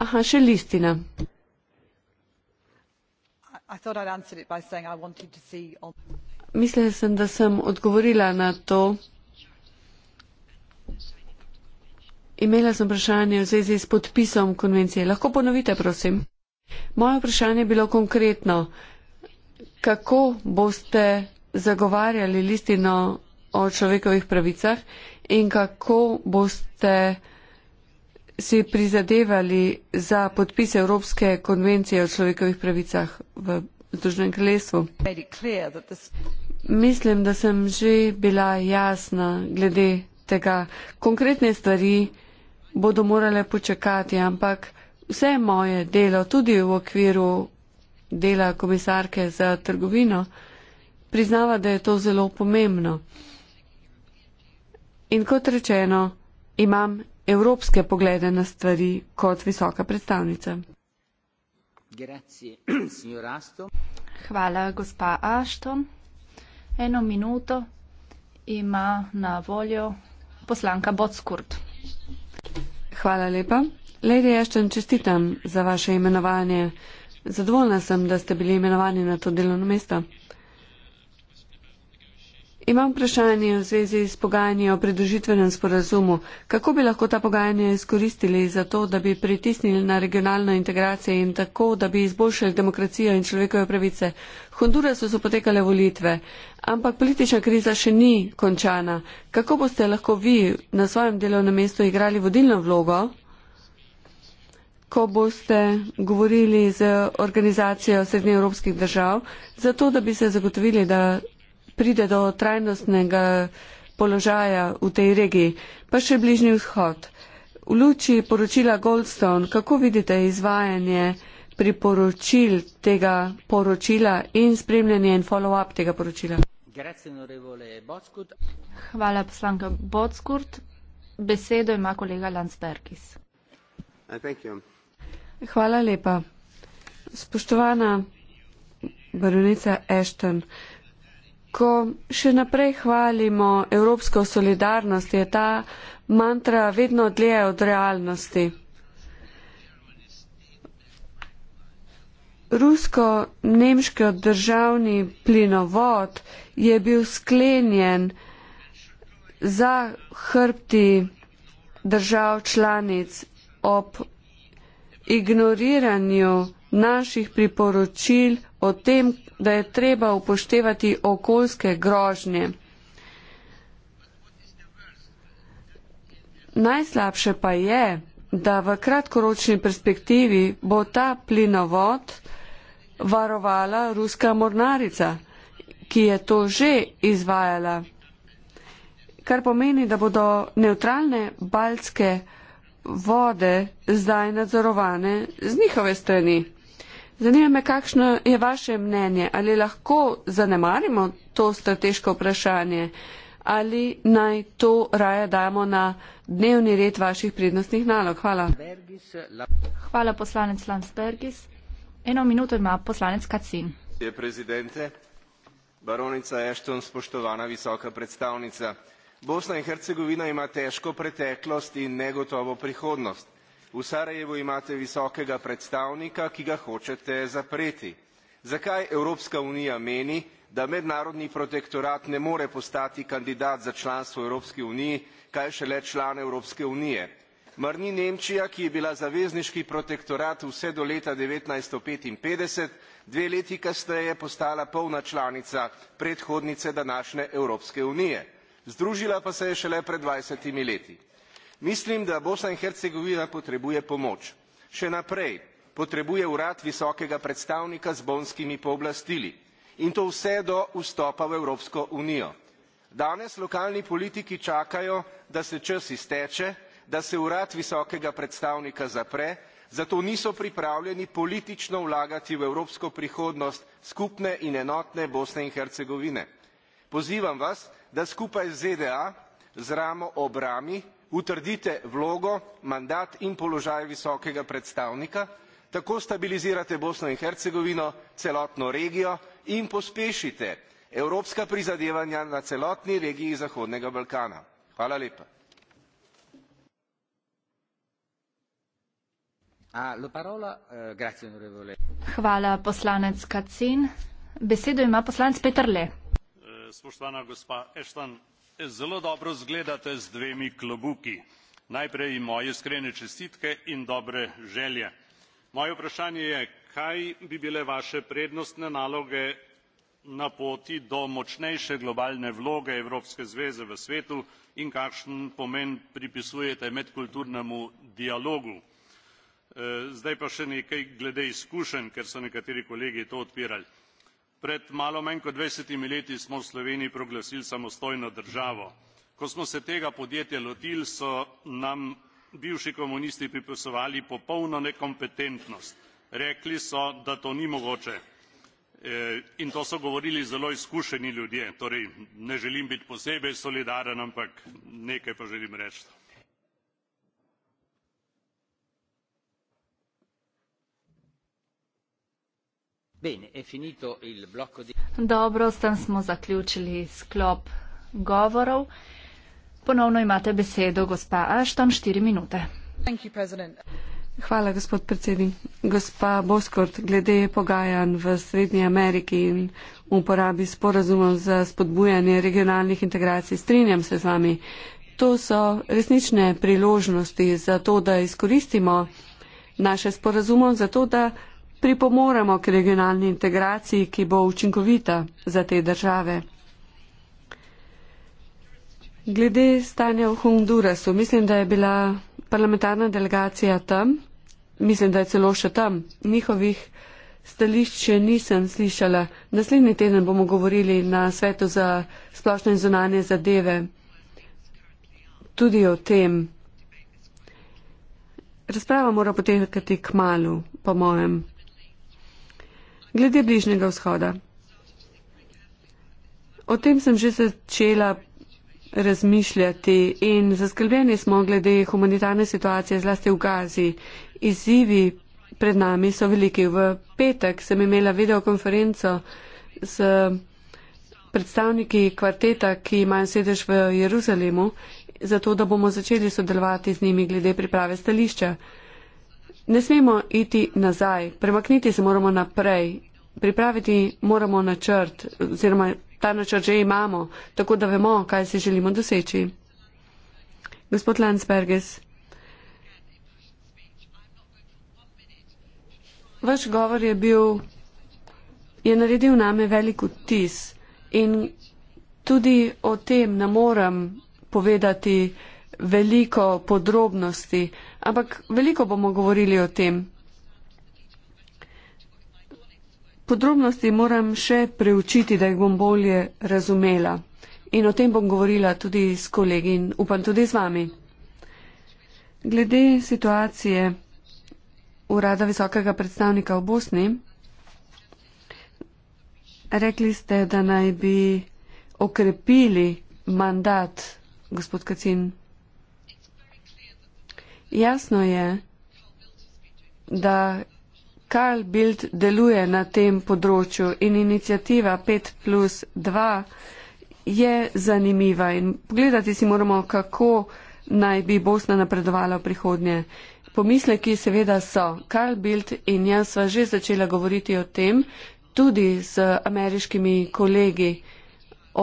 Aha, še listina. Mislim, sem, da sem odgovorila na to. Imela sem vprašanje v zvezi s podpisom konvencije. Lahko ponovite, prosim. Moje vprašanje je bilo konkretno. Kako boste zagovarjali listino o človekovih pravicah in kako boste si prizadevali za podpis Evropske konvencije o človekovih pravicah v Združenem kraljestvu. Mislim, da sem že bila jasna glede tega. Konkretne stvari bodo morale počakati, ampak vse moje delo, tudi v okviru dela komisarke za trgovino, priznava, da je to zelo pomembno. In kot rečeno, imam evropske poglede na stvari kot visoka predstavnica. Hvala, gospa Ashton. Eno minuto ima na voljo poslanka Botskurt. Hvala lepa. Lady Ashton, čestitam za vaše imenovanje. Zadovoljna sem, da ste bili imenovani na to delovno mesto. Imam vprašanje v zvezi s pogajanji o predružitvenem sporazumu. Kako bi lahko ta pogajanja izkoristili za to, da bi pritisnili na regionalno integracijo in tako, da bi izboljšali demokracijo in človekove pravice? V Hondurasu so potekale volitve, ampak politična kriza še ni končana. Kako boste lahko vi na svojem delovnem mestu igrali vodilno vlogo, ko boste govorili z organizacijo srednjeevropskih držav, zato da bi se zagotovili, da pride do trajnostnega položaja v tej regiji, pa še bližnji vzhod. V luči poročila Goldstone, kako vidite izvajanje priporočil tega poročila in spremljanje in follow-up tega poročila? Hvala poslanka Botskurt. Besedo ima kolega Landsbergis. Uh, Hvala lepa. Spoštovana baronica Ashton, uh, Ko še naprej hvalimo evropsko solidarnost, je ta mantra vedno dlje od realnosti. Rusko-nemški državni plinovod je bil sklenjen za hrbti držav članic ob ignoriranju naših priporočil o tem, da je treba upoštevati okoljske grožnje. Najslabše pa je, da v kratkoročni perspektivi bo ta plinovod varovala ruska mornarica, ki je to že izvajala. Kar pomeni, da bodo neutralne baltske vode zdaj nadzorovane z njihove strani. Zanima me, kakšno je vaše mnenje, ali lahko zanemarimo to strateško vprašanje ali naj to raje damo na dnevni red vaših prednostnih nalog. Hvala. Hvala poslanec Landsbergis. Eno minuto ima poslanec Kacin. Baronica Ashton, spoštovana visoka predstavnica. Bosna in Hercegovina ima težko preteklost in negotovo prihodnost. V Sarajevu imate visokega predstavnika, ki ga hočete zapreti. Zakaj Evropska unija meni, da mednarodni protektorat ne more postati kandidat za članstvo Evropske unije, kaj še le član Evropske unije? Mar ni Nemčija, ki je bila zavezniški protektorat vse do leta 1955, dve leti kasneje postala polna članica predhodnice današnje Evropske unije? Združila pa se je šele pred dvajsetimi leti mislim da bosna in hercegovina potrebuje pomoč še naprej potrebuje urad visokega predstavnika z bonskimi pooblastili in to vse do vstopa v evropsko unijo danes lokalni politiki čakajo da se čas izteče da se urad visokega predstavnika zapre zato niso pripravljeni politično vlagati v evropsko prihodnost skupne in enotne bosne in hercegovine pozivam vas da skupaj z zda z ramo ob rami utrdite vlogo, mandat in položaj visokega predstavnika, tako stabilizirate Bosno in Hercegovino, celotno regijo in pospešite evropska prizadevanja na celotni regiji Zahodnega Balkana. Hvala lepa. Eh, Hvala, poslanec Kacin. Besedo ima poslanec Peterle. Eh, spoštovana gospa Ashton, zelo dobro izgledate z dvema klobukoma najprej moje iskrene čestitke in dobre želje. moje vprašanje je kaj bi bile vaše prednostne naloge na poti do močnejše globalne vloge evropske zveze v svetu in kakšen pomen pripisujete medkulturnemu dialogu? E, zdaj pa še nekaj glede izkušenj ker so nekateri kolegi to odpirali pred malo manj kot dvajsetimi leti smo v sloveniji proglasili samostojno državo. ko smo se tega podjetja lotili so nam bivši komunisti pripisovali popolno nekompetentnost rekli so da to ni mogoče e, in to so govorili zelo izkušeni ljudje torej ne želim biti posebej solidaren ampak nekaj pa želim reči. Dobro, s tem smo zaključili sklop govorov. Ponovno imate besedo, gospa Ashton, štiri minute. Hvala, gospod predsednik. Gospa Boskort, glede pogajanj v Srednji Ameriki in uporabi sporazumov za spodbujanje regionalnih integracij, strinjam se z vami. To so resnične priložnosti za to, da izkoristimo naše sporazumov, za to, da pripomoremo k regionalni integraciji, ki bo učinkovita za te države. Glede stanja v Hondurasu, mislim, da je bila parlamentarna delegacija tam, mislim, da je celo še tam, njihovih stališče nisem slišala. Naslednji teden bomo govorili na svetu za splošne in zunanje zadeve tudi o tem. Razprava mora potekati k malu, po mojem glede Bližnjega vzhoda. O tem sem že začela razmišljati in zaskrbljeni smo glede humanitarne situacije, zlasti v Gazi. Izzivi pred nami so veliki. V petek sem imela videokonferenco z predstavniki kvarteta, ki imajo sedež v Jeruzalemu, zato da bomo začeli sodelovati z njimi glede priprave stališča. Ne smemo iti nazaj, premakniti se moramo naprej, pripraviti moramo načrt, oziroma ta načrt že imamo, tako da vemo, kaj si želimo doseči. Gospod Landsbergis, vaš govor je bil, je naredil name veliko tis in tudi o tem ne morem povedati, veliko podrobnosti, ampak veliko bomo govorili o tem. Podrobnosti moram še preučiti, da jih bom bolje razumela. In o tem bom govorila tudi s kolegi in upam tudi z vami. Glede situacije urada visokega predstavnika v Bosni, rekli ste, da naj bi okrepili mandat, gospod Kacin. Jasno je, da Karl Bild deluje na tem področju in inicijativa 5 plus 2 je zanimiva in pogledati si moramo, kako naj bi Bosna napredovala v prihodnje. Pomisleki seveda so. Karl Bild in jaz sva že začela govoriti o tem, tudi z ameriškimi kolegi,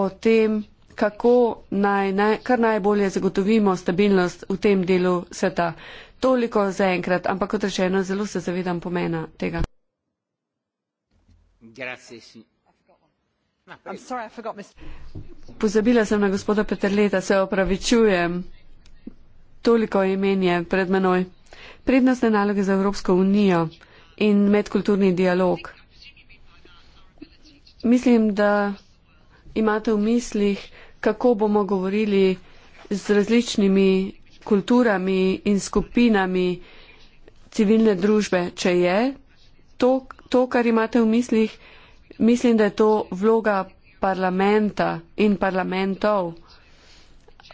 o tem, kako naj, naj, kar najbolje zagotovimo stabilnost v tem delu sveta. Toliko za enkrat, ampak kot rečeno, zelo se zavedam pomena tega. No, Pozabila sem na gospoda Peterleta, se opravičujem. Toliko imen je pred menoj. Prednostne naloge za Evropsko unijo in medkulturni dialog. Mislim, da imate v mislih kako bomo govorili z različnimi kulturami in skupinami civilne družbe, če je to, to kar imate v mislih, mislim, da je to vloga parlamenta in parlamentov.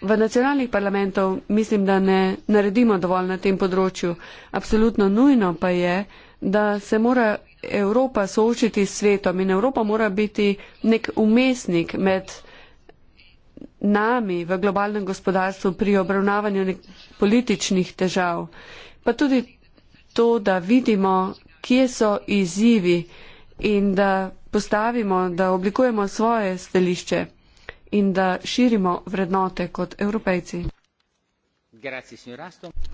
V nacionalnih parlamentov mislim, da ne naredimo dovolj na tem področju. Absolutno nujno pa je, da se mora Evropa soočiti s svetom in Evropa mora biti nek umestnik med nami v globalnem gospodarstvu pri obravnavanju političnih težav, pa tudi to, da vidimo, kje so izzivi in da postavimo, da oblikujemo svoje stališče in da širimo vrednote kot evropejci.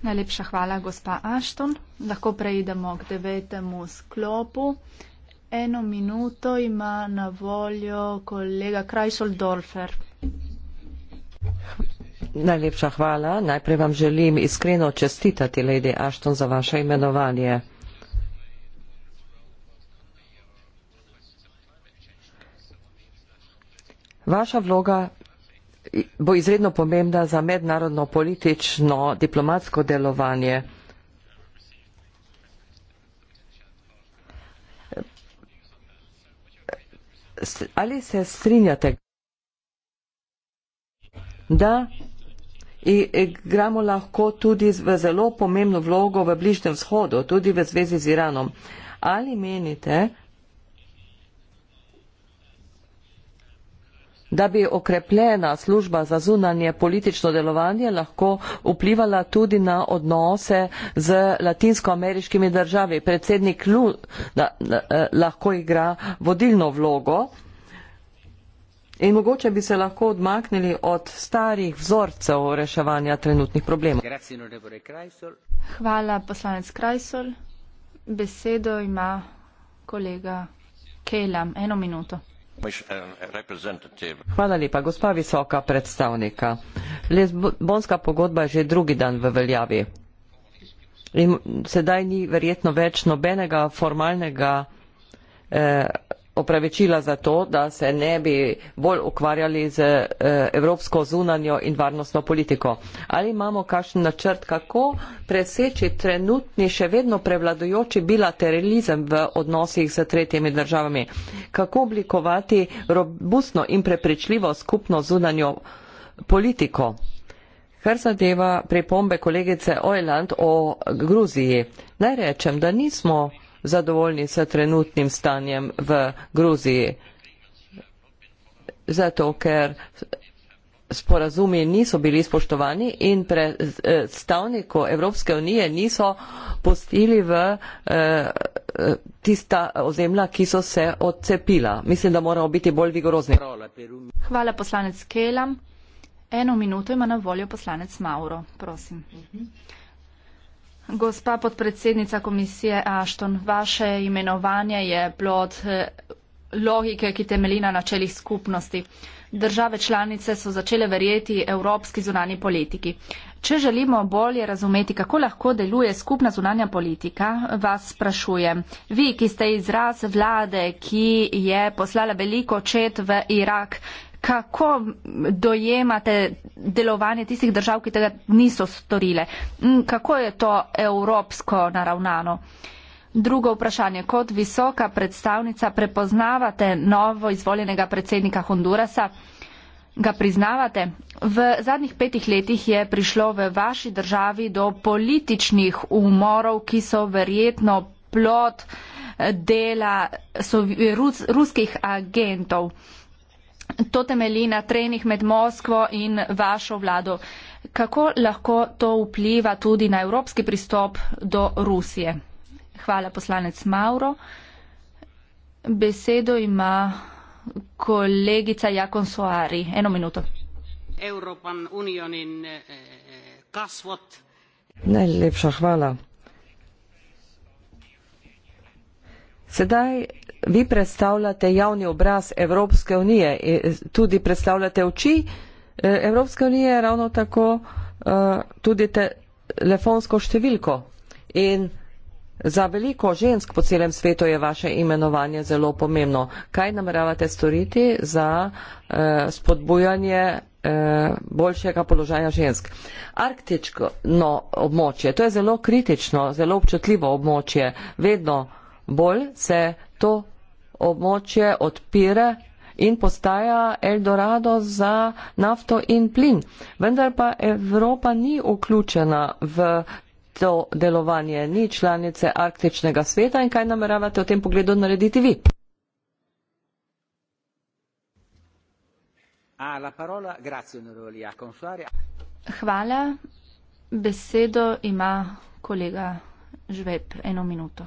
Najlepša hvala, gospa Ashton. Lahko preidemo k devetemu sklopu. Eno minuto ima na voljo kolega Krajšoldorfer. Najlepša hvala. Najprej vam želim iskreno čestitati, Lady Ashton, za vaše imenovanje. Vaša vloga bo izredno pomembna za mednarodno politično diplomatsko delovanje. Ali se strinjate, da Eh, igramo lahko tudi v zelo pomembno vlogo v bližnjem vzhodu, tudi v zvezi z Iranom. Ali menite, da bi okrepljena služba za zunanje politično delovanje lahko vplivala tudi na odnose z latinskoameriškimi državami. Predsednik Lu eh, lahko igra vodilno vlogo in mogoče bi se lahko odmaknili od starih vzorcev reševanja trenutnih problemov. Hvala, poslanec Krajsol. Besedo ima kolega Kelam. Eno minuto. Hvala lepa, gospa visoka predstavnika. Lezbonska pogodba je že drugi dan v veljavi. In sedaj ni verjetno več nobenega formalnega eh, opravičila za to, da se ne bi bolj ukvarjali z eh, evropsko zunanjo in varnostno politiko. Ali imamo kakšen načrt, kako preseči trenutni še vedno prevladojoči bilateralizem v odnosih s tretjimi državami? Kako oblikovati robustno in prepričljivo skupno zunanjo politiko? Kar zadeva pripombe kolegice Ojland o Gruziji, naj rečem, da nismo zadovoljni s trenutnim stanjem v Gruziji. Zato, ker sporazumi niso bili spoštovani in predstavniku Evropske unije niso pustili v eh, tista ozemlja, ki so se odcepila. Mislim, da moramo biti bolj vigorozni. Hvala poslanec Kelam. Eno minuto ima na voljo poslanec Mauro. Prosim. Uh mhm. -huh. Gospa podpredsednica komisije Ashton, vaše imenovanje je plod eh, logike, ki temelji na načelih skupnosti. Države članice so začele verjeti evropski zunani politiki. Če želimo bolje razumeti, kako lahko deluje skupna zunanja politika, vas sprašujem. Vi, ki ste izraz vlade, ki je poslala veliko čet v Irak, kako dojemate delovanje tistih držav, ki tega niso storile? Mm, kako je to evropsko naravnano? Drugo vprašanje. Kot visoka predstavnica prepoznavate novo izvoljenega predsednika Hondurasa? Ga priznavate? V zadnjih petih letih je prišlo v vaši državi do političnih umorov, ki so verjetno plot dela sovi, rus, ruskih agentov to temelji na trenih med Moskvo in vašo vlado. Kako lahko to vpliva tudi na evropski pristop do Rusije? Hvala, poslanec Mauro. Besedo ima kolegica Jakon Soari. Eno minuto. Eh, eh, Najlepša hvala. Sedaj vi predstavljate javni obraz Evropske unije, eh, tudi predstavljate oči eh, Evropske unije, ravno tako eh, tudi te telefonsko številko. In za veliko žensk po celem svetu je vaše imenovanje zelo pomembno. Kaj nameravate storiti za spodbujanje boljšega položaja žensk. Arktično območje, to je zelo kritično, zelo občutljivo območje, vedno bolj se to območje odpire in postaja Eldorado za nafto in plin. Vendar pa Evropa ni vključena v to delovanje, ni članice arktičnega sveta in kaj nameravate v tem pogledu narediti vi? Hvala. Besedo ima kolega Žveb. Eno minuto.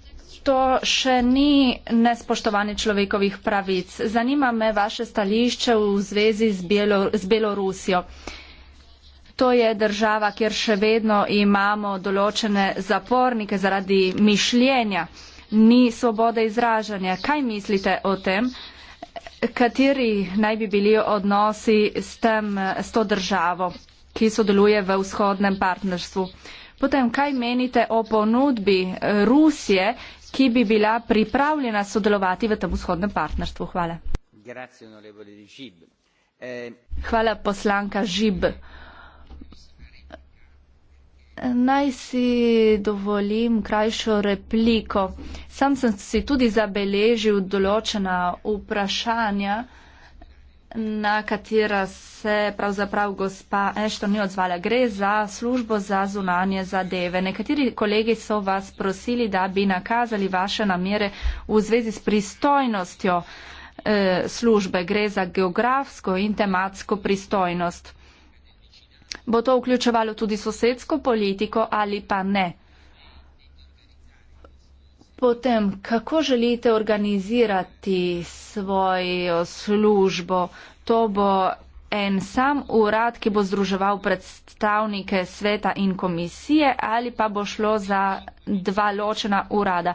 to še ni nespoštovanje človekovih pravic. Zanima me vaše stališče v zvezi z, Bielo, z Belorusijo. To je država, kjer še vedno imamo določene zapornike zaradi mišljenja. Ni svobode izražanja. Kaj mislite o tem? Kateri naj bi bili odnosi s, tem, s to državo, ki sodeluje v vzhodnem partnerstvu? Potem, kaj menite o ponudbi Rusije, ki bi bila pripravljena sodelovati v tem vzhodnem partnerstvu. Hvala. Eh, Hvala poslanka Žib. Naj si dovolim krajšo repliko. Sam sem si tudi zabeležil določena vprašanja na katera se pravzaprav gospa Ešto ni odzvala. Gre za službo za zunanje zadeve. Nekateri kolegi so vas prosili, da bi nakazali vaše namere v zvezi s pristojnostjo e, službe. Gre za geografsko in tematsko pristojnost. Bo to vključevalo tudi sosedsko politiko ali pa ne? potem, kako želite organizirati svojo službo, to bo en sam urad, ki bo združeval predstavnike sveta in komisije ali pa bo šlo za dva ločena urada.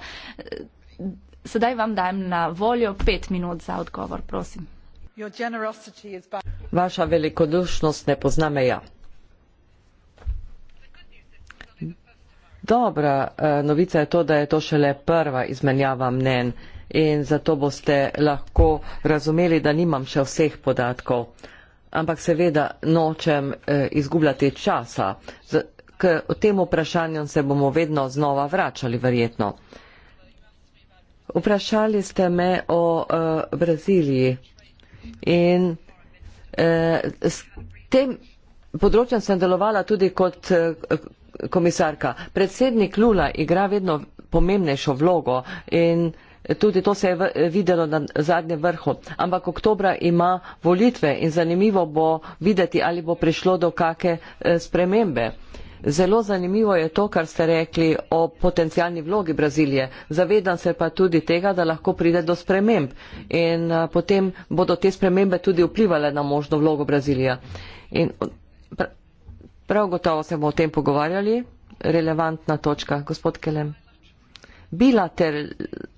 Sedaj vam dajem na voljo pet minut za odgovor, prosim. Vaša velikodušnost ne pozna meja. Dobra eh, novica je to, da je to šele prva izmenjava mnen in zato boste lahko razumeli, da nimam še vseh podatkov. Ampak seveda nočem eh, izgubljati časa. K tem vprašanjem se bomo vedno znova vračali, verjetno. Vprašali ste me o eh, Braziliji in s tem področjem sem delovala tudi kot komisarka, predsednik Lula igra vedno pomembnejšo vlogo in tudi to se je videlo na zadnjem vrhu. Ampak oktobra ima volitve in zanimivo bo videti, ali bo prišlo do kake e, spremembe. Zelo zanimivo je to, kar ste rekli o potencijalni vlogi Brazilije. Zavedam se pa tudi tega, da lahko pride do sprememb in e, potem bodo te spremembe tudi vplivali na možno vlogo Brazilije. In Prav gotovo se bomo o tem pogovarjali. Relevantna točka, gospod Kelem. Bilater,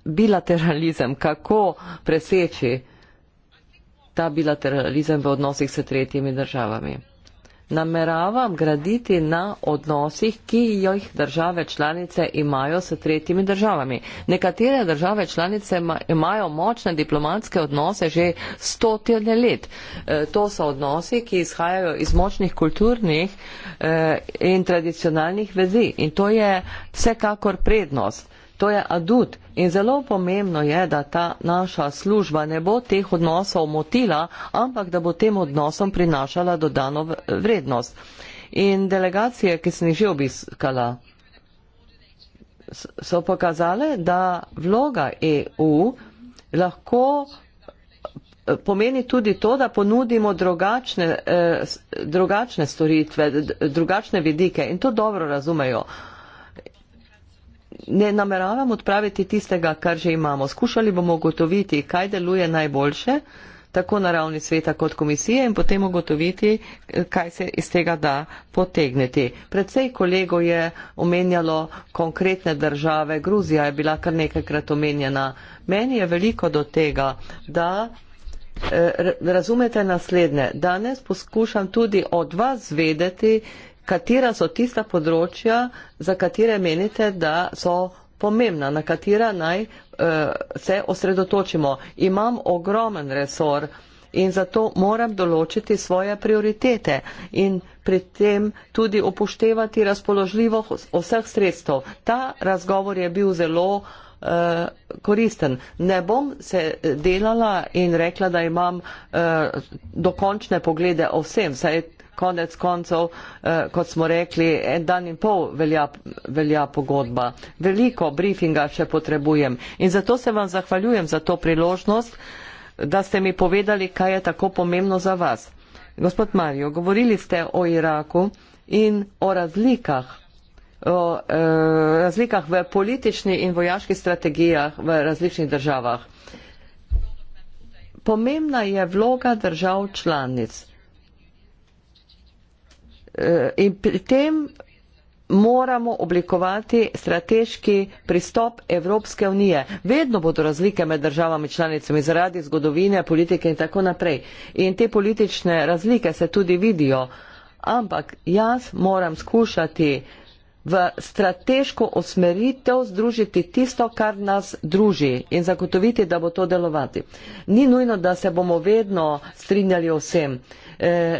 bilateralizem, kako preseči ta bilateralizem v odnosih s tretjimi državami? nameravam graditi na odnosih, ki jih države članice imajo s tretjimi državami. Nekatere države članice imajo močne diplomatske odnose že stotine let. E, to so odnosi, ki izhajajo iz močnih kulturnih e, in tradicionalnih vezi. In to je vsekakor prednost. To je adut, In zelo pomembno je, da ta naša služba ne bo teh odnosov motila, ampak da bo tem odnosom prinašala dodano vrednost. In delegacije, ki sem jih že obiskala, so pokazale, da vloga EU lahko eh, pomeni tudi to, da ponudimo drugačne, eh, drugačne storitve, drugačne vidike in to dobro razumejo ne nameravam odpraviti tistega, kar že imamo. Skušali bomo ugotoviti, kaj deluje najboljše, tako na ravni sveta kot komisije in potem ugotoviti, kaj se iz tega da potegniti. Predvsej kolego je omenjalo konkretne države, Gruzija je bila kar nekajkrat omenjena. Meni je veliko do tega, da eh, razumete naslednje. Danes poskušam tudi od vas vedeti, katera so tista področja, za katere menite, da so pomembna, na katera naj uh, se osredotočimo. Imam ogromen resor in zato moram določiti svoje prioritete in pri tem tudi upoštevati razpoložljivo vseh sredstev. Ta razgovor je bil zelo eh, koristen. Ne bom se delala in rekla, da imam uh, dokončne poglede o vsem, saj konec koncev, eh, kot smo rekli, en dan in pol velja, velja pogodba. Veliko briefinga še potrebujem. In zato se vam zahvaljujem za to priložnost, da ste mi povedali, kaj je tako pomembno za vas. Gospod Marijo, govorili ste o Iraku in o razlikah o e, razlikah v politični in vojaški strategijah v različnih državah. Pomembna je vloga držav članic. Eh, in pri tem moramo oblikovati strateški pristop Evropske unije. Vedno bodo razlike med državami članicami zaradi zgodovine, politike in tako naprej. In te politične razlike se tudi vidijo. Ampak jaz moram skušati v strateško osmeritev združiti tisto, kar nas druži in zagotoviti, da bo to delovati. Ni nujno, da se bomo vedno strinjali o vsem. E,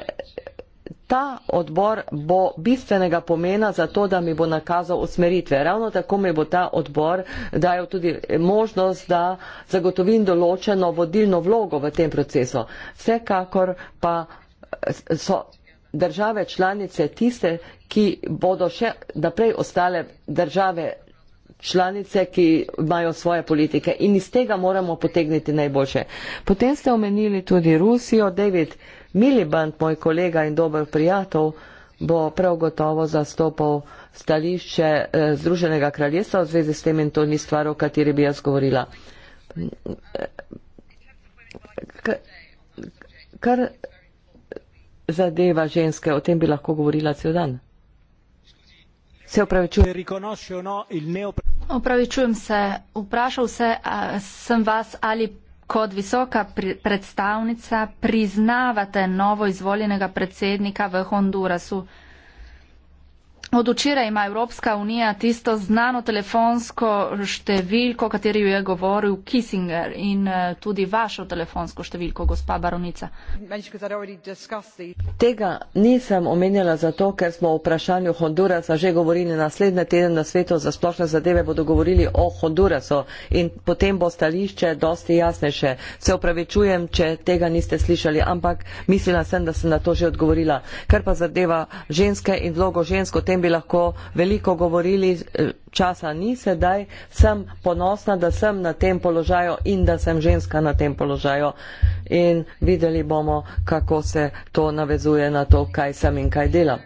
ta odbor bo bistvenega pomena za to, da mi bo nakazal usmeritve. Ravno tako mi bo ta odbor dajal tudi možnost, da zagotovim določeno vodilno vlogo v tem procesu. Vsekakor pa eh, so države članice tiste, ki bodo še naprej ostale države članice, ki imajo svoje politike in iz tega moramo potegniti najboljše. Potem ste omenili tudi Rusijo. David Miliband, moj kolega in dober prijatelj, bo prav gotovo zastopal stališče eh, Združenega kraljestva v zvezi s tem in to ni stvar, o kateri bi jaz govorila. Kar zadeva ženske, o tem bi lahko govorila cel dan. Se no opravičujem se, vprašal se, sem vas ali kot visoka predstavnica priznavate novo izvoljenega predsednika v Hondurasu. Od včeraj ima Evropska unija tisto znano telefonsko številko, kateri jo je govoril Kissinger in eh, tudi vašo telefonsko številko, gospa baronica. Tega nisem omenjala zato, ker smo o vprašanju Hondurasa že govorili naslednje teden na svetu za splošne zadeve, bodo govorili o Hondurasu in potem bo stališče dosti jasnejše. Se upravičujem, če tega niste slišali, ampak mislila sem, da sem na to že odgovorila. Kar pa zadeva ženske in vlogo žensko, tem bi lahko veliko govorili, eh, časa ni sedaj, sem ponosna, da sem na tem položaju in da sem ženska na tem položaju in videli bomo, kako se to navezuje na to, kaj sem in kaj delam.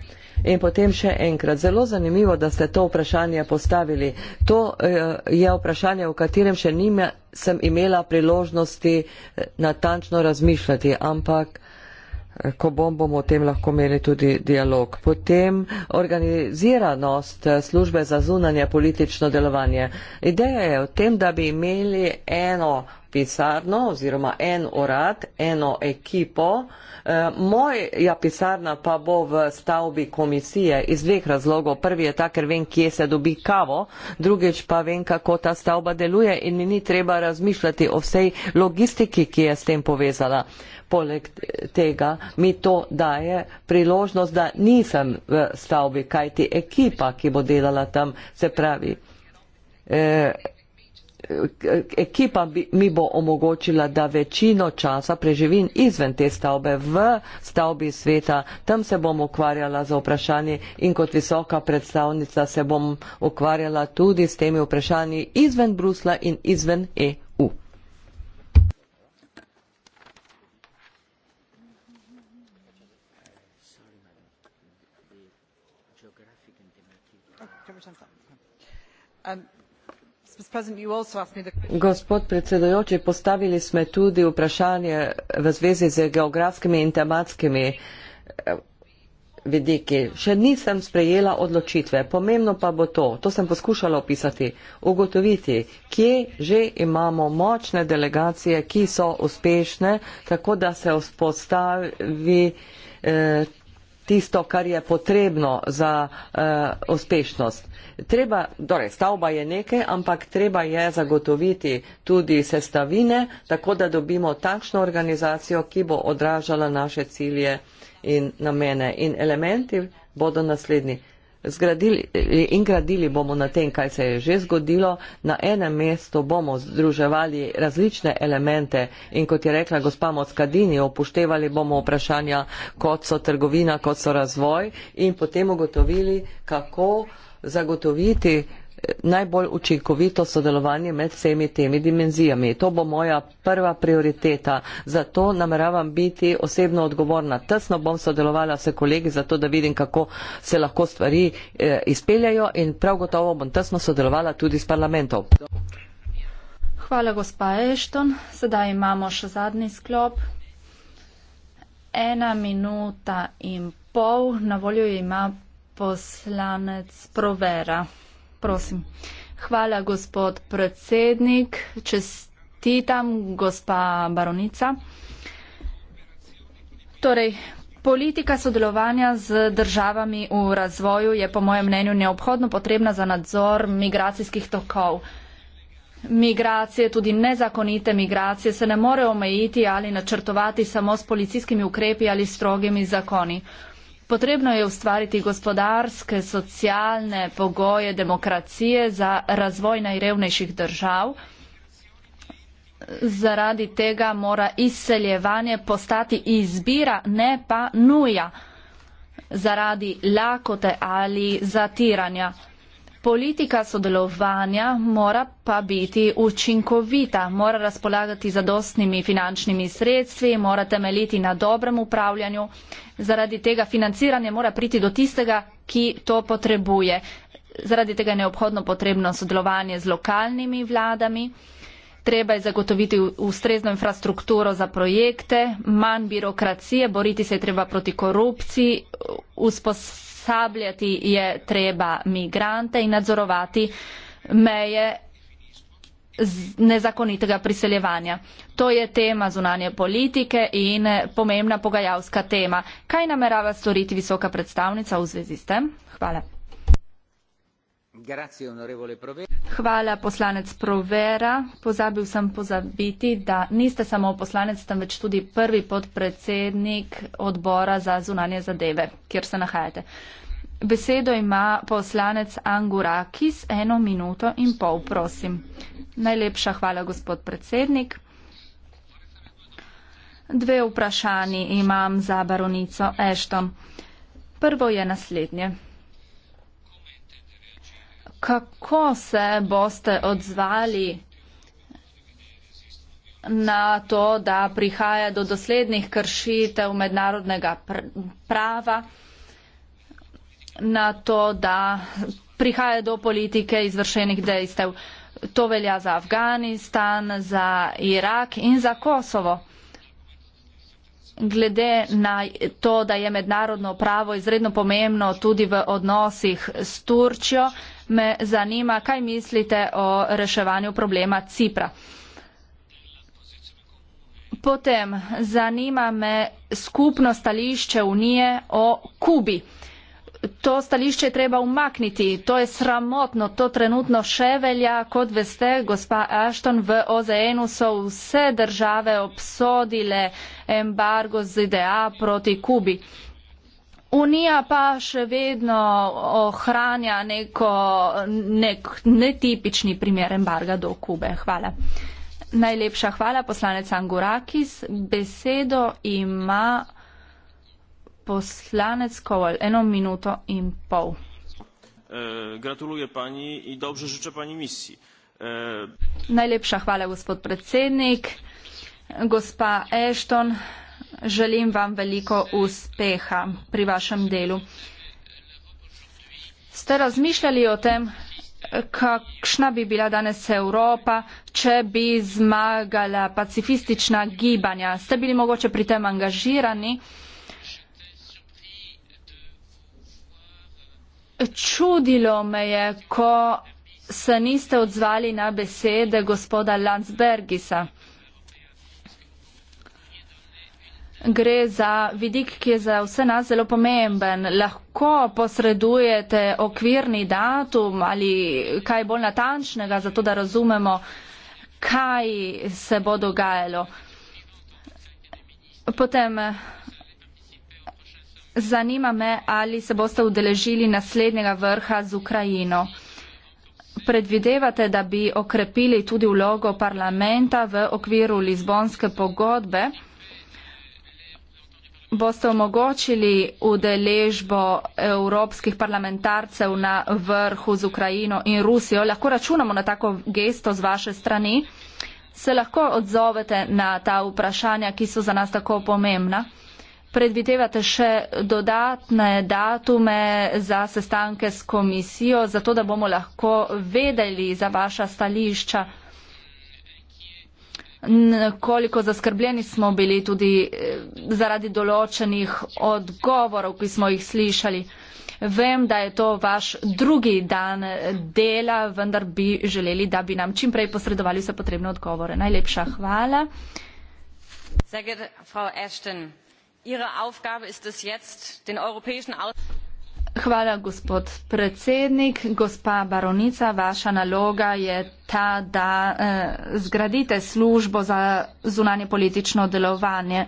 In potem še enkrat, zelo zanimivo, da ste to vprašanje postavili. To eh, je vprašanje, o katerem še nisem imela priložnosti eh, natančno razmišljati, ampak ko bom, bomo o tem lahko imeli tudi dialog. Potem organiziranost službe za zunanje politično delovanje. Ideja je v tem, da bi imeli eno pisarno oziroma en urad, eno ekipo. E, moja pisarna pa bo v stavbi komisije iz dveh razlogov. Prvi je ta, ker vem, kje se dobi kavo, drugič pa vem, kako ta stavba deluje in mi ni treba razmišljati o vsej logistiki, ki je s tem povezala poleg tega mi to daje priložnost, da nisem v stavbi, kajti ekipa, ki bo delala tam, se pravi, eh, ekipa bi, mi bo omogočila, da večino časa preživim izven te stavbe, v stavbi sveta, tam se bom ukvarjala za vprašanje in kot visoka predstavnica se bom ukvarjala tudi s temi vprašanji izven Brusla in izven EU. gospod predsedujoči postavili ste tudi vprašanje v zvezi z geografskimi in tematskimi eh, vidiki še nisem sprejela odločitve pomembno pa bo to to sem poskušala opisati ugotoviti kje že imamo močne delegacije ki so uspešne tako da se vzpostavi eh, tisto kar je potrebno za eh, uspešnost treba, torej stavba je nekaj, ampak treba je zagotoviti tudi sestavine, tako da dobimo takšno organizacijo, ki bo odražala naše cilje in namene. In elementi bodo naslednji. Zgradili in gradili bomo na tem, kaj se je že zgodilo. Na enem mestu bomo združevali različne elemente in kot je rekla gospa Moskadini, opuštevali bomo vprašanja, kot so trgovina, kot so razvoj in potem ugotovili, kako zagotoviti najbolj učinkovito sodelovanje med vsemi temi dimenzijami. To bo moja prva prioriteta. Zato nameravam biti osebno odgovorna. Tesno bom sodelovala s kolegi, zato da vidim, kako se lahko stvari eh, izpeljajo in prav gotovo bom tesno sodelovala tudi s parlamentom. Hvala, gospa Ešton. Sedaj imamo še zadnji sklop. Ena minuta in pol. Na voljo ima poslanec Provera. Prosim. Hvala, gospod predsednik. Čestitam, gospa baronica. Torej, politika sodelovanja z državami v razvoju je po mojem mnenju neobhodno potrebna za nadzor migracijskih tokov. Migracije, tudi nezakonite migracije, se ne more omejiti ali načrtovati samo s policijskimi ukrepi ali strogimi zakoni. Potrebno je ustvariti gospodarske, socialne pogoje demokracije za razvoj najrevnejših držav. Zaradi tega mora izseljevanje postati izbira, ne pa nuja zaradi lakote ali zatiranja. Politika sodelovanja mora pa biti učinkovita, mora razpolagati zadostnimi finančnimi sredstvi, mora temeljiti na dobrem upravljanju. Zaradi tega financiranje mora priti do tistega, ki to potrebuje. Zaradi tega je neobhodno potrebno sodelovanje z lokalnimi vladami. Treba je zagotoviti ustrezno infrastrukturo za projekte, manj birokracije, boriti se je treba proti korupciji, vzpostaviti usposabljati je treba migrante in nadzorovati meje nezakonitega priseljevanja. To je tema zunanje politike in pomembna pogajalska tema. Kaj namerava storiti visoka predstavnica v zvezi s tem? Hvala. Hvala, poslanec Provera. Pozabil sem pozabiti, da niste samo poslanec, temveč tudi prvi podpredsednik odbora za zunanje zadeve, kjer se nahajate. Besedo ima poslanec Angurakis, eno minuto in pol, prosim. Najlepša hvala, gospod predsednik. Dve vprašanji imam za baronico Ešton. Prvo je naslednje kako se boste odzvali na to, da prihaja do doslednih kršitev mednarodnega pr prava, na to, da prihaja do politike izvršenih dejstev. To velja za Afganistan, za Irak in za Kosovo. Glede na to, da je mednarodno pravo izredno pomembno tudi v odnosih s Turčjo, me zanima, kaj mislite o reševanju problema Cipra. Potem zanima me skupno stališče Unije o Kubi. To stališče treba umakniti, to je sramotno, to trenutno še velja, kot veste, gospa Ashton, v OZN-u so vse države obsodile embargo ZDA proti Kubi. Unija pa še vedno ohranja neko, nek netipični primer embarga do Kube. Hvala. Najlepša hvala, poslanec Angurakis. Besedo ima poslanec Kovol, eno minuto in pol. E, Gratuluje pani in dobro želim pani misiji. E, Najlepša hvala, gospod predsednik. Gospa Ashton. Želim vam veliko uspeha pri vašem delu. Ste razmišljali o tem, kakšna bi bila danes Evropa, če bi zmagala pacifistična gibanja? Ste bili mogoče pri tem angažirani? Čudilo me je, ko se niste odzvali na besede gospoda Landsbergisa. gre za vidik, ki je za vse nas zelo pomemben. Lahko posredujete okvirni datum ali kaj bolj natančnega, zato da razumemo, kaj se bo dogajalo. Potem zanima me, ali se boste udeležili naslednjega vrha z Ukrajino. Predvidevate, da bi okrepili tudi vlogo parlamenta v okviru Lizbonske pogodbe? boste omogočili udeležbo evropskih parlamentarcev na vrhu z Ukrajino in Rusijo? Lahko računamo na tako gesto z vaše strani? Se lahko odzovete na ta vprašanja, ki so za nas tako pomembna? Predvidevate še dodatne datume za sestanke s komisijo, zato da bomo lahko vedeli za vaša stališča? koliko zaskrbljeni smo bili tudi eh, zaradi določenih odgovorov, ki smo jih slišali. Vem, da je to vaš drugi dan eh, dela, vendar bi želeli, da bi nam čim prej posredovali vse potrebne odgovore. Najlepša hvala. Sehr geehrte Frau Ashton, Ihre Aufgabe ist es jetzt, den europäischen Außen- Hvala, gospod predsednik. Gospa baronica, vaša naloga je ta, da eh, zgradite službo za zunanje politično delovanje.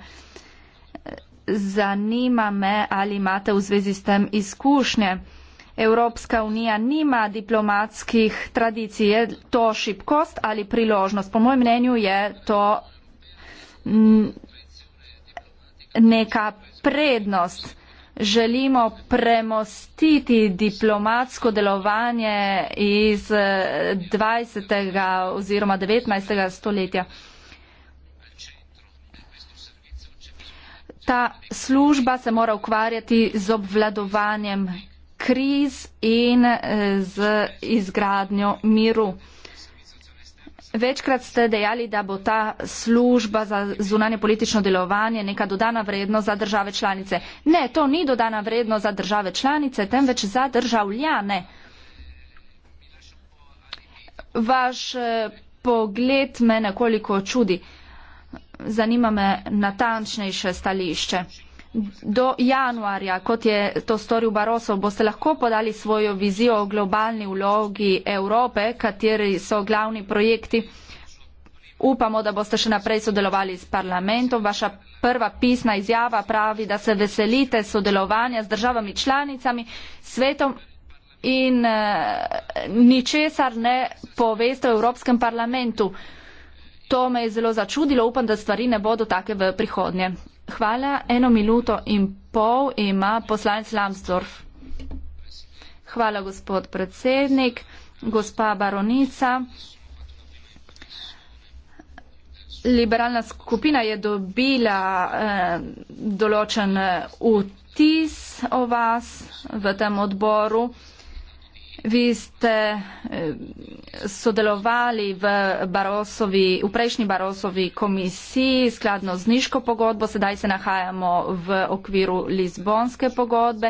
Zanima me, ali imate v zvezi s tem izkušnje. Evropska unija nima diplomatskih tradicij. Je to šibkost ali priložnost? Po mojem mnenju je to mm, neka prednost želimo premostiti diplomatsko delovanje iz 20. Eh, oziroma 19. stoletja. Ta služba se mora ukvarjati z obvladovanjem kriz in eh, z izgradnjo miru. Večkrat ste dejali, da bo ta služba za zunanje politično delovanje neka dodana vrednost za države članice. Ne, to ni dodana vrednost za države članice, temveč za državljane. Vaš eh, pogled me nekoliko čudi. Zanima me natančnejše stališče do januarja, kot je to storil Baroso, boste lahko podali svojo vizijo o globalni vlogi Evrope, kateri so glavni projekti. Upamo, da boste še naprej sodelovali s parlamentom. Vaša prva pisna izjava pravi, da se veselite sodelovanja z državami članicami, svetom in uh, ničesar ne poveste v Evropskem parlamentu. To me je zelo začudilo. Upam, da stvari ne bodo take v prihodnje. Hvala. Eno minuto in pol ima poslanec Lambsdorff. Hvala, gospod predsednik. Gospa baronica. Liberalna skupina je dobila eh, določen eh, vtis o vas v tem odboru. Eh, Vi ste eh, sodelovali v, Barosovi, v prejšnji Barosovi komisiji skladno z Niško pogodbo, sedaj se nahajamo v okviru Lizbonske pogodbe.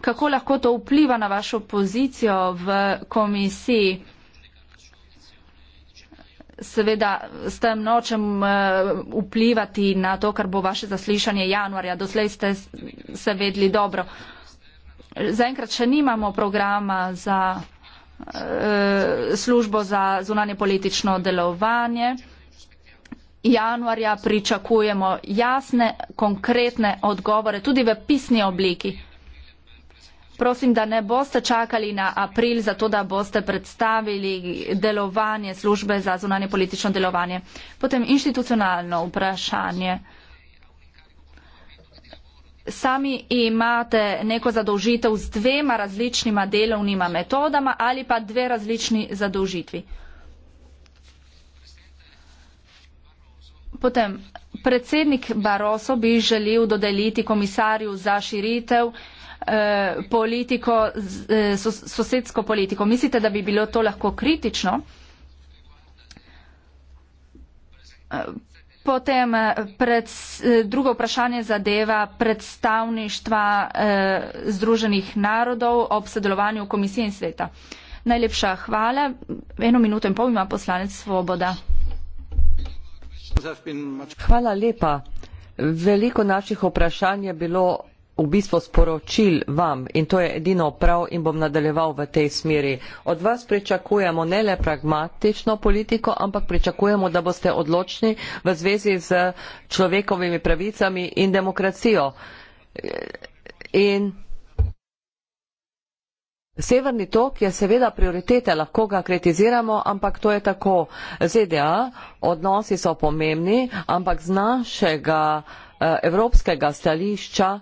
Kako lahko to vpliva na vašo pozicijo v komisiji? Seveda, s tem nočem eh, vplivati na to, kar bo vaše zaslišanje januarja. Doslej ste se vedli dobro zaenkrat še nimamo programa za e, službo za zunanje politično delovanje. Januarja pričakujemo jasne, konkretne odgovore, tudi v pisni obliki. Prosim, da ne boste čakali na april, zato da boste predstavili delovanje službe za zunanje politično delovanje. Potem institucionalno vprašanje sami imate neko zadolžitev z dvema različnima delovnima metodama ali pa dve različni zadolžitvi. Potem, predsednik Baroso bi želel dodeliti komisarju za širitev eh, politiko, eh, sosedsko politiko. Mislite, da bi bilo to lahko kritično? Eh, Potem eh, pred, eh, drugo vprašanje zadeva predstavništva eh, Združenih narodov ob sodelovanju Komisije in sveta. Najlepša hvala. Eno minuto in pol ima poslanec Svoboda. Hvala lepa. Veliko naših vprašanj je bilo v bistvu sporočil vam in to je edino prav in bom nadaljeval v tej smeri. Od vas pričakujemo ne le pragmatično politiko, ampak pričakujemo, da boste odločni v zvezi z človekovimi pravicami in demokracijo. In Severni tok je seveda prioritete, lahko ga kritiziramo, ampak to je tako. ZDA, odnosi so pomembni, ampak z našega eh, evropskega stališča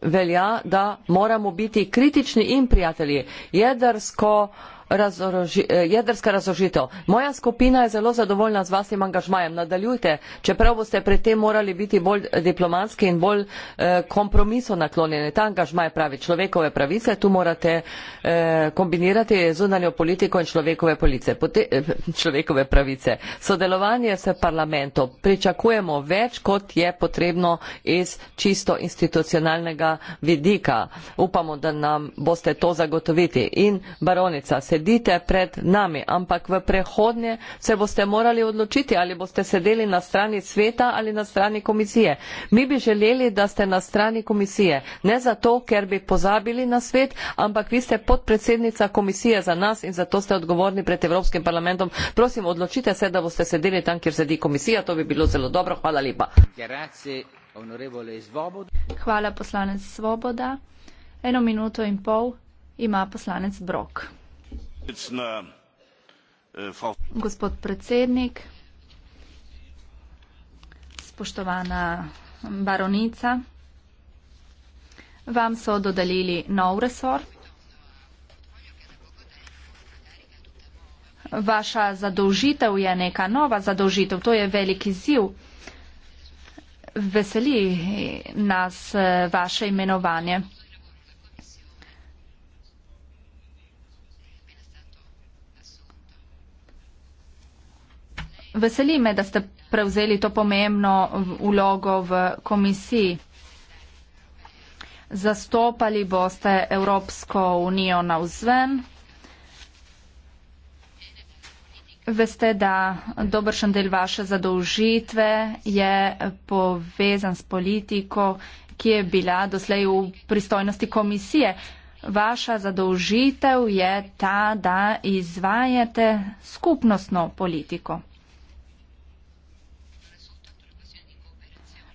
velja, da moramo biti kritični in prijatelji. Jedrsko uh, razoroži, eh, jedrska razložitev. Moja skupina je zelo zadovoljna z vašim angažmajem. Nadaljujte, čeprav boste pred tem morali biti bolj eh, diplomatski in bolj eh, kompromiso naklonjeni. Ta angažma je pravi človekove pravice, tu morate eh, kombinirati zunanjo politiko in človekove, police, pote, eh, [LAUGHS] človekove pravice. Sodelovanje s parlamentom pričakujemo več, kot je potrebno iz čisto institucionalnega vidika. Upamo, da nam boste to zagotoviti. In baronica, se sedite pred nami, ampak v prehodnje se boste morali odločiti, ali boste sedeli na strani sveta ali na strani komisije. Mi bi želeli, da ste na strani komisije. Ne zato, ker bi pozabili na svet, ampak vi ste podpredsednica komisije za nas in zato ste odgovorni pred Evropskim parlamentom. Prosim, odločite se, da boste sedeli tam, kjer sedi komisija. To bi bilo zelo dobro. Hvala lepa. Hvala poslanec Svoboda. Eno minuto in pol ima poslanec Brok gospod predsednik, spoštovana baronica, vam so dodelili nov resor. Vaša zadolžitev je neka nova zadolžitev, to je velik izziv. Veseli nas vaše imenovanje. Veseli me, da ste prevzeli to pomembno ulogo v komisiji. Zastopali boste Evropsko unijo na vzven. Veste, da dobršen del vaše zadolžitve je povezan s politiko, ki je bila doslej v pristojnosti komisije. Vaša zadolžitev je ta, da izvajate skupnostno politiko.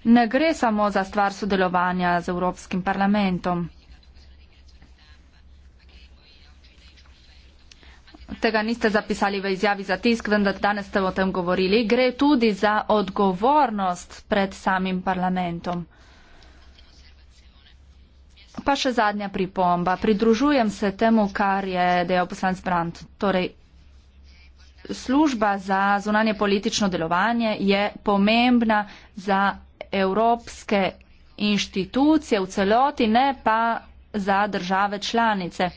ne gre samo za stvar sodelovanja z Evropskim parlamentom. Tega niste zapisali v izjavi za tisk, vendar danes ste o tem govorili. Gre tudi za odgovornost pred samim parlamentom. Pa še zadnja pripomba. Pridružujem se temu, kar je dejal poslanc Brandt. Torej, služba za zunanje politično delovanje je pomembna za evropske inštitucije v celoti, ne pa za države članice.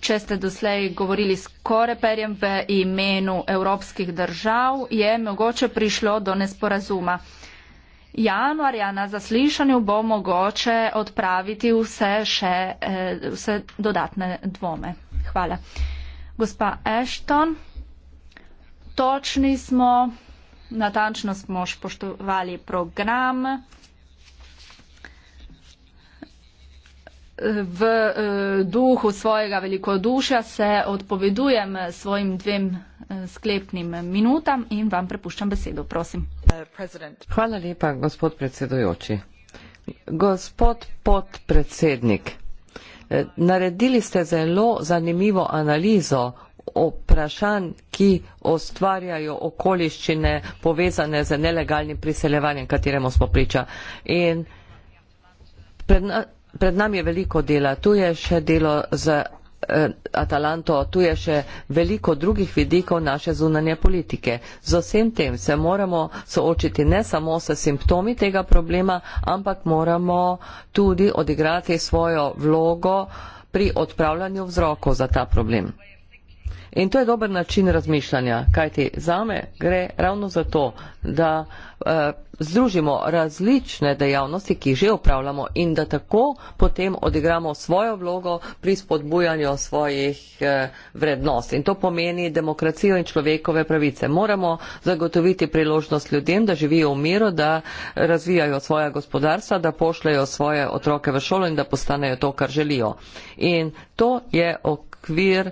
Če ste doslej govorili s koreperjem v imenu evropskih držav, je mogoče prišlo do nesporazuma. Januarja na zaslišanju bo mogoče odpraviti vse, še, eh, vse dodatne dvome. Hvala. Gospa Ashton, točni smo natančno smo spoštovali program. V eh, duhu svojega velikoduša se odpovedujem svojim dvem eh, sklepnim minutam in vam prepuščam besedo. Prosim. Hvala lepa, gospod predsedujoči. Gospod podpredsednik, eh, naredili ste zelo zanimivo analizo vprašanj, ki ustvarjajo okoliščine povezane z nelegalnim priseljevanjem, kateremu smo priča. In pred, na, pred nami je veliko dela, tu je še delo z eh, Atalanto, tu je še veliko drugih vidikov naše zunanje politike. Z vsem tem se moramo soočiti ne samo s simptomi tega problema, ampak moramo tudi odigrati svojo vlogo pri odpravljanju vzrokov za ta problem. In to je dober način razmišljanja, kajti zame gre ravno za to, da eh, združimo različne dejavnosti, ki jih že upravljamo in da tako potem odigramo svojo vlogo pri spodbujanju svojih eh, vrednost. In to pomeni demokracijo in človekove pravice. Moramo zagotoviti priložnost ljudem, da živijo v miru, da razvijajo svoje gospodarstva, da pošljajo svoje otroke v šolo in da postanejo to, kar želijo. In to je okvir.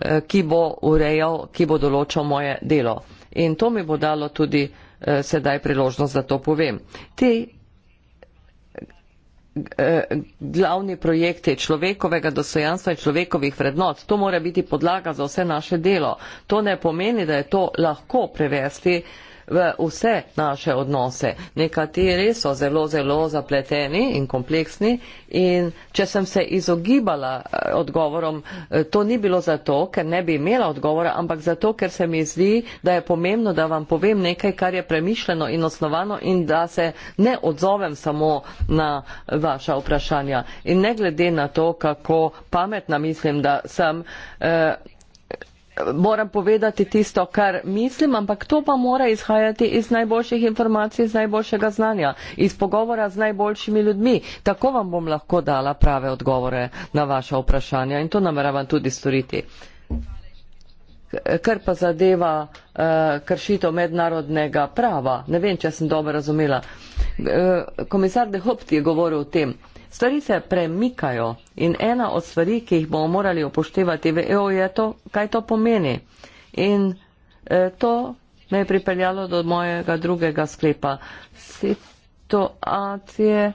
Eh, ki bo urejal, ki bo določal moje delo. In to mi bo dalo tudi eh, sedaj priložnost, da to povem. Te eh, glavni projekti človekovega dostojanstva in človekovih vrednot, to mora biti podlaga za vse naše delo. To ne pomeni, da je to lahko prevesti v vse naše odnose. Nekateri so zelo, zelo zapleteni in kompleksni in če sem se izogibala eh, odgovorom, eh, to ni bilo zato, ker ne bi imela odgovora, ampak zato, ker se mi zdi, da je pomembno, da vam povem nekaj, kar je premišljeno in osnovano in da se ne odzovem samo na vaša vprašanja. In ne glede na to, kako pametna mislim, da sem. Eh, moram povedati tisto, kar mislim, ampak to pa mora izhajati iz najboljših informacij, iz najboljšega znanja, iz pogovora z najboljšimi ljudmi. Tako vam bom lahko dala prave odgovore na vaše vprašanja in to nameravam tudi storiti. Kar pa zadeva uh, kršitev mednarodnega prava, ne vem, če sem dobro razumela. Uh, komisar De Hopti je govoril o tem. Stvari se premikajo in ena od stvari, ki jih bomo morali upoštevati v EU, je to, kaj to pomeni. In eh, to me je pripeljalo do mojega drugega sklepa. Situacije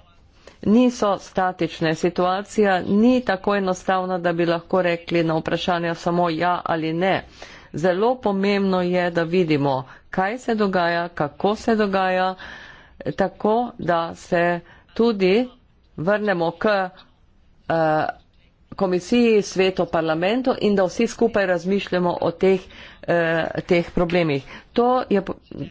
niso statične, situacija ni tako enostavna, da bi lahko rekli na vprašanje samo ja ali ne. Zelo pomembno je, da vidimo, kaj se dogaja, kako se dogaja, tako da se tudi vrnemo k uh, komisiji, svetu, parlamentu in da vsi skupaj razmišljamo o teh, uh, teh problemih. To je,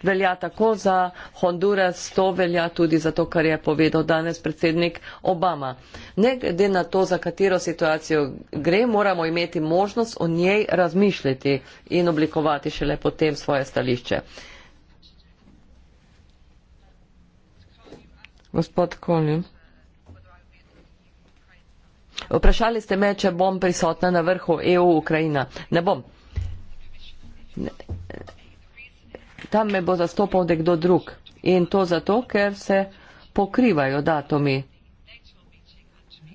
velja tako za Honduras, to velja tudi za to, kar je povedal danes predsednik Obama. Ne glede na to, za katero situacijo gre, moramo imeti možnost o njej razmišljati in oblikovati šele potem svoje stališče. Gospod Kolin. Vprašali ste me, če bom prisotna na vrhu EU Ukrajina. Ne bom. Tam me bo zastopal nekdo drug. In to zato, ker se pokrivajo datumi.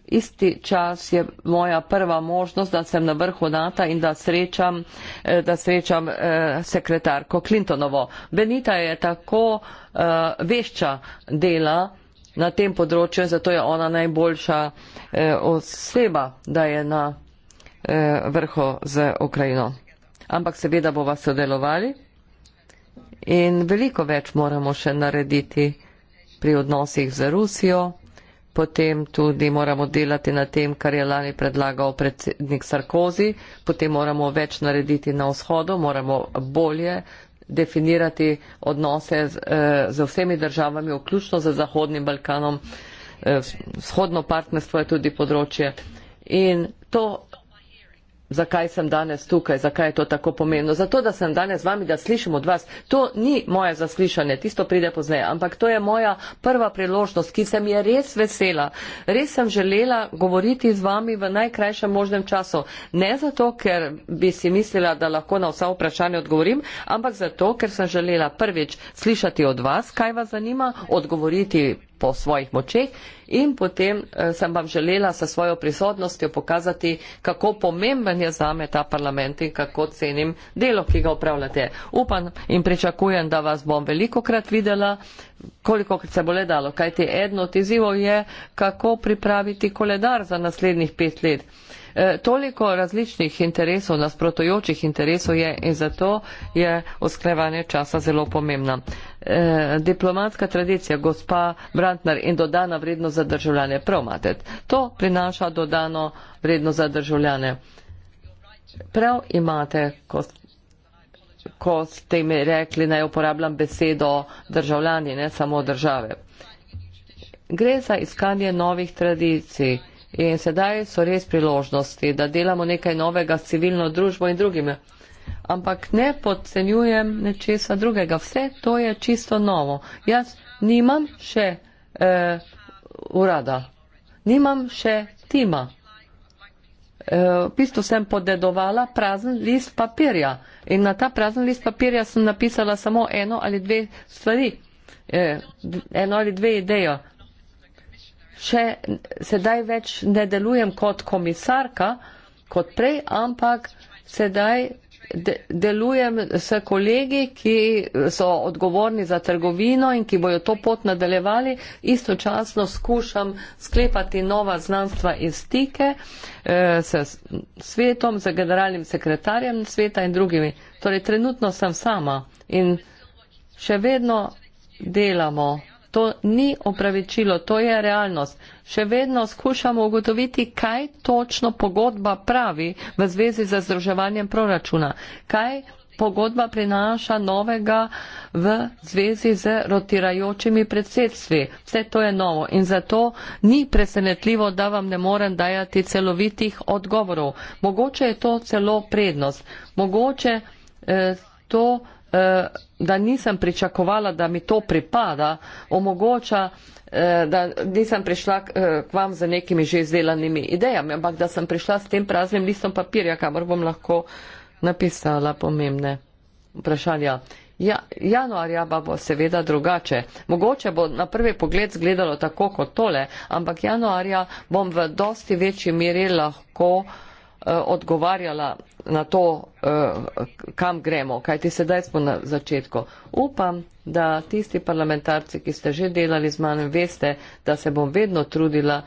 Isti čas je moja prva možnost, da sem na vrhu NATO in da srečam, eh, da srečam eh, sekretarko Clintonovo. Benita je tako eh, vešča dela na tem področju in zato je ona najboljša eh, oseba, da je na eh, vrhu z Ukrajino. Ampak seveda bova sodelovali in veliko več moramo še narediti pri odnosih z Rusijo. Potem tudi moramo delati na tem, kar je lani predlagal predsednik Sarkozy. Potem moramo več narediti na vzhodu, moramo bolje definirati odnose z, eh, z vsemi državami, vključno z Zahodnim Balkanom. Eh, vzhodno partnerstvo je tudi področje. In to zakaj sem danes tukaj, zakaj je to tako pomembno. Zato, da sem danes z vami, da slišim od vas. To ni moje zaslišanje, tisto pride pozneje, ampak to je moja prva priložnost, ki sem je res vesela. Res sem želela govoriti z vami v najkrajšem možnem času. Ne zato, ker bi si mislila, da lahko na vsa vprašanja odgovorim, ampak zato, ker sem želela prvič slišati od vas, kaj vas zanima, odgovoriti po svojih močeh in potem eh, sem vam želela sa svojo prisotnostjo pokazati, kako pomemben je zame ta parlament in kako cenim delo, ki ga upravljate. Upam in pričakujem, da vas bom veliko krat videla, koliko se bo le dalo, kajti eno od izzivov je, kako pripraviti koledar za naslednjih pet let. E, toliko različnih interesov, nasprotujočih interesov je in zato je usklevanje časa zelo pomembno. E, diplomatska tradicija, gospa Brantner in dodana vrednost za državljane, prav imate, to prinaša dodano vrednost za državljane. Prav imate, ko, ko ste mi rekli, naj uporabljam besedo državljani, ne samo države. Gre za iskanje novih tradicij. In sedaj so res priložnosti, da delamo nekaj novega s civilno družbo in drugimi. Ampak ne podcenjujem nečesa drugega. Vse to je čisto novo. Jaz nimam še eh, urada, nimam še tima. Eh, v bistvu sem podedovala prazen list papirja in na ta prazen list papirja sem napisala samo eno ali dve stvari, eh, eno ali dve idejo še sedaj več ne delujem kot komisarka, kot prej, ampak sedaj de delujem s kolegi, ki so odgovorni za trgovino in ki bojo to pot nadaljevali. Istočasno skušam sklepati nova znanstva in stike eh, s svetom, z generalnim sekretarjem sveta in drugimi. Torej, trenutno sem sama in še vedno delamo to ni opravičilo, to je realnost. Še vedno skušamo ugotoviti, kaj točno pogodba pravi v zvezi z združevanjem proračuna, kaj pogodba prinaša novega v zvezi z rotirajočimi predsedstvi. Vse to je novo in zato ni presenetljivo, da vam ne morem dajati celovitih odgovorov. Mogoče je to celo prednost. Mogoče eh, to. Eh, da nisem pričakovala, da mi to pripada, omogoča, eh, da nisem prišla eh, k vam z nekimi že izdelanimi idejami, ampak da sem prišla s tem praznim listom papirja, kamor bom lahko napisala pomembne vprašanja. Ja, januarja pa bo seveda drugače. Mogoče bo na prvi pogled zgledalo tako kot tole, ampak januarja bom v dosti večji meri lahko uh, Eh, odgovarjala na to, eh, kam gremo. Kaj ti sedaj smo na začetku? Upam, da tisti parlamentarci, ki ste že delali z mano, veste, da se bom vedno trudila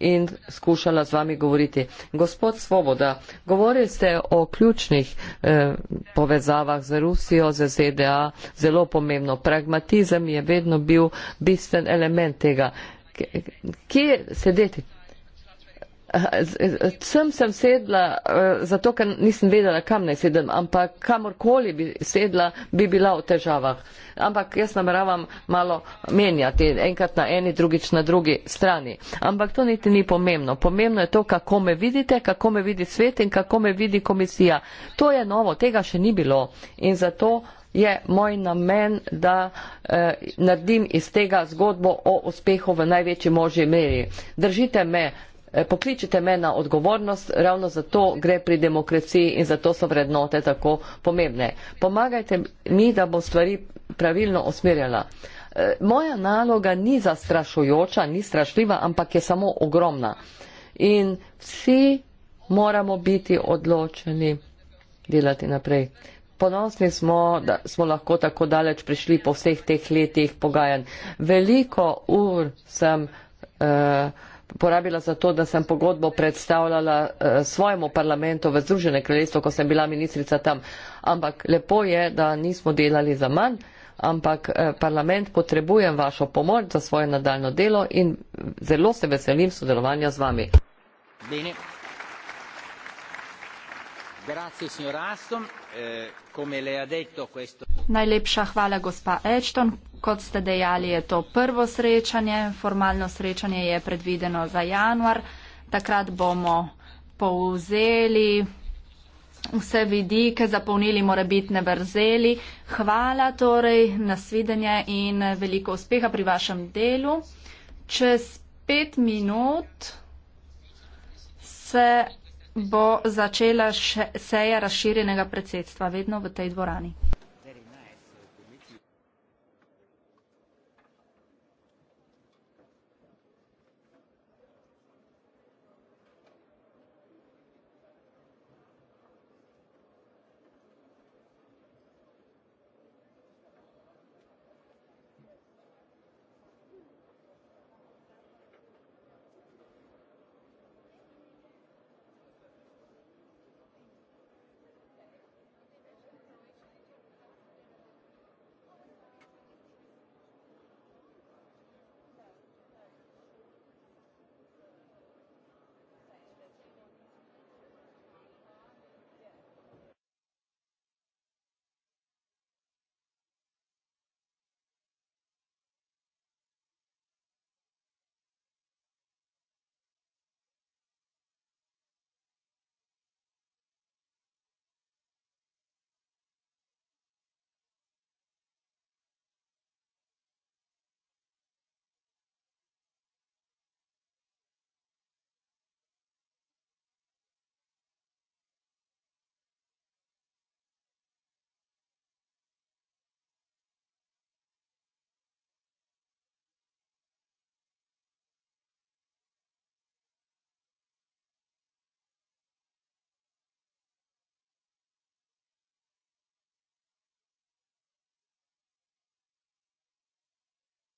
in skušala z vami govoriti. Gospod Svoboda, govorili ste o ključnih eh, povezavah z Rusijo, z ZDA, zelo pomembno. Pragmatizem je vedno bil bistven element tega. Kje sedeti? Sem sem sedla, eh, zato ker nisem vedela, kam naj sedem, ampak kamorkoli bi sedla, bi bila v težavah. Ampak jaz nameravam malo menjati, enkrat na eni, drugič na drugi strani. Ampak to niti ni pomembno. Pomembno je to, kako me vidite, kako me vidi svet in kako me vidi komisija. To je novo, tega še ni bilo. In zato je moj namen, da eh, naredim iz tega zgodbo o uspehu v največji možni meri. Držite me. Eh, pokličite me na odgovornost, ravno zato gre pri demokraciji in zato so vrednote tako pomembne. Pomagajte mi, da bom stvari pravilno usmerjala. Eh, moja naloga ni zastrašujoča, ni strašljiva, ampak je samo ogromna. In vsi moramo biti odločeni delati naprej. Ponosni smo, da smo lahko tako daleč prišli po vseh teh letih pogajanj. Veliko ur sem. Uh, porabila za to, da sem pogodbo predstavljala eh, svojemu parlamentu v Združene kraljestvo, ko sem bila ministrica tam. Ampak lepo je, da nismo delali za manj, ampak eh, parlament potrebuje vašo pomoč za svoje nadaljno delo in zelo se veselim sodelovanja z vami. Bene. Eh, Najlepša hvala, gospa Ečton kot ste dejali, je to prvo srečanje, formalno srečanje je predvideno za januar. Takrat bomo povzeli vse vidike, zapolnili morebitne vrzeli. Hvala torej, nasvidenje in veliko uspeha pri vašem delu. Čez pet minut se bo začela še, seja razširjenega predsedstva, vedno v tej dvorani.